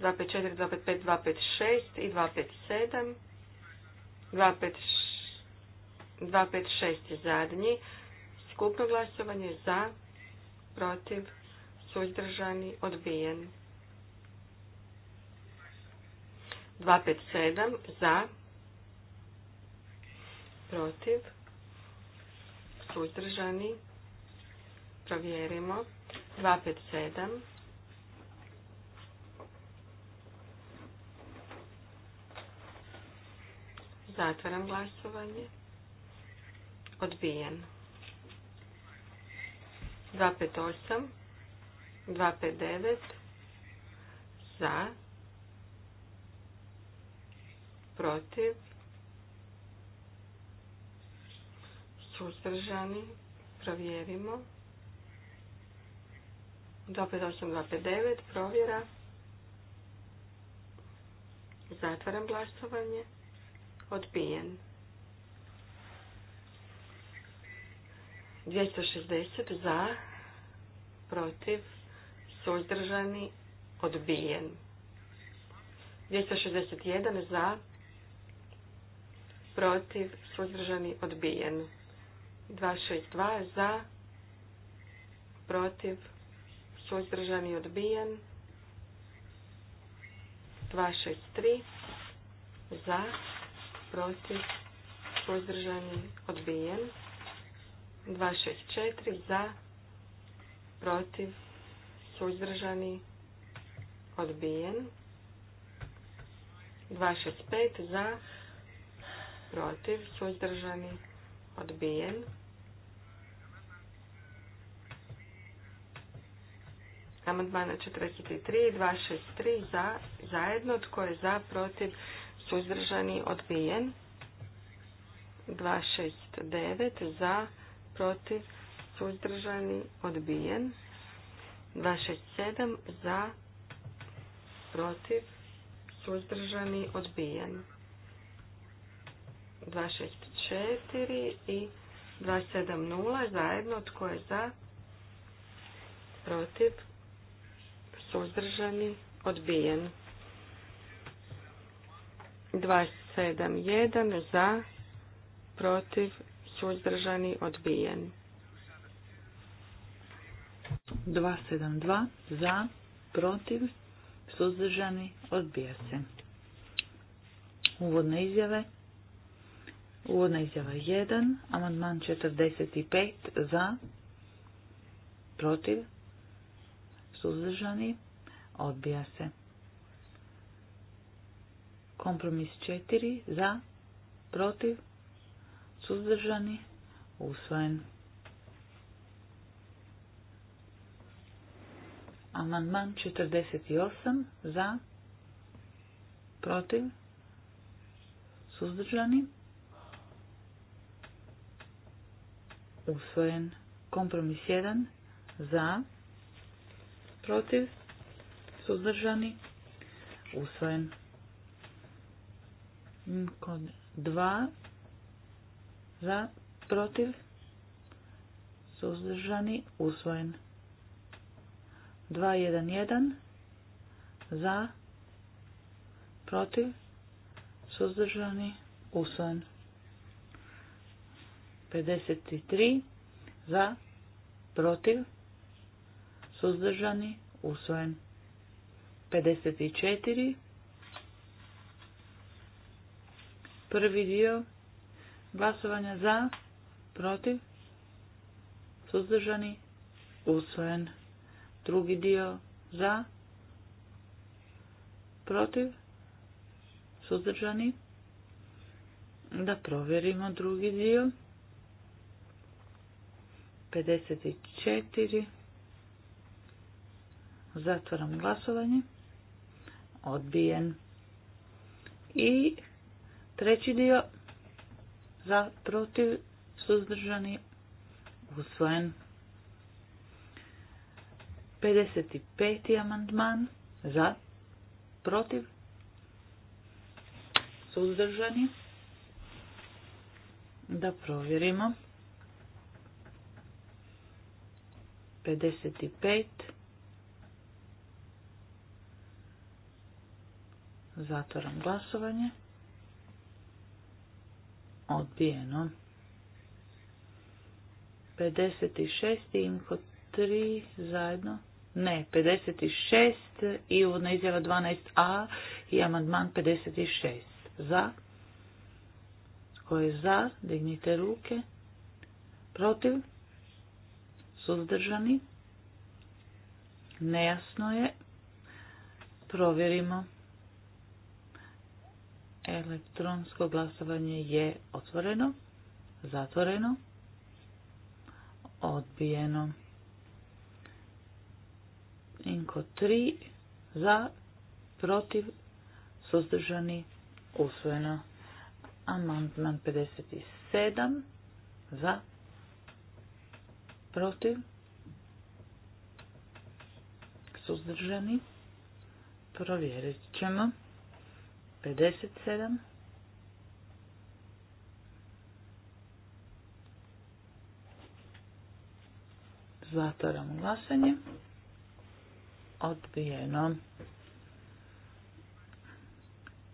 254, 255, 256 i 257. 256 je zadnji. Skupno glasovanje za, protiv, suzdržani, odbijen. 257 za, protiv, suzdržani, provjerimo. 257 Zatvaram glasovanje. Odbijen. 258. 259. Za. Protiv. Suzdržani. Provjerimo. 258, 259. Provjera. Zatvaram glasovanje. Odbijen. 260 za, protiv, suzdržani, odbijen. 261 za, protiv, suzdržani, odbijen. 262 za, protiv, suzdržani, odbijen. 263 za, protiv, suzdržani, odbijen. 264 za, protiv, suzdržani, odbijen. 265 za, protiv, suzdržani, odbijen. Amandmana 43 i 263 za, zajedno, tko je za, protiv, suzdržani, odbijen. 269 za, protiv, suzdržani, odbijen. 267 za, protiv, suzdržani, odbijen. 264 i 270 zajedno, tko je za, protiv, suzdržani, odbijen. 271 za, protiv, suzdržani, odbijen. 272 za, protiv, suzdržani, odbija se. Uvodne izjave. Uvodna izjava 1, amandman 45 za, protiv, suzdržani, odbija se. Kompromis 4 za, protiv, suzdržani, usvojen. Amandman 48 za, protiv, suzdržani, usvojen. Kompromis jedan. za, protiv, suzdržani, usvojen. Kod 2 za, protiv, suzdržani, usvojen. 211 za, protiv, suzdržani, usvojen. 53 za, protiv, suzdržani, usvojen. 54 Prvi dio glasovanja za, protiv, suzdržani, usvojen. Drugi dio za, protiv, suzdržani. Da provjerimo drugi dio. 54. Zatvaram glasovanje. Odbijen. I Treći dio za protiv suzdržani usvojen. 55. amandman za protiv suzdržani da provjerimo 55 zatvoram glasovanje odbijeno. 56 i imko 3 zajedno. Ne, 56 i uvodna izjava 12a i amandman 56. Za. Ko je za, dignite ruke. Protiv. Suzdržani. Nejasno je. Provjerimo. Elektronsko glasovanje je otvoreno, zatvoreno, odbijeno. Inko 3 za, protiv, suzdržani, usvojeno. Amandman 57 za, protiv, suzdržani, provjerit ćemo. 57. Zatvaram glasanje. Odbijeno.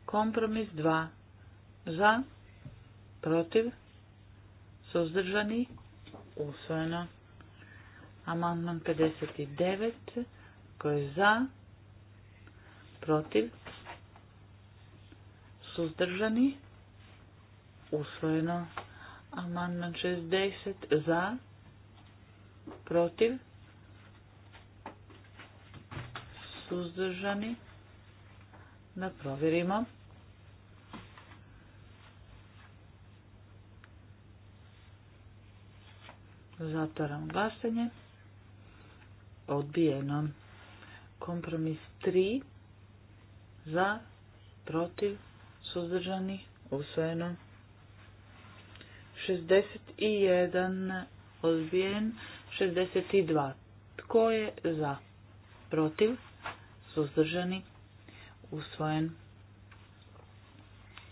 Kompromis 2. Za. Protiv. Suzdržani. Usvojeno. Amandman 59. Koji je za. Protiv suzdržani, usvojeno. Amandman 60 za, protiv, suzdržani, da provjerimo. Zatvaram glasanje. Odbijeno. Kompromis 3 za, protiv, suzdržani, usvojeno. 61 odbijen, 62. Tko je za? Protiv, suzdržani, usvojen.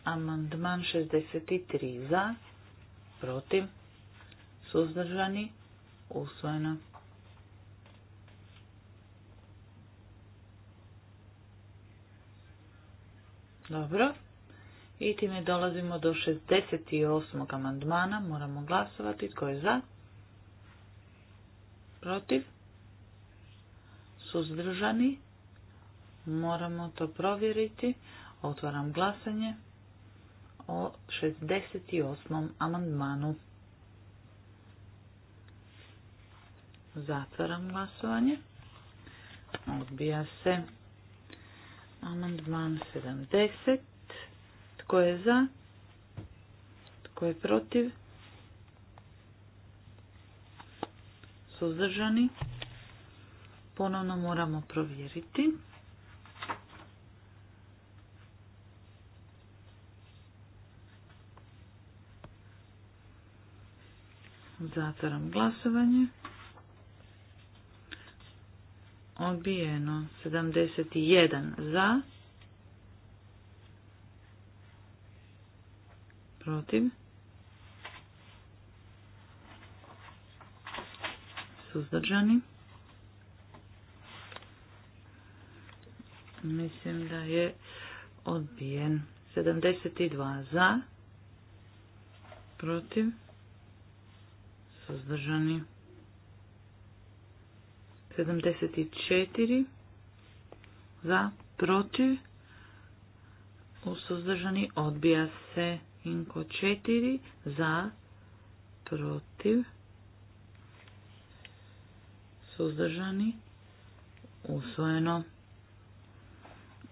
Amandman 63 za, protiv, suzdržani, usvojeno. Dobro. I time dolazimo do 68. amandmana. Moramo glasovati. Tko je za? Protiv? Suzdržani? Moramo to provjeriti. Otvaram glasanje o 68. amandmanu. Zatvaram glasovanje. Odbija se amandman 70. Tko je za? Tko je protiv? Suzdržani? Ponovno moramo provjeriti. Zatvaram glasovanje. Odbijeno 71 za protiv, suzdržani. Mislim da je odbijen. 72 za, protiv, suzdržani. 74 za, protiv, u odbija se Inko četiri za, protiv, suzdržani, usvojeno.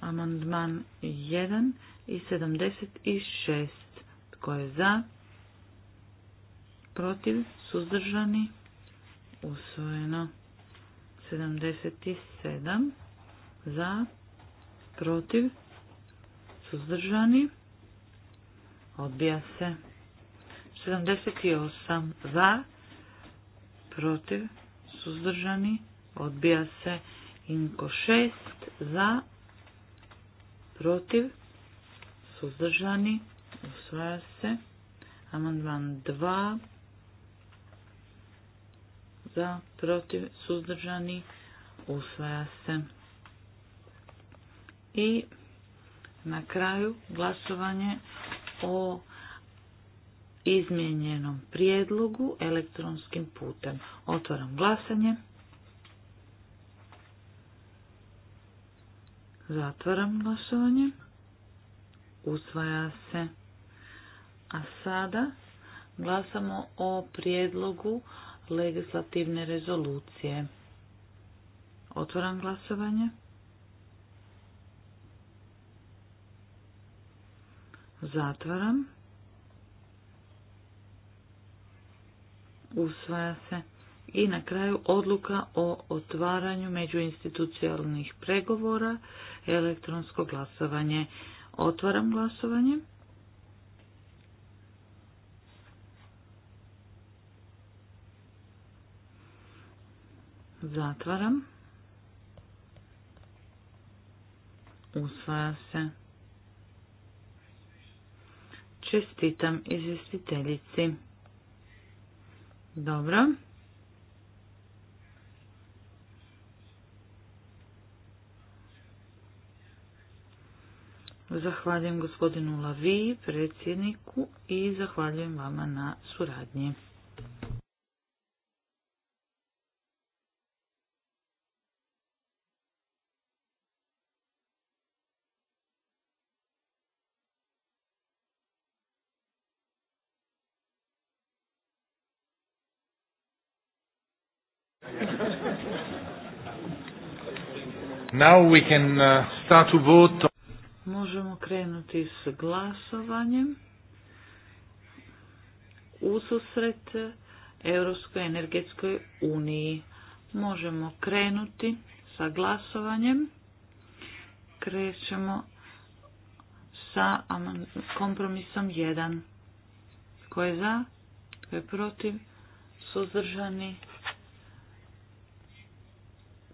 Amandman 1 i 76. Tko je za? Protiv, suzdržani, usvojeno. 77 za, protiv, suzdržani, Odbija se. 78 za, protiv, suzdržani, odbija se. Inko 6 za, protiv, suzdržani, usvaja se. Amandman 2 za, protiv, suzdržani, usvaja se. I na kraju glasovanje o izmijenjenom prijedlogu elektronskim putem. Otvaram glasanje. Zatvaram glasovanje. Usvaja se. A sada glasamo o prijedlogu legislativne rezolucije. Otvaram glasovanje. Zatvaram. Usvaja se. I na kraju odluka o otvaranju međuinstitucionalnih pregovora, elektronsko glasovanje. Otvaram glasovanje. Zatvaram. Usvaja se. Čestitam izvjestiteljici. Dobro. Zahvaljujem gospodinu Lavi, predsjedniku i zahvaljujem vama na suradnji. Now we can uh, start to vote. Možemo krenuti s glasovanjem. Ususret Europskoj energetskoj uniji. Možemo krenuti sa glasovanjem. Krećemo sa kompromisom 1. Ko je za? Ko je protiv? Suzdržani?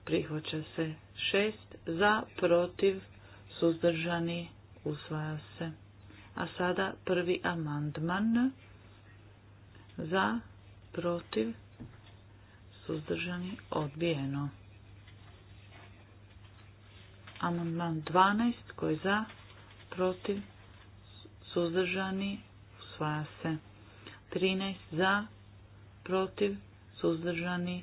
Prihvaća se šest za, protiv, suzdržani, usvaja se. A sada prvi amandman za, protiv, suzdržani, odbijeno. Amandman 12 koji za, protiv, suzdržani, usvaja se. 13 za, protiv, suzdržani,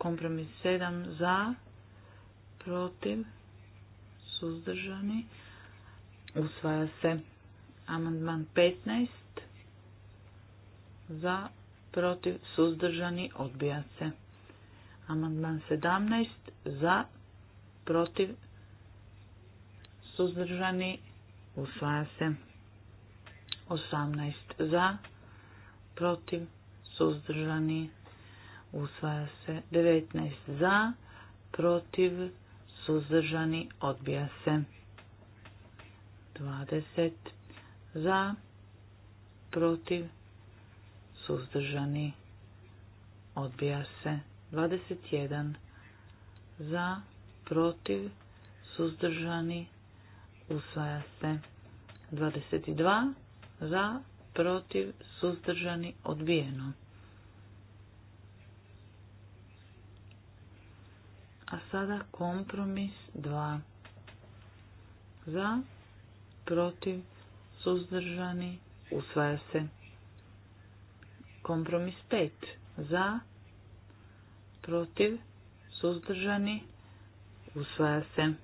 Kompromis 7 za, protiv, suzdržani, usvaja se. Amandman 15 za, protiv, suzdržani, odbija se. Amandman 17 za, protiv, suzdržani, usvaja se. 18 za, protiv, suzdržani, usvaja se. 19 za, protiv, suzdržani, odbija se. 20 za, protiv, suzdržani, odbija se. 21 za, protiv, suzdržani, usvaja se. 22 za, protiv, suzdržani, odbijeno. a sada kompromis 2. Za, protiv, suzdržani, usvaja se. Kompromis 5. Za, protiv, suzdržani, usvaja se.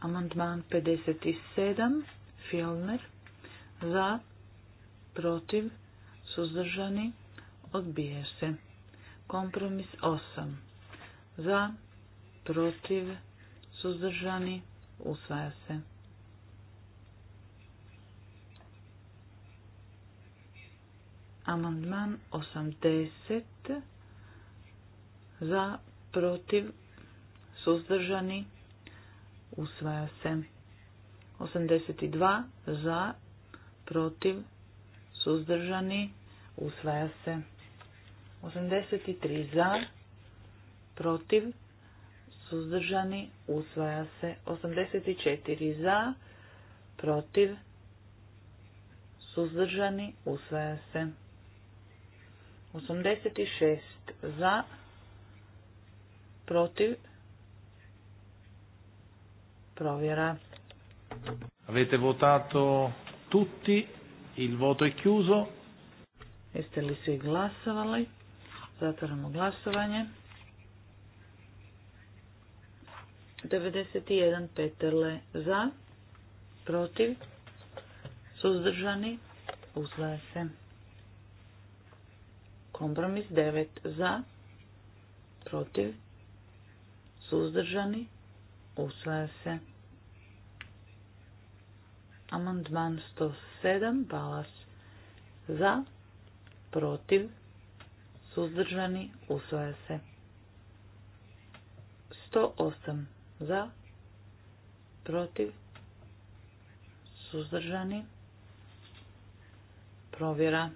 Amandman 57. Fjellner. Za, protiv, suzdržani, Odbije se. Kompromis 8. Za, protiv, suzdržani, usvaja se. Amandman 80. Za, protiv, suzdržani, usvaja se. 82. Za, protiv, suzdržani, usvaja se. 83 za, protiv, suzdržani, usvaja se. 84 za, protiv, suzdržani, usvaja se. 86 za, protiv, provjera. Avete votato tutti, il voto è chiuso. Jeste li svi glasovali? Zatvaramo glasovanje. 91 peterle za, protiv, suzdržani, uzvaja se. Kompromis 9 za, protiv, suzdržani, usvaja se. Amandman 107, balas za, protiv, suzdržani, usvaja se. 108 za, protiv, suzdržani, provjera.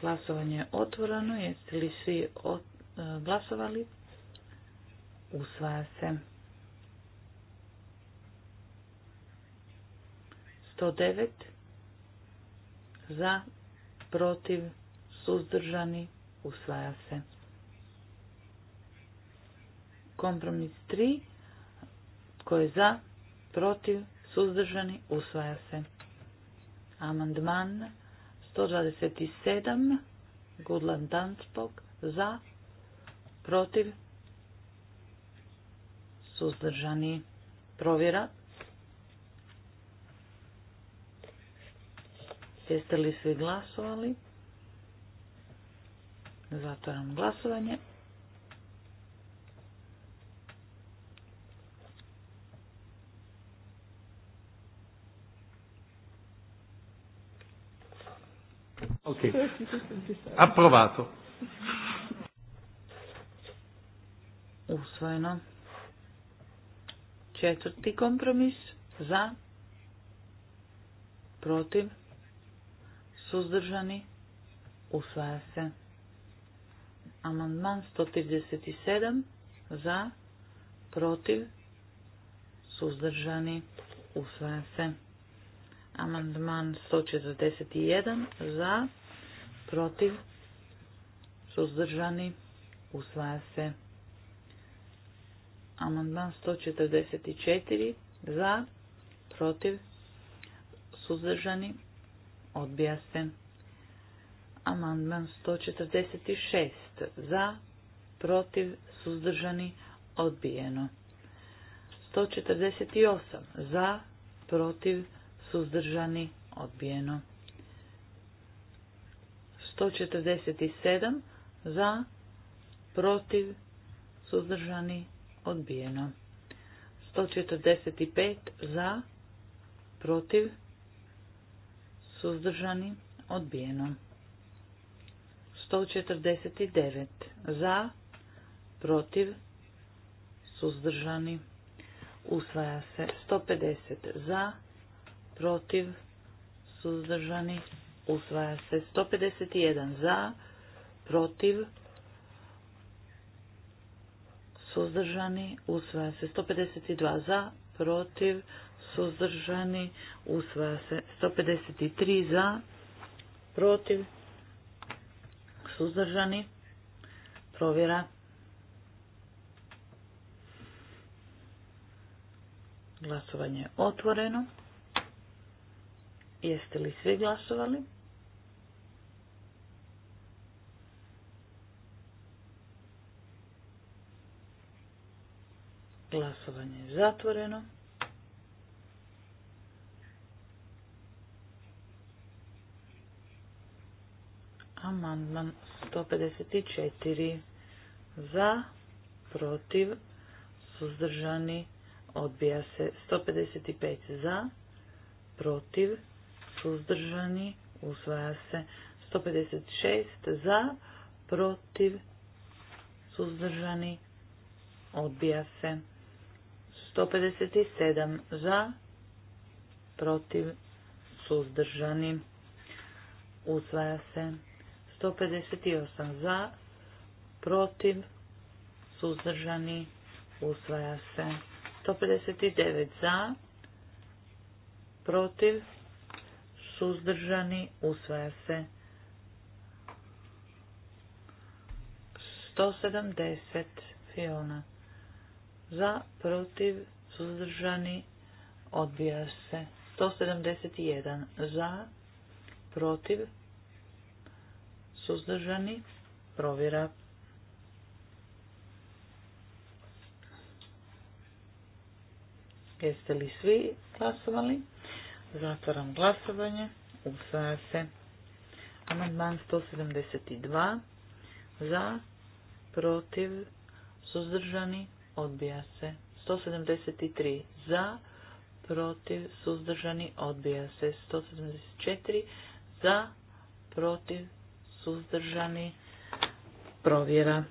Glasovanje je otvoreno, jeste li svi e, glasovali? Usvaja se. 109 za, protiv, suzdržani, usvaja se. Kompromis 3, tko je za, protiv, suzdržani, usvaja se. Amandman 127, Gudlan Danspog, za, protiv, suzdržani, provjera Jeste li svi glasovali? Zatvaram glasovanje. Ok, approvato. Usvojeno. Četvrti kompromis za, protiv, suzdržani, usvaja se. Amandman 137 za, protiv, suzdržani, usvaja se. Amandman 141 za, protiv, suzdržani, usvaja se. Amandman 144 za, protiv, suzdržani, Odbija se. Amandman 146. Za, protiv, suzdržani, odbijeno. 148. Za, protiv, suzdržani, odbijeno. 147. Za, protiv, suzdržani, odbijeno. 145. Za, protiv, suzdržani, odbijeno. 149 za, protiv, suzdržani, usvaja se. 150 za, protiv, suzdržani, usvaja se. 151 za, protiv, suzdržani, usvaja se. 152 za, protiv, suzdržani, usvaja se 153 za, protiv, suzdržani, provjera. Glasovanje je otvoreno. Jeste li svi glasovali? Glasovanje je zatvoreno. Amandman 154 za, protiv, suzdržani, odbija se. 155 za, protiv, suzdržani, usvaja se. 156 za, protiv, suzdržani, odbija se. 157 za, protiv, suzdržani, usvaja se. 158 za, protiv, suzdržani, usvaja se. 159 za, protiv, suzdržani, usvaja se. 170 Fiona za, protiv, suzdržani, odbija se. 171 za, protiv, suzdržani, provjera. Jeste li svi glasovali? Zatvaram glasovanje. Usvaja se. Amandman 172. Za, protiv, suzdržani, odbija se. 173. Za, protiv, suzdržani, odbija se. 174. Za, protiv, suzdržani, provjera.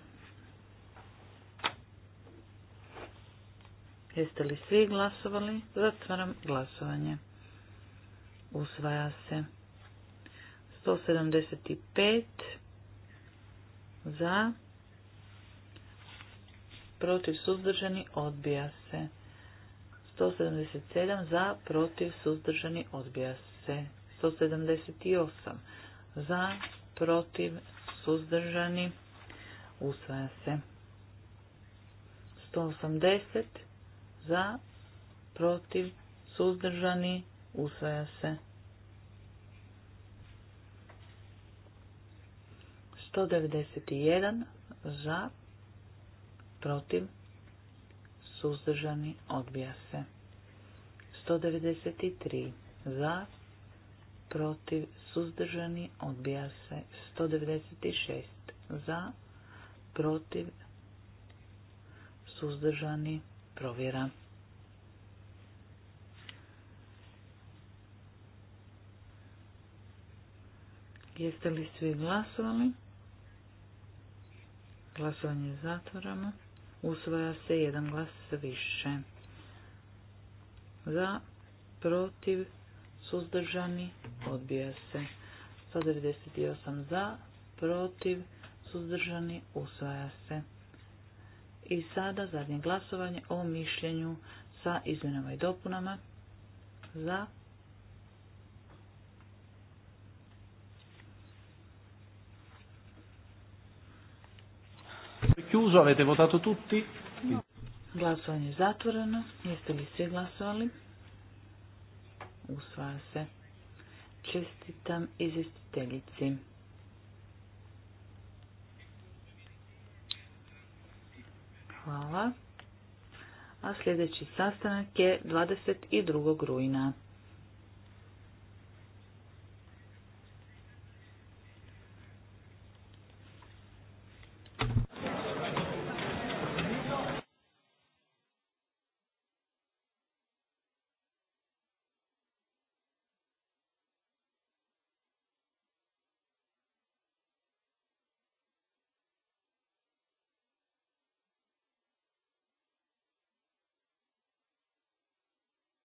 Jeste li svi glasovali? Zatvaram glasovanje. Usvaja se. 175 za, protiv suzdržani, odbija se. 177 za, protiv suzdržani, odbija se. 178 za, protiv, suzdržani, usvaja se. 180 za, protiv, suzdržani, usvaja se. 191 za, protiv, suzdržani, odbija se. 193 za, protiv, suzdržani, odbija se 196 za, protiv, suzdržani, provjera. Jeste li svi glasovali? Glasovanje zatvoramo. Usvaja se jedan glas više. Za, protiv, suzdržani, odbija se. 198 za, protiv, suzdržani, usvaja se. I sada zadnje glasovanje o mišljenju sa izmjenama i dopunama za Chiuso, avete votato Glasovanje je zatvoreno. Jeste li svi glasovali? usvaja se. Čestitam izvjestiteljici. Hvala. A sljedeći sastanak je 22. rujna.